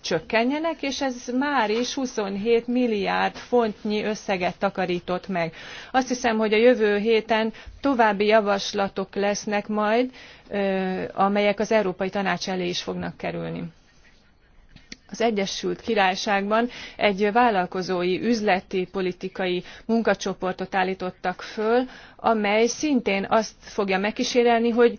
csökkenjenek, és ez már is 27 milliárd fontnyi összeget takarított meg. Azt hiszem, hogy a jövő héten további javaslatok lesznek majd, e, amelyek az Európai Tanács elé is fognak kerülni az Egyesült Királyságban egy vállalkozói, üzleti, politikai munkacsoportot állítottak föl, amely szintén azt fogja megkísérelni, hogy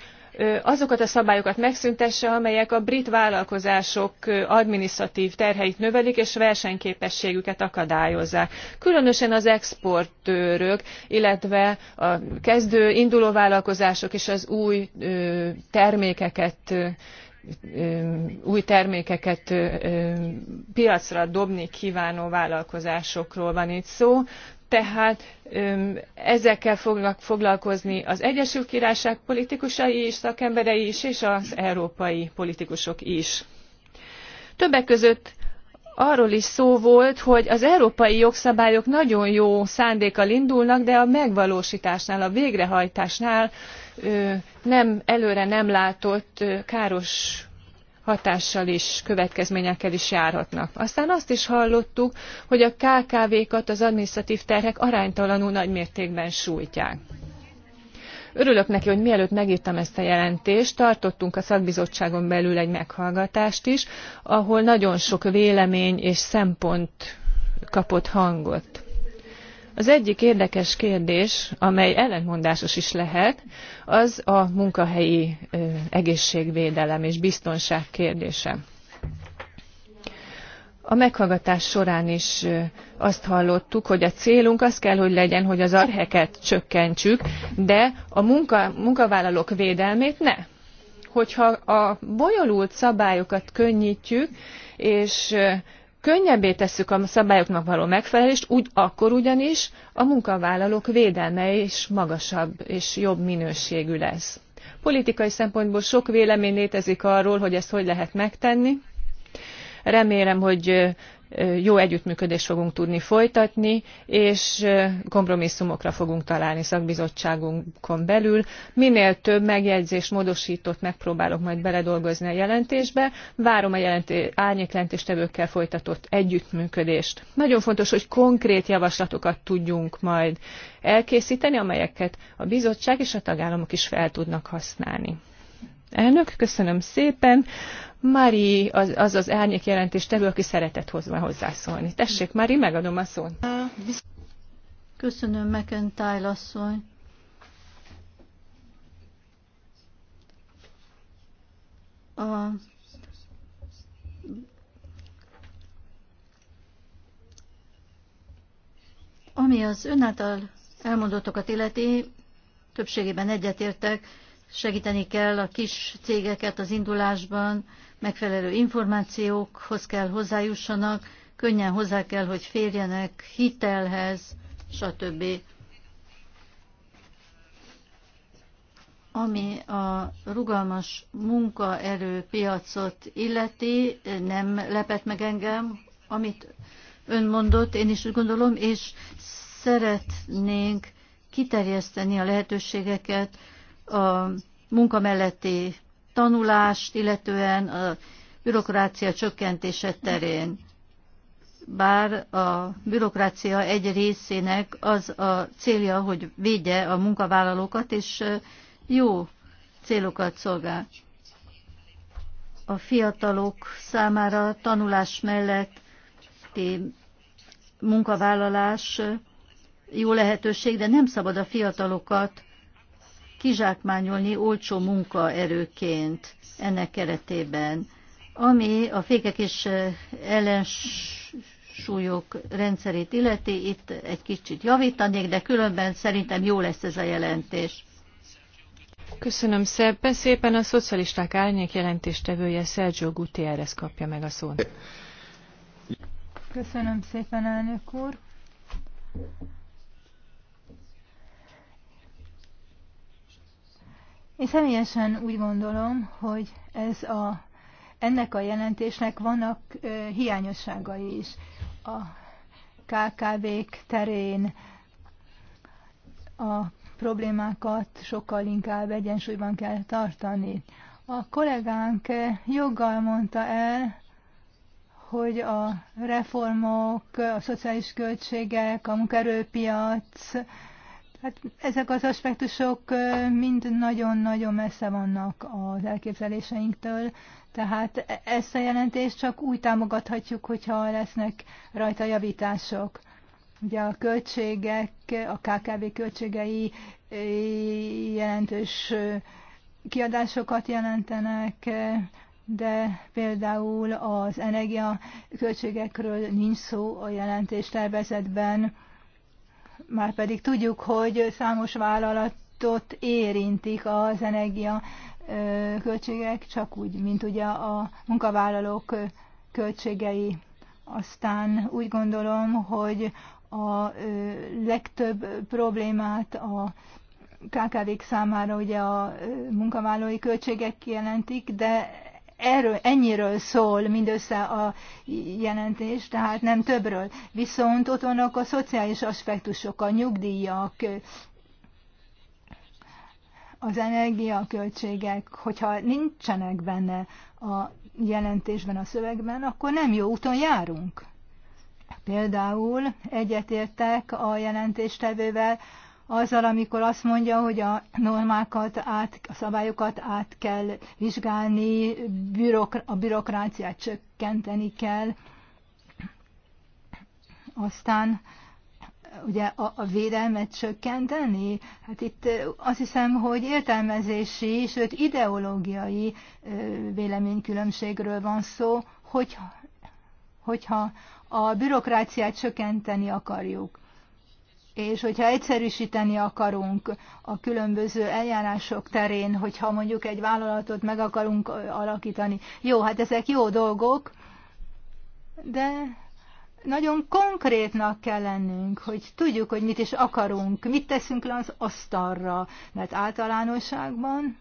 azokat a szabályokat megszüntesse, amelyek a brit vállalkozások adminisztratív terheit növelik és versenyképességüket akadályozzák. Különösen az exportőrök, illetve a kezdő induló vállalkozások és az új termékeket új termékeket piacra dobni kívánó vállalkozásokról van itt szó. Tehát ezekkel fognak foglalkozni az Egyesült Királyság politikusai is, szakemberei is, és az európai politikusok is. Többek között arról is szó volt, hogy az európai jogszabályok nagyon jó szándékkal indulnak, de a megvalósításnál, a végrehajtásnál nem, előre nem látott káros hatással és következményekkel is járhatnak. Aztán azt is hallottuk, hogy a KKV-kat az adminisztratív terhek aránytalanul nagy mértékben sújtják. Örülök neki, hogy mielőtt megírtam ezt a jelentést, tartottunk a szakbizottságon belül egy meghallgatást is, ahol nagyon sok vélemény és szempont kapott hangot. Az egyik érdekes kérdés, amely ellentmondásos is lehet, az a munkahelyi egészségvédelem és biztonság kérdése. A meghallgatás során is azt hallottuk, hogy a célunk az kell, hogy legyen, hogy az arheket csökkentsük, de a munka, munkavállalók védelmét ne. Hogyha a bonyolult szabályokat könnyítjük, és könnyebbé tesszük a szabályoknak való megfelelést, úgy akkor ugyanis a munkavállalók védelme is magasabb és jobb minőségű lesz. Politikai szempontból sok vélemény létezik arról, hogy ezt hogy lehet megtenni Remélem, hogy jó együttműködést fogunk tudni folytatni, és kompromisszumokra fogunk találni szakbizottságunkon belül. Minél több megjegyzést, módosítót megpróbálok majd beledolgozni a jelentésbe. Várom a jelenté- árnyéklentéstevőkkel folytatott együttműködést. Nagyon fontos, hogy konkrét javaslatokat tudjunk majd elkészíteni, amelyeket a bizottság és a tagállamok is fel tudnak használni. Elnök, köszönöm szépen. Mari az az, az árnyék jelentéstevő, aki szeretett hozzá hozzászólni. Tessék, Mari, megadom a szót. Köszönöm, McIntyre asszony. A Ami az ön által elmondottakat illeti, többségében egyetértek, segíteni kell a kis cégeket az indulásban, megfelelő információkhoz kell hozzájussanak, könnyen hozzá kell, hogy férjenek hitelhez, stb. Ami a rugalmas munkaerőpiacot illeti, nem lepett meg engem, amit ön mondott, én is úgy gondolom, és szeretnénk kiterjeszteni a lehetőségeket a munka melletti tanulást, illetően a bürokrácia csökkentése terén. Bár a bürokrácia egy részének az a célja, hogy védje a munkavállalókat, és jó célokat szolgál. A fiatalok számára tanulás mellett munkavállalás jó lehetőség, de nem szabad a fiatalokat kizsákmányolni olcsó munkaerőként ennek keretében, ami a fékek és eh, ellensúlyok rendszerét illeti, itt egy kicsit javítanék, de különben szerintem jó lesz ez a jelentés. Köszönöm szépen, szépen a szocialisták árnyék jelentéstevője Sergio Gutierrez kapja meg a szót. Köszönöm szépen, elnök úr. Én személyesen úgy gondolom, hogy ez a, ennek a jelentésnek vannak ö, hiányosságai is. A KKV-k terén a problémákat sokkal inkább egyensúlyban kell tartani. A kollégánk joggal mondta el, hogy a reformok, a szociális költségek, a munkerőpiac, Hát ezek az aspektusok mind nagyon-nagyon messze vannak az elképzeléseinktől, tehát e- ezt a jelentést csak úgy támogathatjuk, hogyha lesznek rajta javítások. Ugye a költségek, a KKV költségei jelentős kiadásokat jelentenek, de például az energiaköltségekről nincs szó a jelentéstervezetben. tervezetben már pedig tudjuk, hogy számos vállalatot érintik az energia költségek, csak úgy, mint ugye a munkavállalók költségei. Aztán úgy gondolom, hogy a legtöbb problémát a KKV-k számára ugye a munkavállalói költségek jelentik, de erről, ennyiről szól mindössze a jelentés, tehát nem többről. Viszont ott vannak a szociális aspektusok, a nyugdíjak, az energiaköltségek, hogyha nincsenek benne a jelentésben, a szövegben, akkor nem jó úton járunk. Például egyetértek a jelentéstevővel azzal, amikor azt mondja, hogy a normákat, át, a szabályokat át kell vizsgálni, bürok, a bürokráciát csökkenteni kell. Aztán ugye a, a védelmet csökkenteni? Hát itt azt hiszem, hogy értelmezési, sőt ideológiai véleménykülönbségről van szó, hogyha, hogyha a bürokráciát csökkenteni akarjuk és hogyha egyszerűsíteni akarunk a különböző eljárások terén, hogyha mondjuk egy vállalatot meg akarunk alakítani, jó, hát ezek jó dolgok, de nagyon konkrétnak kell lennünk, hogy tudjuk, hogy mit is akarunk, mit teszünk le az asztalra, mert általánosságban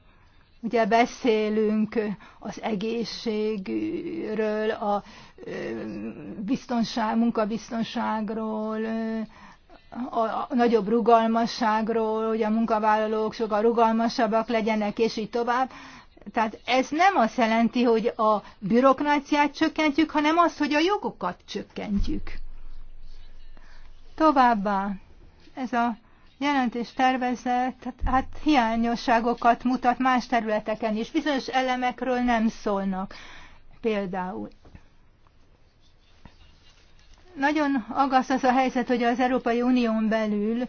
ugye beszélünk az egészségről, a biztonság, munkabiztonságról, a nagyobb rugalmasságról, hogy a munkavállalók sokkal rugalmasabbak legyenek, és így tovább. Tehát ez nem azt jelenti, hogy a bürokráciát csökkentjük, hanem azt, hogy a jogokat csökkentjük. Továbbá ez a jelentés tervezet hát hiányosságokat mutat más területeken is. Bizonyos elemekről nem szólnak. Például nagyon aggaszt az a helyzet, hogy az Európai Unión belül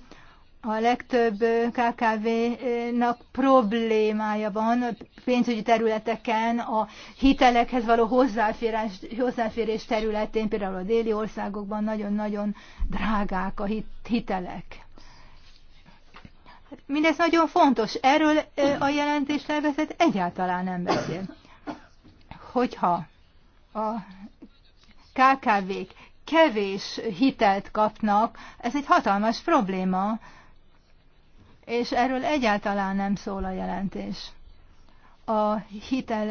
a legtöbb KKV-nak problémája van pénzügyi területeken, a hitelekhez való hozzáférés, hozzáférés területén, például a déli országokban nagyon-nagyon drágák a hitelek. Mindez nagyon fontos. Erről a jelentés levezet egyáltalán nem beszél. Hogyha a KKV-k kevés hitelt kapnak, ez egy hatalmas probléma, és erről egyáltalán nem szól a jelentés. A hitel,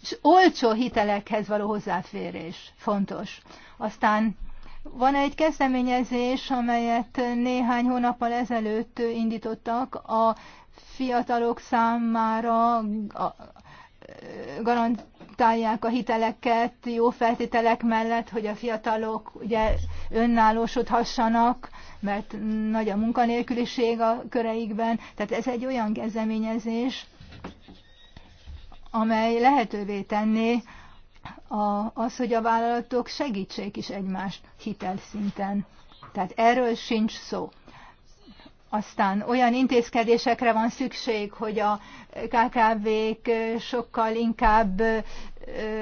és eh, olcsó hitelekhez való hozzáférés fontos. Aztán van egy kezdeményezés, amelyet néhány hónappal ezelőtt indítottak a fiatalok számára eh, garant, garantálják a hiteleket jó feltételek mellett, hogy a fiatalok ugye önállósodhassanak, mert nagy a munkanélküliség a köreikben. Tehát ez egy olyan kezdeményezés, amely lehetővé tenné a, az, hogy a vállalatok segítsék is egymást hitelszinten. Tehát erről sincs szó. Aztán olyan intézkedésekre van szükség, hogy a KKV-k sokkal inkább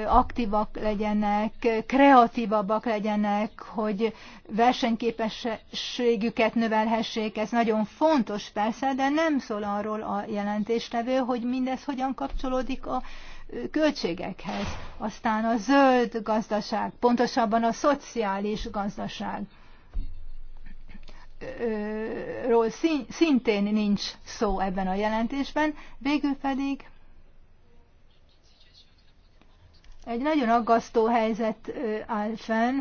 aktívak legyenek, kreatívabbak legyenek, hogy versenyképességüket növelhessék. Ez nagyon fontos persze, de nem szól arról a jelentéstevő, hogy mindez hogyan kapcsolódik a költségekhez. Aztán a zöld gazdaság, pontosabban a szociális gazdaság ról szintén nincs szó ebben a jelentésben, végül pedig egy nagyon aggasztó helyzet áll fenn,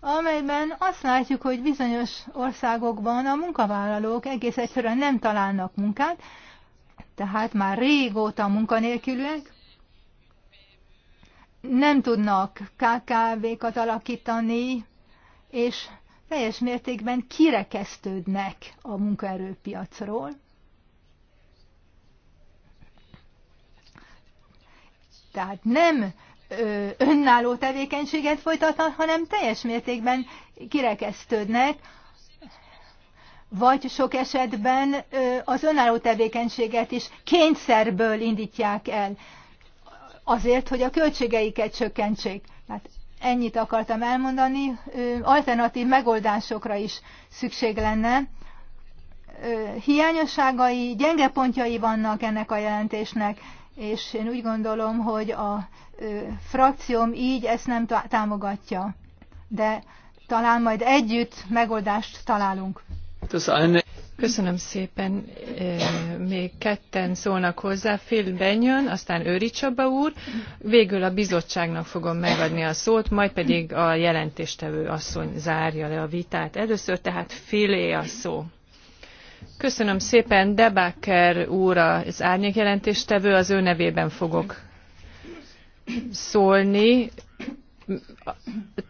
amelyben azt látjuk, hogy bizonyos országokban a munkavállalók egész egyszerűen nem találnak munkát, tehát már régóta munkanélkülőek, nem tudnak KKV-kat alakítani, és teljes mértékben kirekesztődnek a munkaerőpiacról. Tehát nem önálló tevékenységet folytatnak, hanem teljes mértékben kirekesztődnek, vagy sok esetben az önálló tevékenységet is kényszerből indítják el, azért, hogy a költségeiket csökkentsék. Tehát Ennyit akartam elmondani. Alternatív megoldásokra is szükség lenne. Hiányosságai, gyenge pontjai vannak ennek a jelentésnek, és én úgy gondolom, hogy a frakcióm így ezt nem támogatja. De talán majd együtt megoldást találunk. Köszönöm szépen. Még ketten szólnak hozzá. Phil Benyon, aztán Őri Csaba úr. Végül a bizottságnak fogom megadni a szót, majd pedig a jelentéstevő asszony zárja le a vitát. Először tehát Philé a szó. Köszönöm szépen. Debaker úr az árnyék jelentéstevő, az ő nevében fogok szólni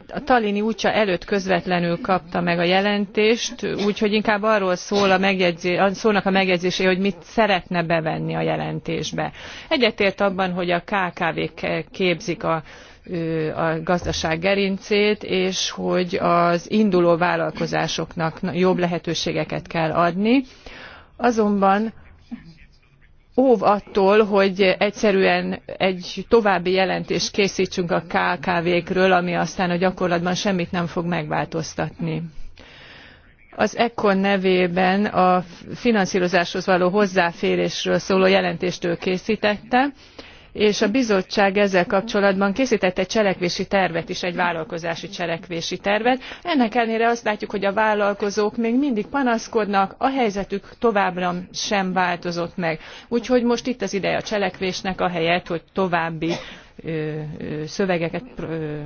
a tallini útja előtt közvetlenül kapta meg a jelentést, úgyhogy inkább arról szól a megjegyzés, szólnak a megjegyzésé, hogy mit szeretne bevenni a jelentésbe. Egyetért abban, hogy a KKV-k képzik a a gazdaság gerincét, és hogy az induló vállalkozásoknak jobb lehetőségeket kell adni. Azonban óv attól, hogy egyszerűen egy további jelentést készítsünk a KKV-kről, ami aztán a gyakorlatban semmit nem fog megváltoztatni. Az ECON nevében a finanszírozáshoz való hozzáférésről szóló jelentéstől készítette, és a bizottság ezzel kapcsolatban készített egy cselekvési tervet is, egy vállalkozási cselekvési tervet. Ennek ellenére azt látjuk, hogy a vállalkozók még mindig panaszkodnak, a helyzetük továbbra sem változott meg. Úgyhogy most itt az ideje a cselekvésnek, ahelyett, hogy további ö, ö, szövegeket ö,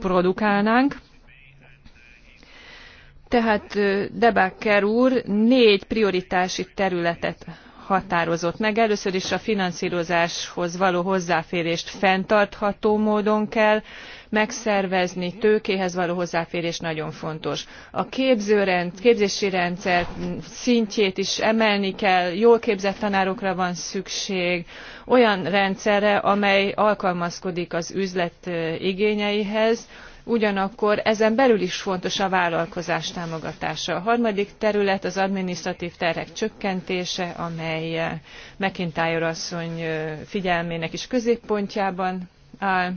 produkálnánk. Tehát Debakker úr négy prioritási területet határozott meg. Először is a finanszírozáshoz való hozzáférést fenntartható módon kell megszervezni, tőkéhez való hozzáférés nagyon fontos. A képzőrend, képzési rendszer szintjét is emelni kell, jól képzett tanárokra van szükség, olyan rendszerre, amely alkalmazkodik az üzlet igényeihez, ugyanakkor ezen belül is fontos a vállalkozás támogatása. A harmadik terület az adminisztratív terhek csökkentése, amely eh, McIntyre asszony eh, figyelmének is középpontjában áll.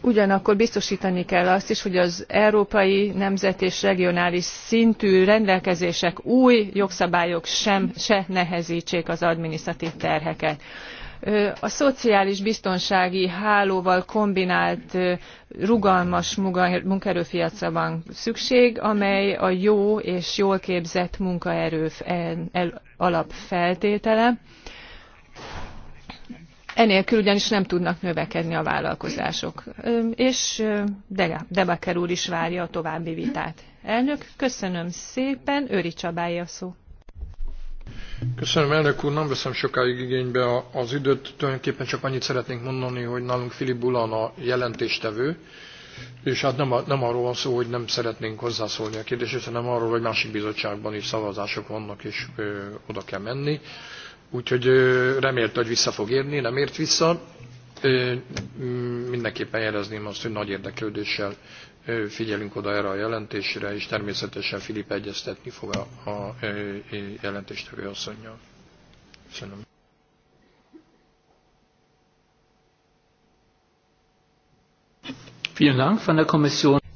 Ugyanakkor biztosítani kell azt is, hogy az európai, nemzet és regionális szintű rendelkezések új jogszabályok sem se nehezítsék az adminisztratív terheket a szociális biztonsági hálóval kombinált rugalmas munkaerőpiacra van szükség, amely a jó és jól képzett munkaerő alapfeltétele. Enélkül ugyanis nem tudnak növekedni a vállalkozások. És Debaker úr is várja a további vitát. Elnök, köszönöm szépen, Őri Csabája szó. Köszönöm, elnök úr, nem veszem sokáig igénybe az időt. Tulajdonképpen csak annyit szeretnénk mondani, hogy nálunk Filip Bulan a jelentéstevő, és hát nem, nem arról van szó, hogy nem szeretnénk hozzászólni a kérdéshez, hanem arról, hogy másik bizottságban is szavazások vannak, és ö, oda kell menni. Úgyhogy ö, remélte, hogy vissza fog érni, nem ért vissza. Ö, mindenképpen jelezném azt, hogy nagy érdeklődéssel figyelünk oda erre a jelentésre, és természetesen Filip egyeztetni fog a, a jelentéstevő asszonynal. Köszönöm.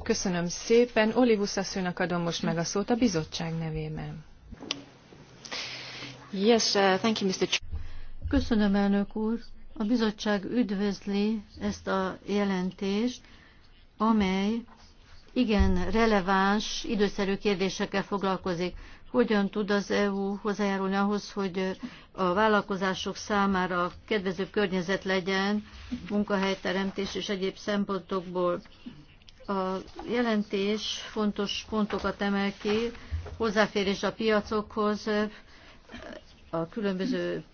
Köszönöm szépen. Olivus asszonynak adom most meg a szót a bizottság nevében. Yes, uh, thank you, Mr. Köszönöm, elnök úr. A bizottság üdvözli ezt a jelentést, amely igen releváns, időszerű kérdésekkel foglalkozik. Hogyan tud az EU hozzájárulni ahhoz, hogy a vállalkozások számára kedvező környezet legyen, munkahelyteremtés és egyéb szempontokból? A jelentés fontos pontokat emel ki, hozzáférés a piacokhoz, a különböző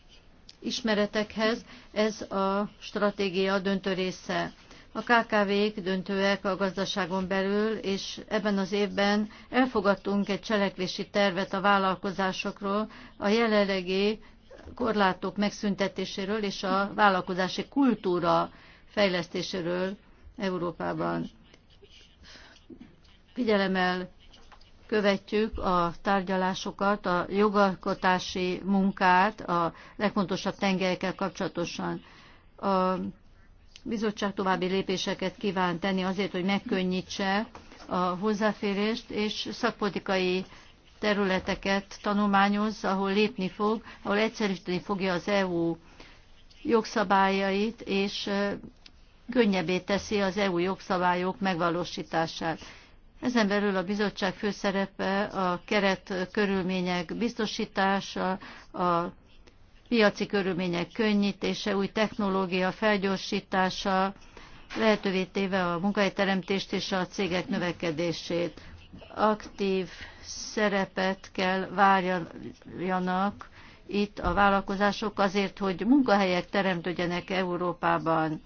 ismeretekhez, ez a stratégia döntő része. A KKV-k döntőek a gazdaságon belül, és ebben az évben elfogadtunk egy cselekvési tervet a vállalkozásokról, a jelenlegi korlátok megszüntetéséről és a vállalkozási kultúra fejlesztéséről Európában. Figyelemmel követjük a tárgyalásokat, a jogalkotási munkát, a legfontosabb tengelyekkel kapcsolatosan. A bizottság további lépéseket kíván tenni azért, hogy megkönnyítse a hozzáférést, és szakpolitikai területeket tanulmányoz, ahol lépni fog, ahol egyszerűsíteni fogja az EU jogszabályait, és könnyebbé teszi az EU jogszabályok megvalósítását. Ezen belül a bizottság főszerepe a keret körülmények biztosítása, a piaci körülmények könnyítése, új technológia felgyorsítása, lehetővé téve a munkahelyteremtést és a cégek növekedését. Aktív szerepet kell várjanak itt a vállalkozások azért, hogy munkahelyek teremtődjenek Európában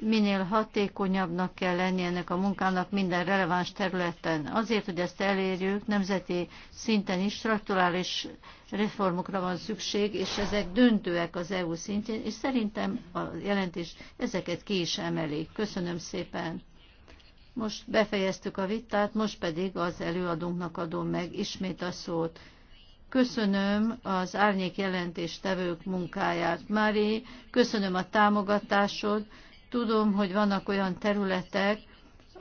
minél hatékonyabbnak kell lenni ennek a munkának minden releváns területen. Azért, hogy ezt elérjük, nemzeti szinten is strukturális reformokra van szükség, és ezek döntőek az EU szintjén, és szerintem a jelentés ezeket ki is emeli. Köszönöm szépen! Most befejeztük a vitát, most pedig az előadónknak adom meg ismét a szót. Köszönöm az árnyék jelentéstevők munkáját, Mári, köszönöm a támogatásod, Tudom, hogy vannak olyan területek,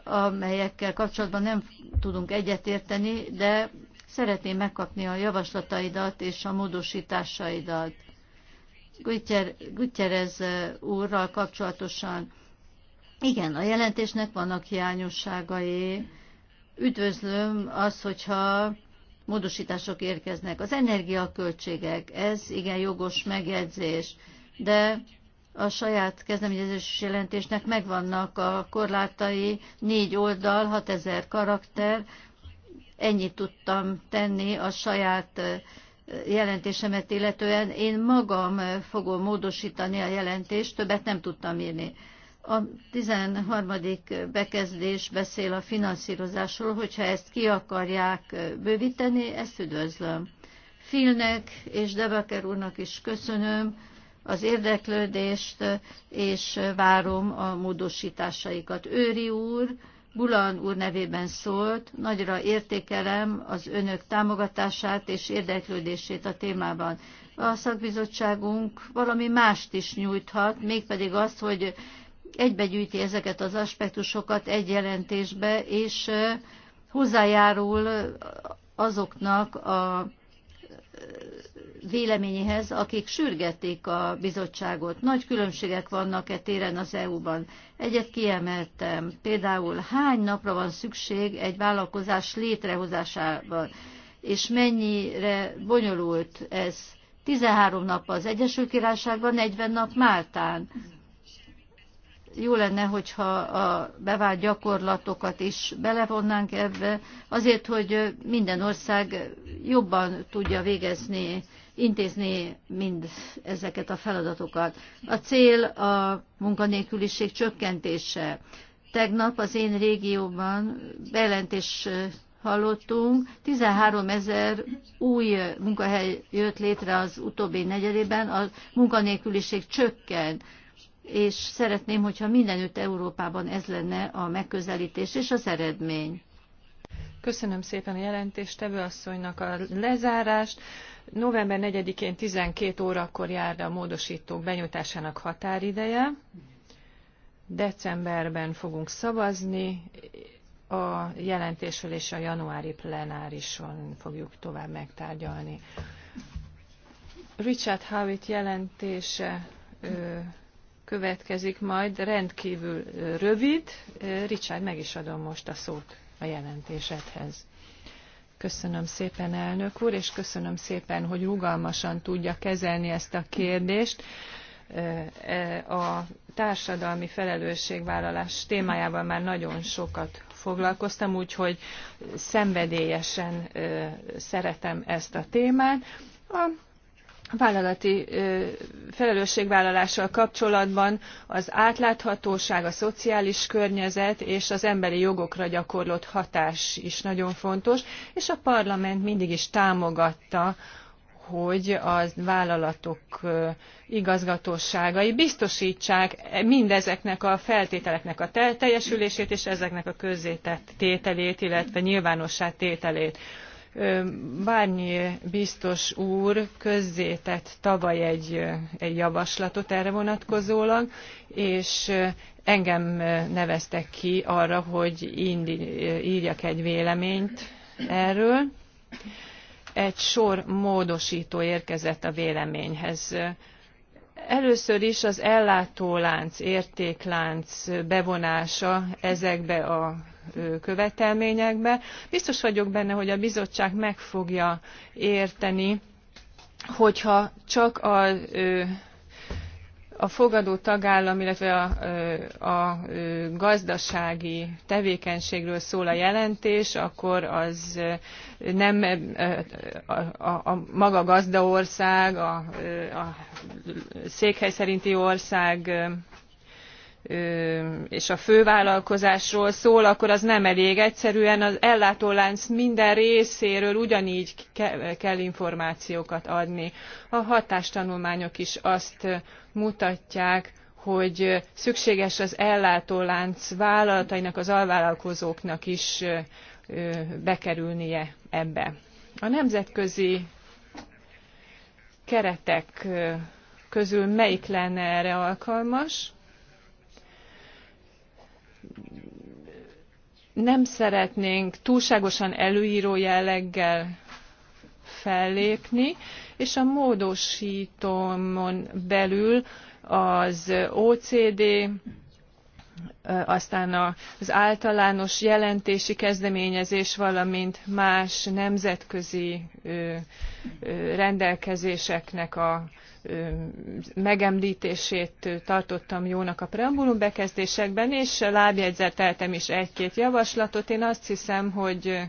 amelyekkel kapcsolatban nem tudunk egyetérteni, de szeretném megkapni a javaslataidat és a módosításaidat. ez eh, úrral kapcsolatosan. Igen, a jelentésnek vannak hiányosságai. Üdvözlöm az, hogyha módosítások érkeznek. Az energiaköltségek, ez igen jogos megjegyzés, de a saját kezdeményezés jelentésnek megvannak a korlátai, négy oldal, 6000 karakter, ennyit tudtam tenni a saját jelentésemet illetően. Én magam fogom módosítani a jelentést, többet nem tudtam írni. A 13. bekezdés beszél a finanszírozásról, hogyha ezt ki akarják bővíteni, ezt üdvözlöm. Filnek és Debaker úrnak is köszönöm az érdeklődést, és várom a módosításaikat. Őri úr, Bulan úr nevében szólt, nagyra értékelem az önök támogatását és érdeklődését a témában. A szakbizottságunk valami mást is nyújthat, mégpedig azt, hogy egybegyűjti ezeket az aspektusokat egy jelentésbe, és hozzájárul azoknak a véleményéhez, akik sürgették a bizottságot. Nagy különbségek vannak e téren az EU-ban. Egyet kiemeltem, például hány napra van szükség egy vállalkozás létrehozásában, és mennyire bonyolult ez. 13 nap az Egyesült Királyságban, 40 nap Máltán jó lenne, hogyha a bevált gyakorlatokat is belevonnánk ebbe, azért, hogy minden ország jobban tudja végezni, intézni mind ezeket a feladatokat. A cél a munkanélküliség csökkentése. Tegnap az én régióban bejelentés hallottunk, 13 ezer új munkahely jött létre az utóbbi negyedében, a munkanélküliség csökken és szeretném, hogyha mindenütt Európában ez lenne a megközelítés és az eredmény. Köszönöm szépen a Tevő asszonynak a lezárást. November 4-én 12 órakor jár a módosítók benyújtásának határideje. Decemberben fogunk szavazni, a jelentésről és a januári plenárison fogjuk tovább megtárgyalni. Richard Howitt jelentése következik majd rendkívül rövid. Richard, meg is adom most a szót a jelentésedhez. Köszönöm szépen, elnök úr, és köszönöm szépen, hogy rugalmasan tudja kezelni ezt a kérdést. E, a társadalmi felelősségvállalás témájában már nagyon sokat foglalkoztam, úgyhogy szenvedélyesen szeretem ezt a témát. A vállalati felelősségvállalással kapcsolatban az átláthatóság a szociális környezet és az emberi jogokra gyakorolt hatás is nagyon fontos és a parlament mindig is támogatta hogy a vállalatok igazgatóságai biztosítsák mindezeknek a feltételeknek a teljesülését és ezeknek a tételét illetve nyilvánossá tételét Barnier biztos úr közzétett tavaly egy, egy javaslatot erre vonatkozólag, és engem neveztek ki arra, hogy írjak egy véleményt erről. Egy sor módosító érkezett a véleményhez. Először is az ellátólánc, értéklánc bevonása ezekbe a követelményekbe. Biztos vagyok benne, hogy a bizottság meg fogja érteni, hogyha csak a a fogadó tagállam, illetve a, a gazdasági tevékenységről szól a jelentés, akkor az nem a, a, a maga gazdaország, a, a székhely szerinti ország és a fővállalkozásról szól, akkor az nem elég. Egyszerűen az ellátólánc minden részéről ugyanígy kell információkat adni. A hatástanulmányok is azt mutatják, hogy szükséges az ellátólánc vállalatainak, az alvállalkozóknak is bekerülnie ebbe. A nemzetközi keretek közül melyik lenne erre alkalmas? nem szeretnénk túlságosan előíró jelleggel fellépni, és a módosítómon belül az OCD aztán az általános jelentési kezdeményezés, valamint más nemzetközi rendelkezéseknek a megemlítését tartottam jónak a preambulum bekezdésekben, és lábjegyzeteltem is egy-két javaslatot. Én azt hiszem, hogy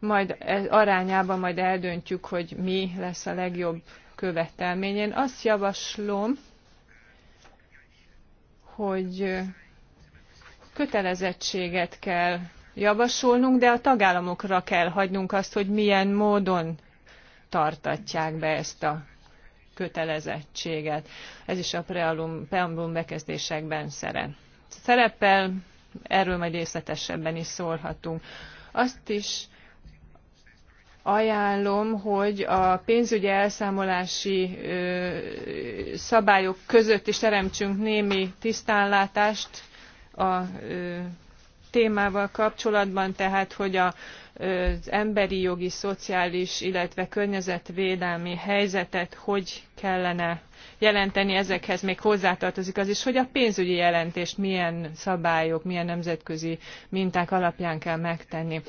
majd e, arányában majd eldöntjük, hogy mi lesz a legjobb követelmény. Én azt javaslom, hogy kötelezettséget kell javasolnunk, de a tagállamokra kell hagynunk azt, hogy milyen módon tartatják be ezt a kötelezettséget. Ez is a preambulum bekezdésekben szerepel, erről majd részletesebben is szólhatunk. Azt is ajánlom, hogy a pénzügyi elszámolási szabályok között is teremtsünk némi tisztánlátást, a témával kapcsolatban, tehát hogy a, az emberi jogi, szociális, illetve környezetvédelmi helyzetet hogy kellene jelenteni, ezekhez még hozzátartozik az is, hogy a pénzügyi jelentést milyen szabályok, milyen nemzetközi minták alapján kell megtenni.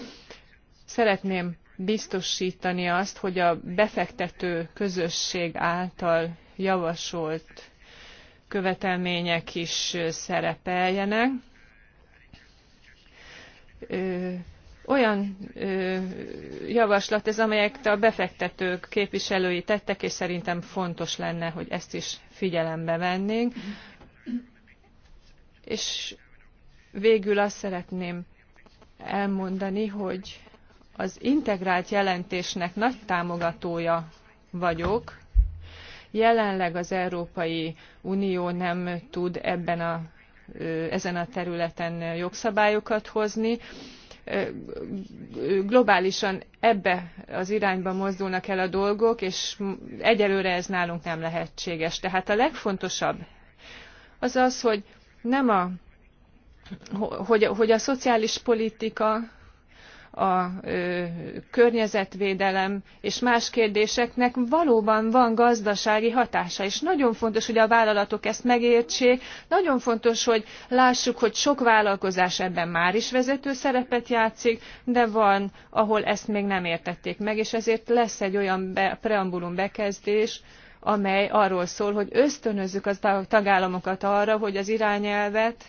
Szeretném biztosítani azt, hogy a befektető közösség által javasolt követelmények is szerepeljenek. Olyan javaslat ez, amelyet a befektetők képviselői tettek, és szerintem fontos lenne, hogy ezt is figyelembe vennénk. És végül azt szeretném elmondani, hogy az integrált jelentésnek nagy támogatója vagyok, Jelenleg az Európai Unió nem tud ebben a, ezen a területen jogszabályokat hozni. Globálisan ebbe az irányba mozdulnak el a dolgok, és egyelőre ez nálunk nem lehetséges. Tehát a legfontosabb az az, hogy nem a, hogy, hogy a szociális politika a környezetvédelem és más kérdéseknek valóban van gazdasági hatása, és nagyon fontos, hogy a vállalatok ezt megértsék, nagyon fontos, hogy lássuk, hogy sok vállalkozás ebben már is vezető szerepet játszik, de van, ahol ezt még nem értették meg, és ezért lesz egy olyan be, preambulum bekezdés, amely arról szól, hogy ösztönözzük a tagállamokat arra, hogy az irányelvet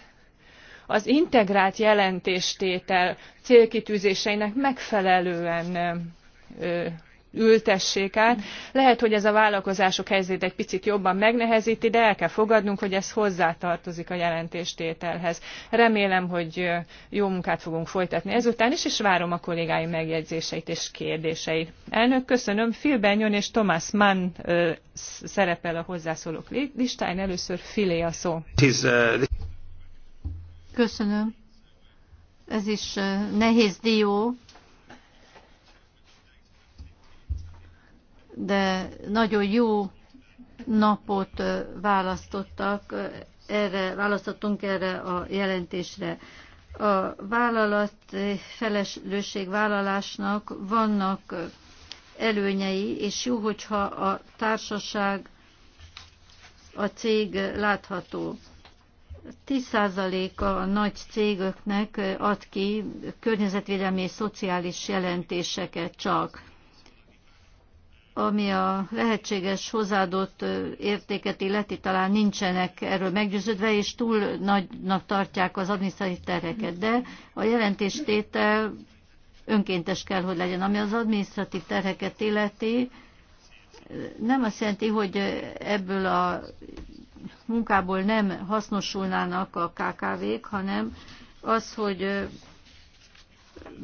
az integrált jelentéstétel célkitűzéseinek megfelelően ültessék át. Lehet, hogy ez a vállalkozások helyzetét egy picit jobban megnehezíti, de el kell fogadnunk, hogy ez hozzátartozik a jelentéstételhez. Remélem, hogy jó munkát fogunk folytatni ezután is, és várom a kollégái megjegyzéseit és kérdéseit. Elnök, köszönöm. Phil Benyon és Thomas Mann ö, szerepel a hozzászólók listáján. Először Filé a szó. Uh, Köszönöm. Ez is eh, nehéz dió, de nagyon jó napot eh, választottak, eh, erre, választottunk erre a jelentésre. A vállalat felelősségvállalásnak vannak előnyei, és jó, hogyha a társaság, a cég látható. 10%-a a nagy cégöknek ad ki környezetvédelmi és szociális jelentéseket csak, ami a lehetséges hozzáadott értéket illeti, talán nincsenek erről meggyőződve, és túl nagynak tartják az adminisztratív terheket. De a jelentéstétel önkéntes kell, hogy legyen. Ami az adminisztratív terheket illeti, nem azt jelenti, hogy ebből a munkából nem hasznosulnának a KKV-k, hanem az, hogy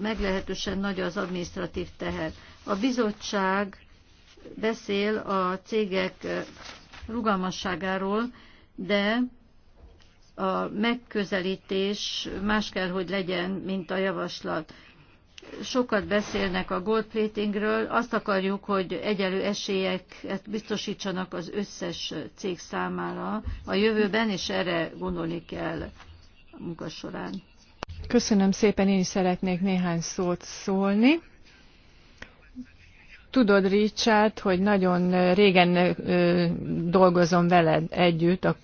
meglehetősen nagy az administratív teher. A bizottság beszél a cégek rugalmasságáról, de a megközelítés más kell, hogy legyen, mint a javaslat sokat beszélnek a gold platingről, azt akarjuk, hogy egyelő esélyeket biztosítsanak az összes cég számára a jövőben, és erre gondolni kell a munka során. Köszönöm szépen, én is szeretnék néhány szót szólni. Tudod, Richard, hogy nagyon régen dolgozom veled együtt a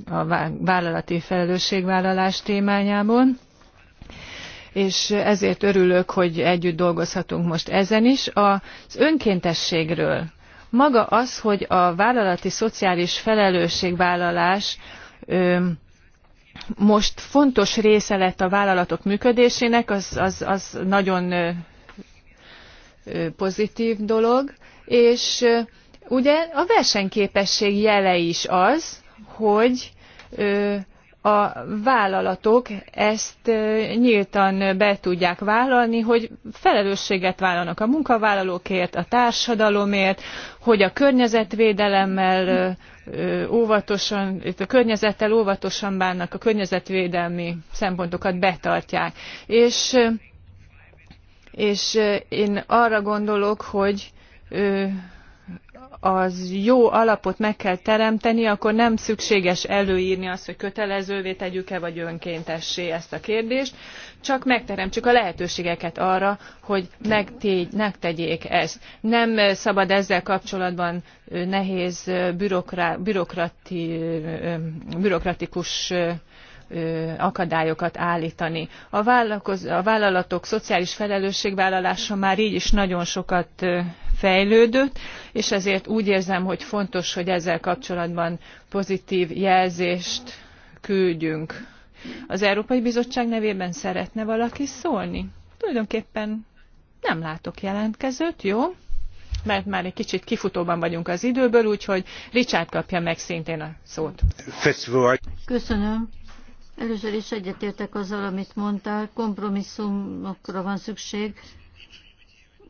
vállalati felelősségvállalás témájában és ezért örülök, hogy együtt dolgozhatunk most ezen is. Az önkéntességről maga az, hogy a vállalati szociális felelősségvállalás most fontos része lett a vállalatok működésének, az, az, az nagyon pozitív dolog, és ugye a versenyképesség jele is az, hogy a vállalatok ezt nyíltan be tudják vállalni, hogy felelősséget vállalnak a munkavállalókért, a társadalomért, hogy a környezetvédelemmel óvatosan, a környezettel óvatosan bánnak, a környezetvédelmi szempontokat betartják. És, és én arra gondolok, hogy az jó alapot meg kell teremteni, akkor nem szükséges előírni azt, hogy kötelezővé tegyük-e vagy önkéntessé ezt a kérdést, csak megteremtsük a lehetőségeket arra, hogy megtegyék ezt. Nem szabad ezzel kapcsolatban nehéz bürokrati, bürokratikus akadályokat állítani. A, a vállalatok szociális felelősségvállalása már így is nagyon sokat fejlődött, és ezért úgy érzem, hogy fontos, hogy ezzel kapcsolatban pozitív jelzést küldjünk. Az Európai Bizottság nevében szeretne valaki szólni? Tulajdonképpen nem látok jelentkezőt, jó? mert már egy kicsit kifutóban vagyunk az időből, úgyhogy Richard kapja meg szintén a szót. Köszönöm. Először is egyetértek azzal, amit mondtál, kompromisszumokra van szükség,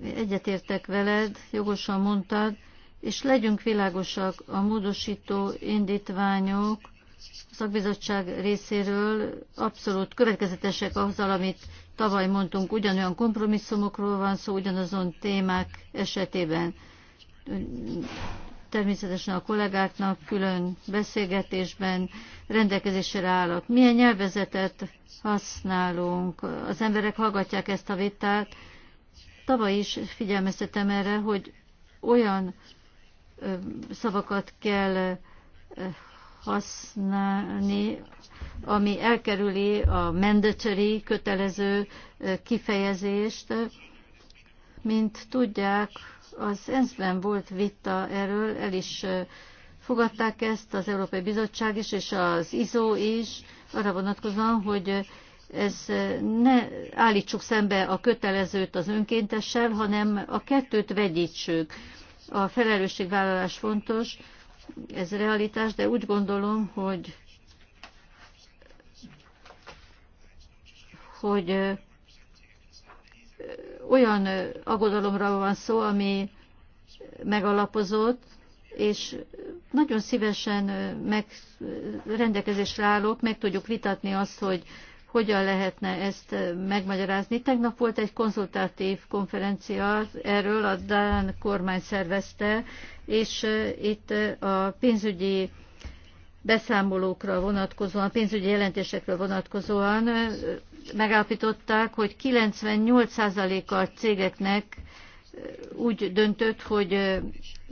egyetértek veled, jogosan mondtad, és legyünk világosak, a módosító indítványok a szakbizottság részéről abszolút következetesek azzal, amit tavaly mondtunk, ugyanolyan kompromisszumokról van szó, ugyanazon témák esetében. Természetesen a kollégáknak külön beszélgetésben rendelkezésre állok. Milyen nyelvezetet használunk? Az emberek hallgatják ezt a vitát, Tavaly is figyelmeztetem erre, hogy olyan szavakat kell használni, ami elkerüli a mandatory kötelező kifejezést. Mint tudják, az ENSZ-ben volt vita erről, el is fogadták ezt az Európai Bizottság is, és az ISO is, arra vonatkozóan, hogy ez ne állítsuk szembe a kötelezőt az önkéntessel, hanem a kettőt vegyítsük. A felelősségvállalás fontos, ez realitás, de úgy gondolom, hogy hogy olyan aggodalomra van szó, ami megalapozott, és nagyon szívesen meg, rendelkezésre állok, meg tudjuk vitatni azt, hogy hogyan lehetne ezt megmagyarázni. Tegnap volt egy konzultatív konferencia, erről a Dán kormány szervezte, és itt a pénzügyi beszámolókra vonatkozóan, a pénzügyi jelentésekről vonatkozóan megállapították, hogy 98 a cégeknek úgy döntött, hogy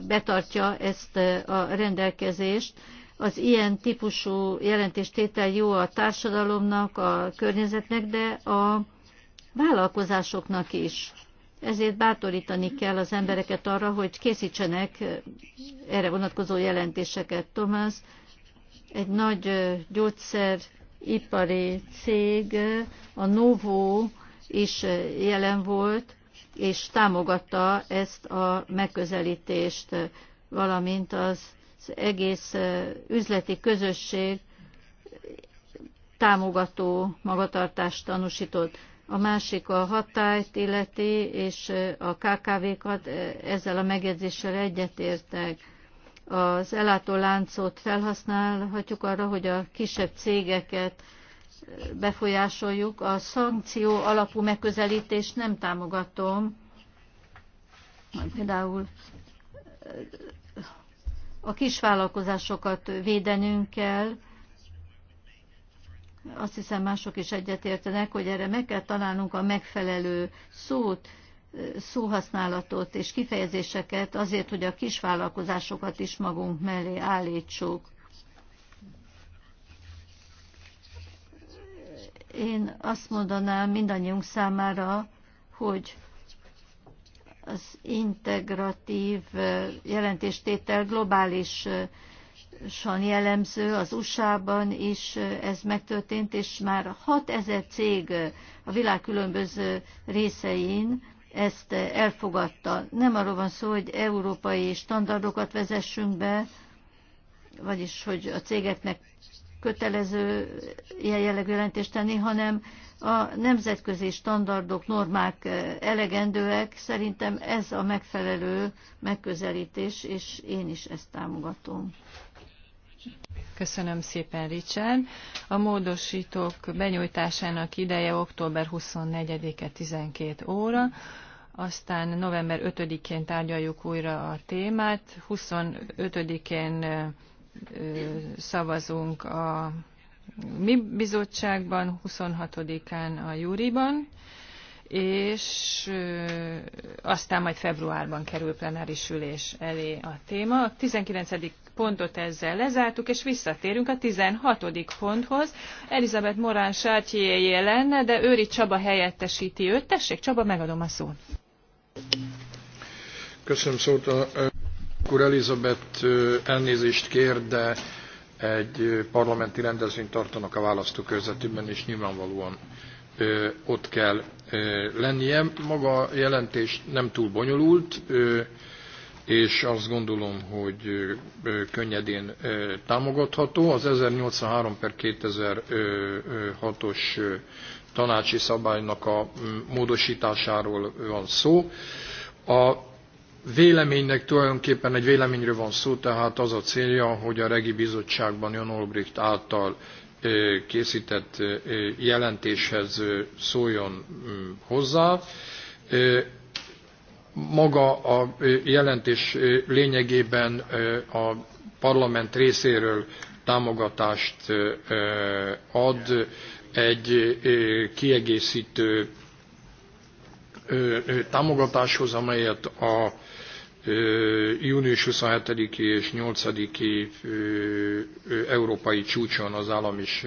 betartja ezt a rendelkezést, az ilyen típusú jelentéstétel jó a társadalomnak, a környezetnek, de a vállalkozásoknak is. Ezért bátorítani kell az embereket arra, hogy készítsenek erre vonatkozó jelentéseket. Tomás, egy nagy gyógyszeripari cég, a Novo is jelen volt, és támogatta ezt a megközelítést, valamint az egész üzleti közösség támogató magatartást tanúsított. A másik a hatályt illeti, és a KKV-kat ezzel a megjegyzéssel egyetértek. Az ellátó láncot felhasználhatjuk arra, hogy a kisebb cégeket befolyásoljuk. A szankció alapú megközelítést nem támogatom. Például a kisvállalkozásokat védenünk kell, azt hiszem mások is egyetértenek, hogy erre meg kell találnunk a megfelelő szót, szóhasználatot és kifejezéseket azért, hogy a kisvállalkozásokat is magunk mellé állítsuk. Én azt mondanám mindannyiunk számára, hogy az integratív jelentéstétel globálisan jellemző, az USA-ban is ez megtörtént, és már 6000 cég a világ különböző részein ezt elfogadta. Nem arról van szó, hogy európai standardokat vezessünk be, vagyis hogy a cégeknek kötelező ilyen jellegű jelentést tenni, hanem a nemzetközi standardok, normák eh, elegendőek. Szerintem ez a megfelelő megközelítés, és én is ezt támogatom. Köszönöm szépen, Richard. A módosítók benyújtásának ideje október 24-e 12 óra, aztán november 5-én tárgyaljuk újra a témát, 25-én szavazunk a mi bizottságban, 26-án a júriban, és aztán majd februárban kerül plenáris ülés elé a téma. A 19. pontot ezzel lezártuk, és visszatérünk a 16. ponthoz. Elizabeth Morán Sártyéjé lenne, de Őri Csaba helyettesíti őt. Tessék, Csaba, megadom a szót. Köszönöm szót. A... Akkor Elizabeth elnézést kér, de egy parlamenti rendezvényt tartanak a választókörzetünkben, és nyilvánvalóan ott kell lennie. Maga a jelentés nem túl bonyolult, és azt gondolom, hogy könnyedén támogatható. Az 1083 per 2006-os tanácsi szabálynak a módosításáról van szó. A véleménynek tulajdonképpen egy véleményről van szó, tehát az a célja, hogy a Regi Bizottságban Jan Olbricht által készített jelentéshez szóljon mm, hozzá. Maga a jelentés lényegében a parlament részéről támogatást ad egy kiegészítő támogatáshoz, amelyet a június 27-i és 8-i európai csúcson az állam és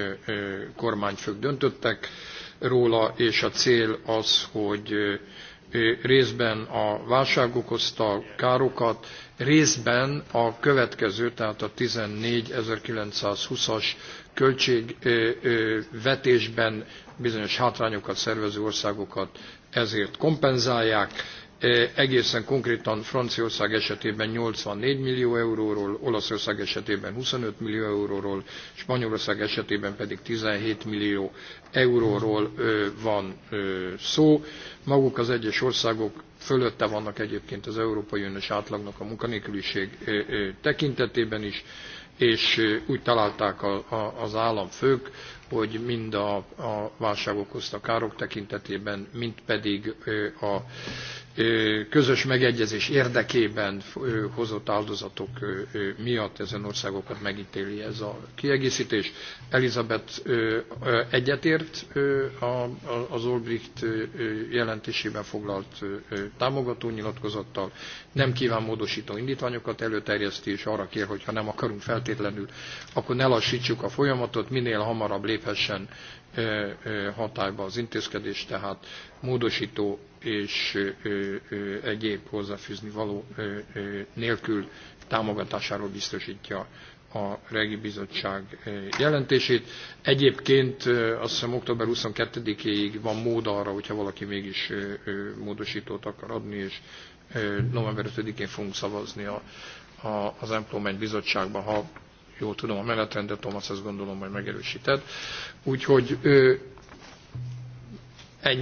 kormányfők döntöttek róla, és a cél az, hogy részben a válság okozta károkat, részben a következő, tehát a 14.920-as költségvetésben bizonyos hátrányokat szervező országokat ezért kompenzálják egészen konkrétan Franciaország esetében 84 millió euróról, Olaszország esetében 25 millió euróról, Spanyolország esetében pedig 17 millió euróról van szó. Maguk az egyes országok fölötte vannak egyébként az Európai Uniós átlagnak a munkanélküliség tekintetében is, és úgy találták az államfők, hogy mind a, a válság okozta károk tekintetében, mind pedig a közös megegyezés érdekében hozott áldozatok miatt ezen országokat megítéli ez a kiegészítés. Elizabeth egyetért az Olbricht jelentésében foglalt támogató nyilatkozattal, nem kíván módosító indítványokat előterjeszti, és arra kér, hogy ha nem akarunk feltétlenül, akkor ne lassítsuk a folyamatot, minél hamarabb léphessen hatályba az intézkedés, tehát módosító és egyéb hozzáfűzni való nélkül támogatásáról biztosítja a Regi Bizottság jelentését. Egyébként azt hiszem október 22-ig van mód arra, hogyha valaki mégis módosítót akar adni, és november 5-én fogunk szavazni a, a, az Employment Bizottságban, ha jól tudom a menetrendet, Thomas azt gondolom, majd megerősíted. Úgyhogy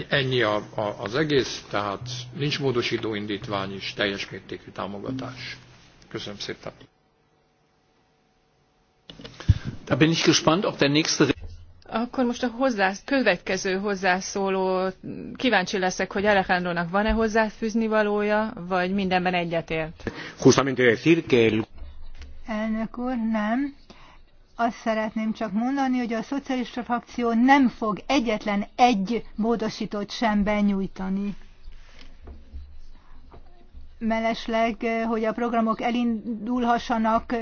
ennyi a, a, az egész, tehát nincs módosító indítvány és teljes mértékű támogatás. Köszönöm szépen. Da bin ich gespannt, ob der nächste... Akkor most a hozzász, következő hozzászóló, kíváncsi leszek, hogy Alejandro-nak van-e hozzáfűzni valója, vagy mindenben egyetért? Justamente decir que el Elnök úr, nem. Azt szeretném csak mondani, hogy a szocialista frakció nem fog egyetlen egy módosítót sem benyújtani. Mellesleg, hogy a programok elindulhassanak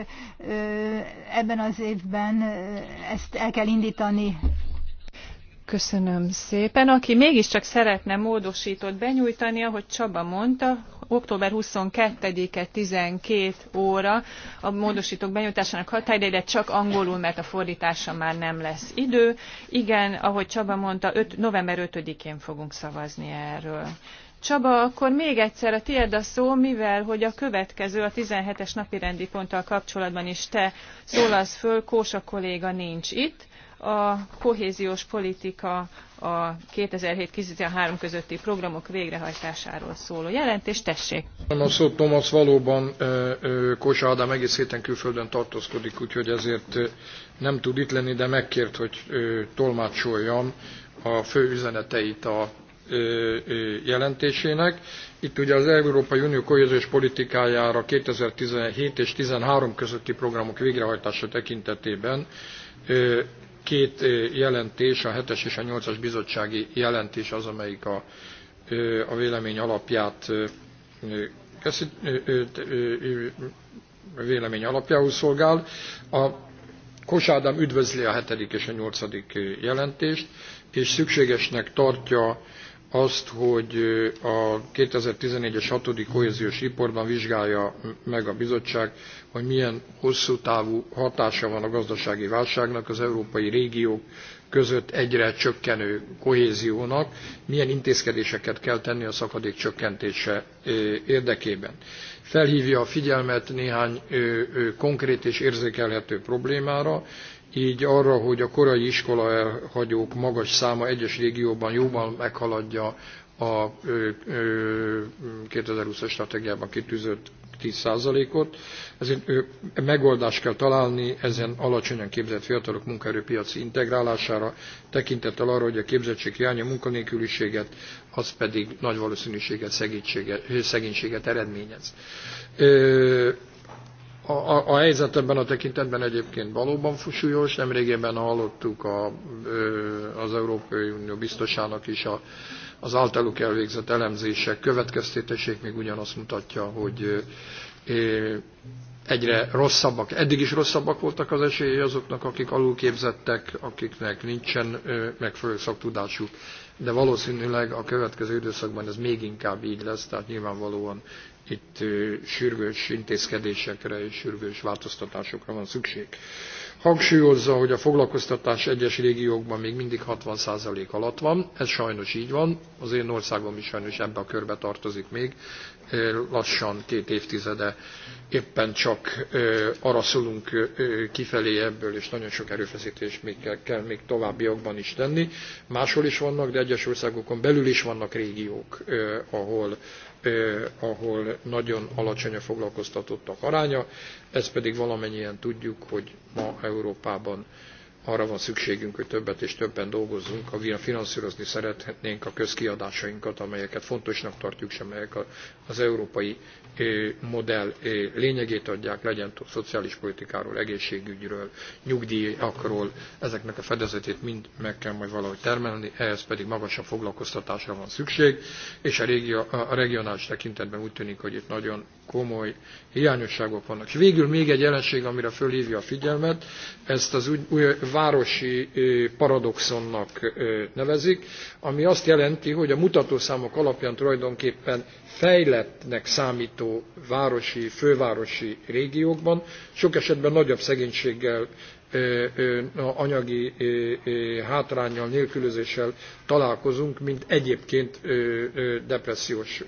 ebben az évben, ezt el kell indítani. Köszönöm szépen. Aki mégiscsak szeretne módosítót benyújtani, ahogy Csaba mondta, október 22-e 12 óra a módosítók benyújtásának de csak angolul, mert a fordítása már nem lesz idő. Igen, ahogy Csaba mondta, 5, november 5-én fogunk szavazni erről. Csaba, akkor még egyszer a tiéd a szó, mivel hogy a következő, a 17-es napi rendi ponttal kapcsolatban is te szólalsz föl, Kósa kolléga nincs itt a kohéziós politika a 2007-2013 közötti programok végrehajtásáról szóló jelentés. Tessék! A szó Thomas valóban Kósa Ádám egész héten külföldön tartózkodik, úgyhogy ezért nem tud itt lenni, de megkért, hogy tolmácsoljam a fő üzeneteit a jelentésének. Itt ugye az Európai Unió kohéziós politikájára 2017 és 2013 közötti programok végrehajtása tekintetében két jelentés, a 7-es és a 8-as bizottsági jelentés az, amelyik a, a vélemény alapját vélemény alapjául szolgál. A Kosádám üdvözli a hetedik és a nyolcadik jelentést, és szükségesnek tartja azt, hogy a 2014-es 6. kohéziós riportban vizsgálja meg a bizottság, hogy milyen hosszú távú hatása van a gazdasági válságnak az európai régiók között egyre csökkenő kohéziónak, milyen intézkedéseket kell tenni a szakadék csökkentése érdekében. Felhívja a figyelmet néhány konkrét és érzékelhető problémára, így arra, hogy a korai iskola elhagyók magas száma egyes régióban jóval meghaladja a 2020-as stratégiában kitűzött 10%-ot. Ezért megoldást kell találni ezen alacsonyan képzett fiatalok munkaerőpiaci integrálására, tekintettel arra, hogy a képzettség hiánya munkanélküliséget, az pedig nagy valószínűséggel szegénységet eredményez a, a, a helyzet ebben a tekintetben egyébként valóban súlyos. Nemrégében hallottuk a, az Európai Unió biztosának is a, az általuk elvégzett elemzések következtétesség még ugyanazt mutatja, hogy egyre rosszabbak, eddig is rosszabbak voltak az esélyei azoknak, akik alulképzettek, akiknek nincsen megfelelő szaktudásuk, de valószínűleg a következő időszakban ez még inkább így lesz, tehát nyilvánvalóan itt sürgős intézkedésekre és sürgős változtatásokra van szükség. Hangsúlyozza, hogy a foglalkoztatás egyes régiókban még mindig 60% alatt van, ez sajnos így van, az én országom is sajnos ebbe a körbe tartozik még, lassan két évtizede éppen csak arra szólunk kifelé ebből, és nagyon sok erőfeszítés még kell, kell még továbbiakban is tenni. Máshol is vannak, de egyes országokon belül is vannak régiók, ahol ahol nagyon alacsony a foglalkoztatottak aránya, ezt pedig valamennyien tudjuk, hogy ma Európában arra van szükségünk, hogy többet és többen dolgozzunk, ha finanszírozni szeretnénk a közkiadásainkat, amelyeket fontosnak tartjuk, és amelyek az európai modell lényegét adják, legyen a szociális politikáról, egészségügyről, nyugdíjakról, ezeknek a fedezetét mind meg kell majd valahogy termelni, ehhez pedig magasabb foglalkoztatásra van szükség, és a, a regionális tekintetben úgy tűnik, hogy itt nagyon komoly hiányosságok vannak. És végül még egy jelenség, amire fölhívja a figyelmet, ezt az új, új városi paradoxonnak nevezik, ami azt jelenti, hogy a mutatószámok alapján tulajdonképpen fejlettnek számító városi, fővárosi régiókban sok esetben nagyobb szegénységgel anyagi hátrányjal, nélkülözéssel találkozunk, mint egyébként depressziós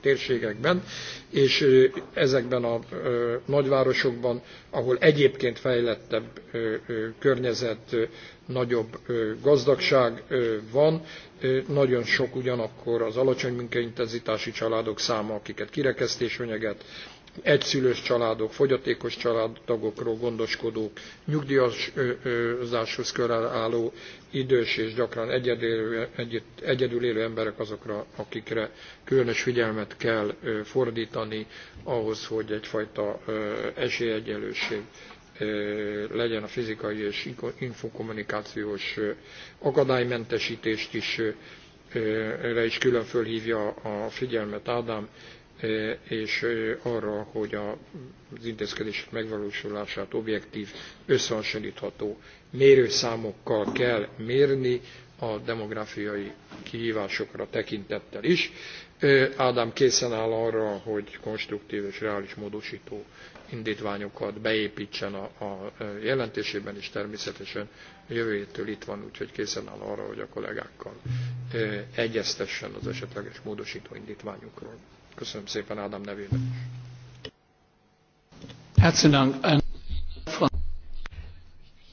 térségekben, és ezekben a nagyvárosokban, ahol egyébként fejlettebb környezet, nagyobb gazdagság van, nagyon sok ugyanakkor az alacsony munkaintenzitási családok száma, akiket kirekesztés fenyeget, egyszülős családok, fogyatékos családtagokról gondoskodók, nyugdíjazáshoz körrel álló idős és gyakran egyedül, élő emberek azokra, akikre különös figyelmet kell fordítani ahhoz, hogy egyfajta esélyegyenlőség legyen a fizikai és infokommunikációs akadálymentesítést is, erre is külön fölhívja a figyelmet Ádám, E, és e, arra, hogy az intézkedések megvalósulását objektív, összehasonlítható mérőszámokkal kell mérni a demográfiai kihívásokra tekintettel is. E, Ádám készen áll arra, hogy konstruktív és reális módosító indítványokat beépítsen a, a jelentésében, és természetesen jövő héttől itt van, úgyhogy készen áll arra, hogy a kollégákkal egyeztessen az esetleges módosító indítványokról. Köszönöm szépen Ádám nevében.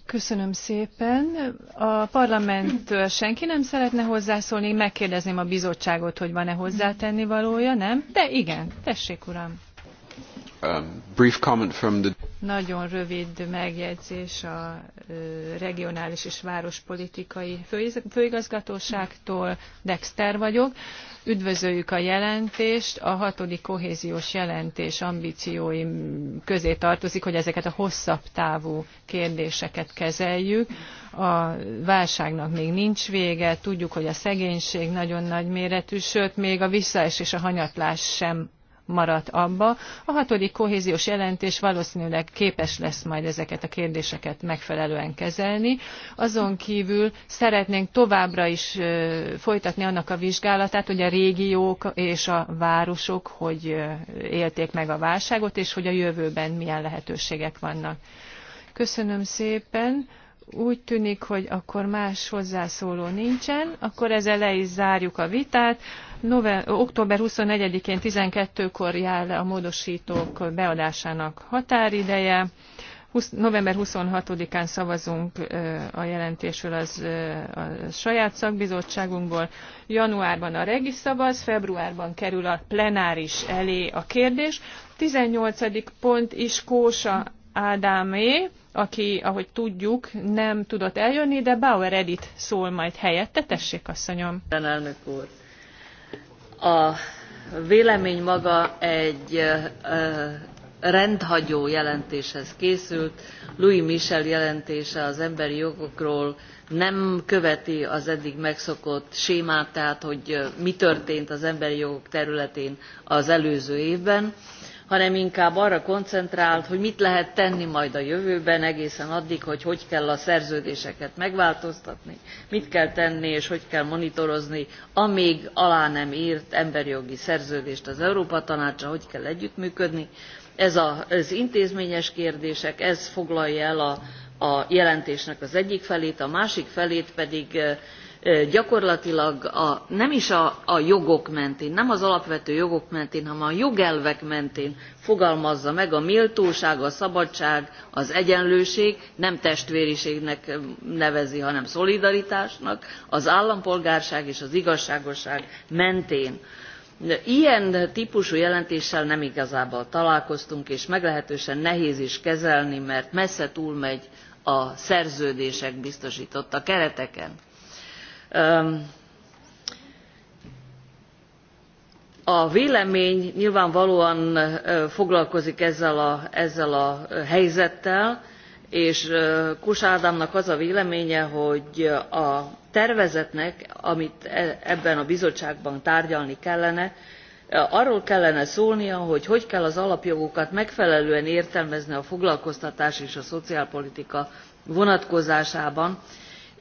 Köszönöm szépen. A parlament senki nem szeretne hozzászólni. Megkérdezném a bizottságot, hogy van-e hozzátenni valója, nem? De igen, tessék uram. Um, brief comment from the... Nagyon rövid megjegyzés a regionális és várospolitikai főigazgatóságtól. Dexter vagyok. Üdvözöljük a jelentést, a hatodik kohéziós jelentés ambícióim közé tartozik, hogy ezeket a hosszabb távú kérdéseket kezeljük. A válságnak még nincs vége, tudjuk, hogy a szegénység nagyon nagy méretű, sőt még a visszaesés és a hanyatlás sem maradt abba. A hatodik kohéziós jelentés valószínűleg képes lesz majd ezeket a kérdéseket megfelelően kezelni. Azon kívül szeretnénk továbbra is folytatni annak a vizsgálatát, hogy a régiók és a városok hogy élték meg a válságot, és hogy a jövőben milyen lehetőségek vannak. Köszönöm szépen úgy tűnik, hogy akkor más hozzászóló nincsen, akkor ezzel le is zárjuk a vitát október 24-én 12-kor jár le a módosítók beadásának határideje. 20, november 26-án szavazunk a jelentésről az, a saját szakbizottságunkból. Januárban a regi szavaz, februárban kerül a plenáris elé a kérdés. 18. pont is Kósa Ádámé, aki, ahogy tudjuk, nem tudott eljönni, de Bauer Edit szól majd helyette. Tessék, asszonyom! Elnök úr! a vélemény maga egy rendhagyó jelentéshez készült louis michel jelentése az emberi jogokról nem követi az eddig megszokott sémát tehát hogy mi történt az emberi jogok területén az előző évben hanem inkább arra koncentrált hogy mit lehet tenni majd a jövőben egészen addig hogy hogy kell a szerződéseket megváltoztatni mit kell tenni és hogy kell monitorozni a még alá nem rt emberi jogi szerződést az európa tanáccsal hogy kell együttműködni ez az intézményes kérdések ez foglalja el a, a jelentésnek az egyik felét a másik felét pedig eh, gyakorlatilag a, nem is a, a jogok mentén, nem az alapvető jogok mentén, hanem a jogelvek mentén fogalmazza meg a méltóság, a szabadság, az egyenlőség, nem testvériségnek nevezi, hanem szolidaritásnak, az állampolgárság és az igazságosság mentén ilyen tpusú jelentéssel nem igazából találkoztunk és meglehetősen nehéz is kezelni mert messze túlmegy a szerződések biztostotta kereteken a vélemény nyilvánvalóan foglalkozik ezzel a, helyzettel és kósa ádámnak az a véleménye hogy a tervezetnek amit e, ebben a bizottságban tárgyalni kellene arról kellene szólnia hogy hogy kell az alapjogokat megfelelően értelmezni a foglalkoztatás és a szociálpolitika vonatkozásában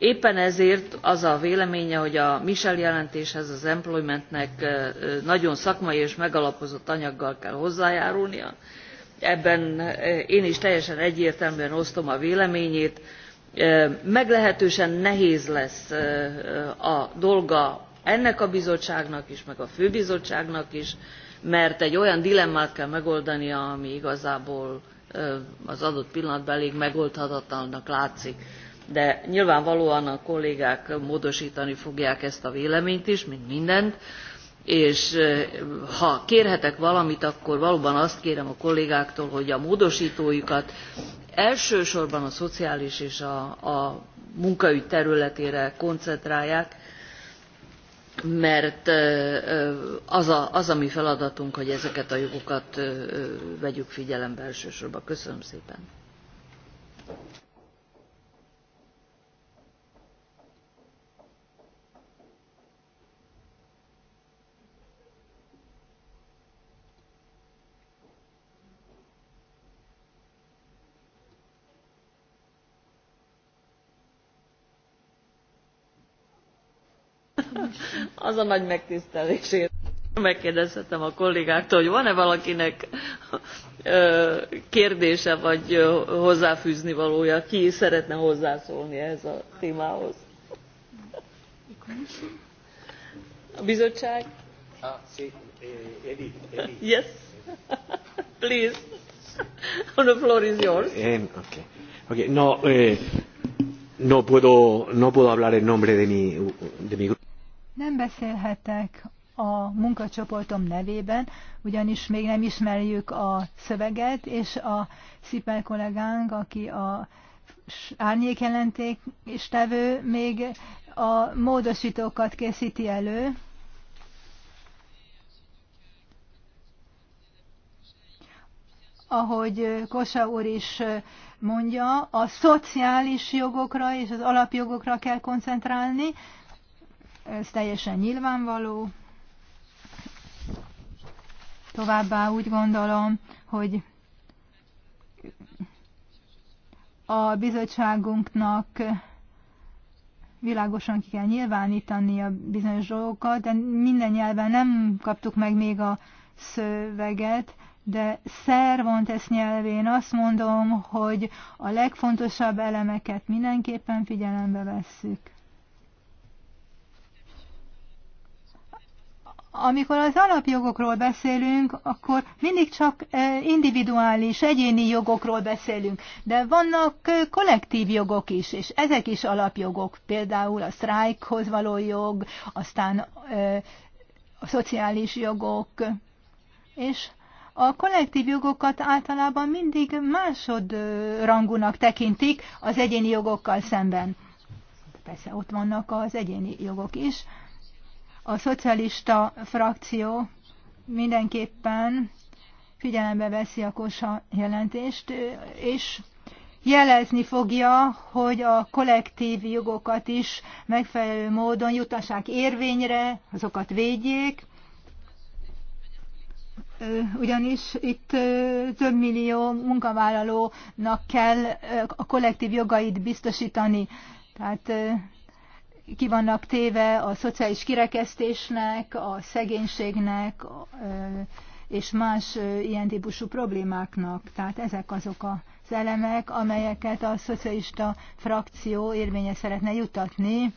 éppen ezért az a véleménye hogy a michel jelentéshez az employmentnek nagyon szakmai és megalapozott anyaggal kell hozzájárulnia ebben én is teljesen egyértelműen osztom a véleményét meglehetősen nehéz lesz a dolga ennek a bizottságnak is meg a főbizottságnak is mert egy olyan dilemmát kell megoldania ami igazából az adott pillanatban elég megoldhatatlannak látszik de nyilvánvalóan a kollégák módostani fogják ezt a véleményt is, mint mindent, és ha kérhetek valamit, akkor valóban azt kérem a kollégáktól, hogy a módosítóikat elsősorban a szociális és a, a munkaügy területére koncentrálják, mert az a, az a mi feladatunk, hogy ezeket a jogokat vegyük figyelembe elsősorban. Köszönöm szépen! az a nagy megtisztelésért. Megkérdezhetem a kollégáktól, hogy van-e valakinek kérdése vagy hozzáfűzni valója, ki szeretne hozzászólni ehhez a témához. A bizottság? Ah, eh, yes, please. On the floor is yours. Eh, okay. Okay, no, eh, no, puedo, no puedo hablar en nombre de mi, de mi grupo nem beszélhetek a munkacsoportom nevében, ugyanis még nem ismerjük a szöveget, és a Szipel kollégánk, aki a árnyékjelenték és tevő, még a módosítókat készíti elő. Ahogy Kosa úr is mondja, a szociális jogokra és az alapjogokra kell koncentrálni, ez teljesen nyilvánvaló. Továbbá úgy gondolom, hogy a bizottságunknak világosan ki kell nyilvánítani a bizonyos dolgokat, de minden nyelven nem kaptuk meg még a szöveget, de szervontes nyelvén azt mondom, hogy a legfontosabb elemeket mindenképpen figyelembe vesszük. amikor az alapjogokról beszélünk, akkor mindig csak e, individuális, egyéni jogokról beszélünk, de vannak e, kollektív jogok is, és ezek is alapjogok, például a sztrájkhoz való jog, aztán e, a szociális jogok, és a kollektív jogokat általában mindig másodrangúnak tekintik az egyéni jogokkal szemben. Persze ott vannak az egyéni jogok is. A szocialista frakció mindenképpen figyelembe veszi a kosa jelentést, és jelezni fogja, hogy a kollektív jogokat is megfelelő módon jutassák érvényre, azokat védjék, ugyanis itt több millió munkavállalónak kell a kollektív jogait biztosítani. Tehát ki vannak téve a szociális kirekesztésnek, a szegénységnek és más ilyen típusú problémáknak. Tehát ezek azok az elemek, amelyeket a szocialista frakció érvénye szeretne jutatni,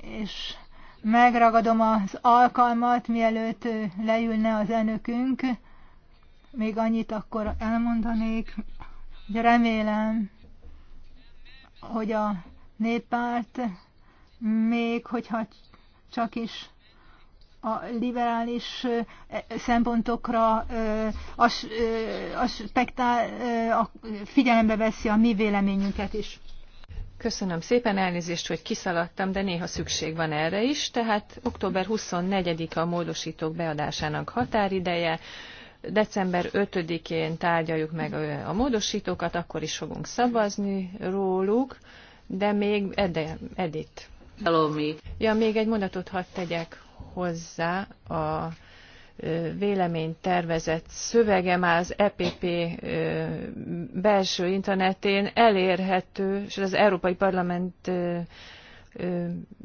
és megragadom az alkalmat, mielőtt leülne az elnökünk. Még annyit akkor elmondanék, hogy remélem, hogy a néppárt még hogyha csak is a liberális e, szempontokra aspektál, figyelembe veszi a mi véleményünket is. Köszönöm szépen, elnézést, hogy kiszaladtam, de néha szükség van erre is. Tehát október 24-a a módosítók beadásának határideje. December 5-én tárgyaljuk meg a módosítókat, akkor is fogunk szavazni róluk, de még Edith Ja, még egy mondatot hadd tegyek hozzá a véleménytervezet szövege már az EPP belső internetén elérhető, és az Európai Parlament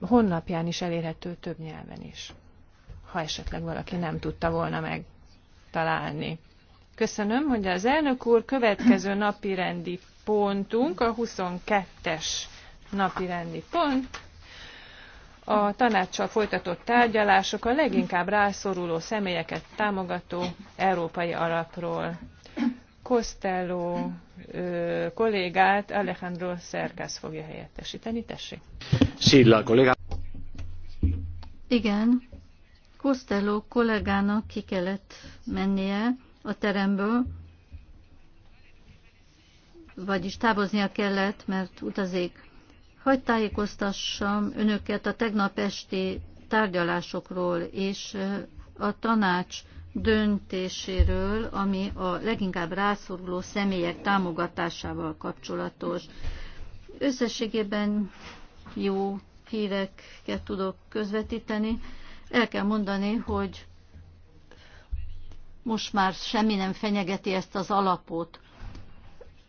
honlapján is elérhető több nyelven is, ha esetleg valaki nem tudta volna megtalálni. Köszönöm, hogy az elnök úr következő napi rendi pontunk, a 22-es napi rendi pont, a tanácssal folytatott tárgyalások a leginkább rászoruló személyeket támogató európai alapról. Costello ö, kollégát Alejandro Szerkász fogja helyettesíteni. Tessék! Szilla kollégá. Igen, Costello kollégának ki kellett mennie a teremből, vagyis távoznia kellett, mert utazik hogy tájékoztassam önöket a tegnap esti tárgyalásokról és a tanács döntéséről, ami a leginkább rászoruló személyek támogatásával kapcsolatos. Összességében jó híreket tudok közvetíteni. El kell mondani, hogy most már semmi nem fenyegeti ezt az alapot.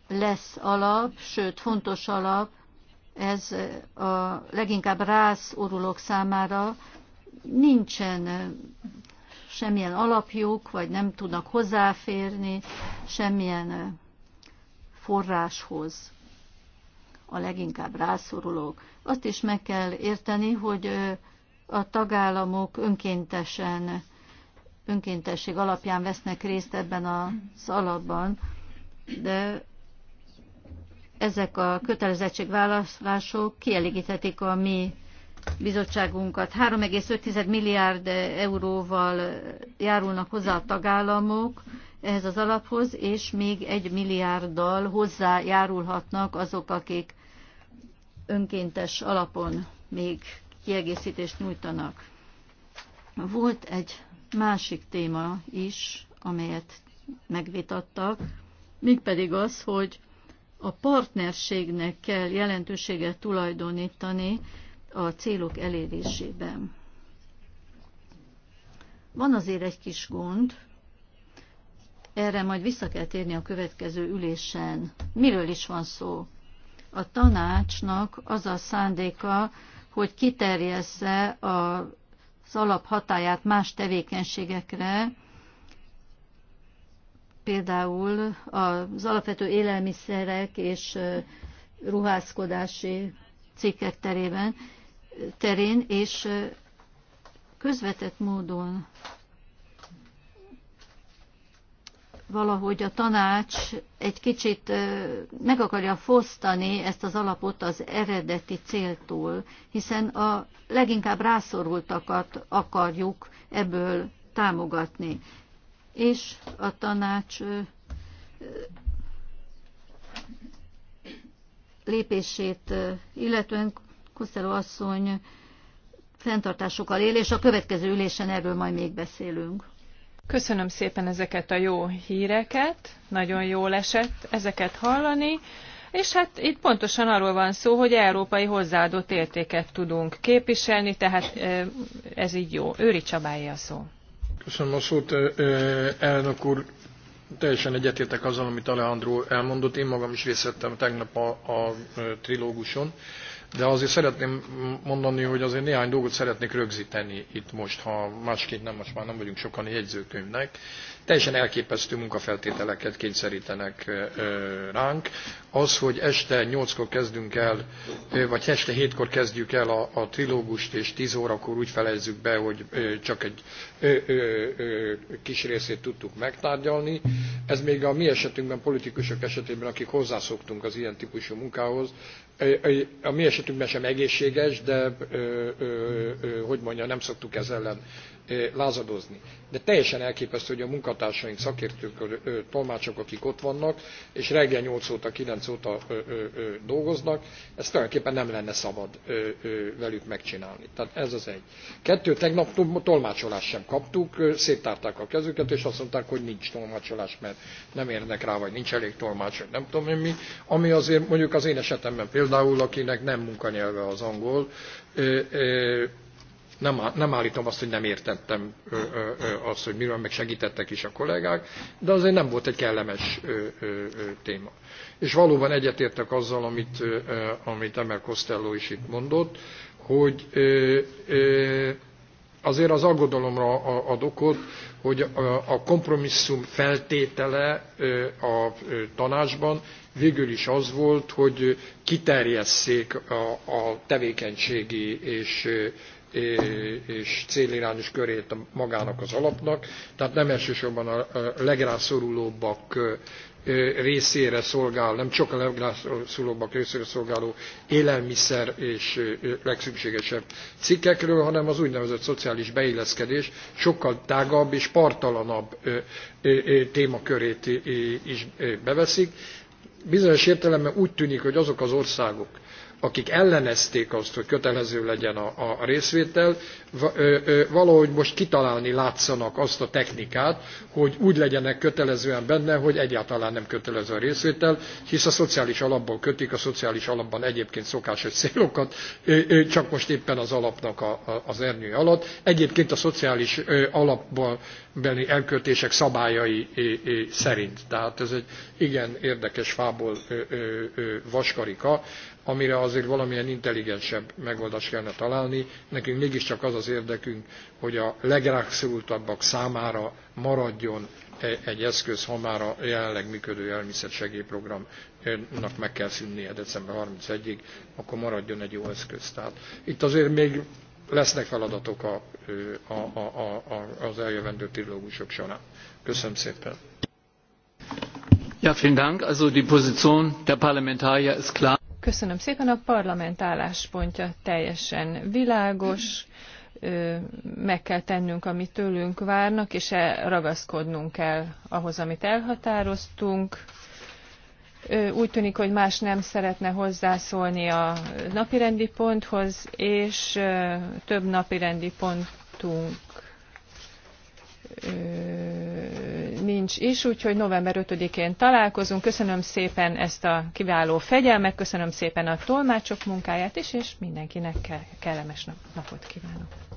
Lesz alap, sőt fontos alap, ez a leginkább rászorulók számára nincsen semmilyen alapjuk, vagy nem tudnak hozzáférni semmilyen forráshoz a leginkább rászorulók. Azt is meg kell érteni, hogy a tagállamok önkéntesen, önkéntesség alapján vesznek részt ebben az alapban, de ezek a kötelezettségvállalások kielégíthetik a mi bizottságunkat. 3,5 milliárd euróval járulnak hozzá a tagállamok ehhez az alaphoz, és még egy milliárddal hozzájárulhatnak azok, akik önkéntes alapon még kiegészítést nyújtanak. Volt egy másik téma is, amelyet megvitattak, mégpedig az, hogy a partnerségnek kell jelentőséget tulajdonítani a célok elérésében. Van azért egy kis gond, erre majd vissza kell térni a következő ülésen. Miről is van szó? A tanácsnak az a szándéka, hogy kiterjessze az alaphatáját hatáját más tevékenységekre, például az alapvető élelmiszerek és ruházkodási cikkek terében, terén, és közvetett módon valahogy a tanács egy kicsit meg akarja fosztani ezt az alapot az eredeti céltól, hiszen a leginkább rászorultakat akarjuk ebből támogatni és a tanács lépését illetően Koszteló asszony fenntartásokkal él, és a következő ülésen erről majd még beszélünk. Köszönöm szépen ezeket a jó híreket, nagyon jól esett ezeket hallani, és hát itt pontosan arról van szó, hogy európai hozzáadott értéket tudunk képviselni, tehát ez így jó. Őri Csabályi a szó. Köszönöm a szót, elnök úr. Teljesen egyetértek azzal, amit Alejandro elmondott. Én magam is részt vettem tegnap a, a trilóguson, de azért szeretném mondani, hogy azért néhány dolgot szeretnék rögzíteni itt most, ha másként nem, most már nem vagyunk sokan a jegyzőkönyvnek. Teljesen elképesztő munkafeltételeket kényszerítenek ránk az, hogy este 8-kor kezdünk el, vagy este 7-kor kezdjük el a, a trilógust, és 10 órakor úgy felezzük be, hogy csak egy ö, ö, ö, kis részét tudtuk megtárgyalni. Ez még a mi esetünkben, politikusok esetében, akik hozzászoktunk az ilyen típusú munkához, a mi esetünkben sem egészséges, de hogy mondja, nem szoktuk ez ellen lázadozni. De teljesen elképesztő, hogy a munkatársaink, szakértők, tolmácsok, akik ott vannak, és reggel 8 óta 9 2009 óta ö, ö, ö, dolgoznak, ezt tulajdonképpen nem lenne szabad ö, ö, velük megcsinálni. Tehát ez az egy. Kettő, tegnap tolmácsolást sem kaptuk, széttárták a kezüket, és azt mondták, hogy nincs tolmácsolás, mert nem érnek rá, vagy nincs elég tolmács, vagy nem tudom én mi. Ami azért mondjuk az én esetemben például, akinek nem munkanyelve az angol, ö, ö, nem, nem állítom azt, hogy nem értettem azt, hogy miről, meg segítettek is a kollégák, de azért nem volt egy kellemes ö, ö, ö, téma. És valóban egyetértek azzal, amit, ö, amit Emel Costello is itt mondott, hogy ö, ö, azért az aggodalomra ad okot, hogy a kompromisszum feltétele a tanácsban végül is az volt, hogy kiterjesszék a, a tevékenységi és és célirányos körét magának az alapnak, tehát nem elsősorban a legrászorulóbbak részére szolgál, nem csak a legrászorulóbbak részére szolgáló élelmiszer és legszükségesebb cikkekről, hanem az úgynevezett szociális beilleszkedés sokkal tágabb és partalanabb témakörét is beveszik. Bizonyos értelemben úgy tűnik, hogy azok az országok, akik ellenezték azt, hogy kötelező legyen a, a részvétel, valahogy most kitalálni látszanak azt a technikát, hogy úgy legyenek kötelezően benne, hogy egyáltalán nem kötelező a részvétel, hisz a szociális alapból kötik, a szociális alapban egyébként hogy célokat, csak most éppen az alapnak a, a, az ernyő alatt. Egyébként a szociális alapban beni elköltések szabályai szerint. Tehát ez egy igen érdekes fából vaskarika amire azért valamilyen intelligensebb megoldást kellene találni. Nekünk mégiscsak az az érdekünk, hogy a legrákszorultabbak számára maradjon e- egy eszköz, ha már a jelenleg működő elmészetségéprogramnak meg kell szűnnie december 31-ig, akkor maradjon egy jó eszköz. Tehát itt azért még lesznek feladatok a, a, a, a, az eljövendő trilógusok során. Köszönöm szépen. Ja, vielen Dank. Also die Position der Parlamentarier ist klar. Köszönöm szépen, a parlament álláspontja teljesen világos, meg kell tennünk, amit tőlünk várnak, és e ragaszkodnunk kell ahhoz, amit elhatároztunk. Úgy tűnik, hogy más nem szeretne hozzászólni a napirendi ponthoz, és több napirendi pontunk nincs is, úgyhogy november 5-én találkozunk. Köszönöm szépen ezt a kiváló fegyelmet, köszönöm szépen a tolmácsok munkáját is, és mindenkinek kellemes napot kívánok.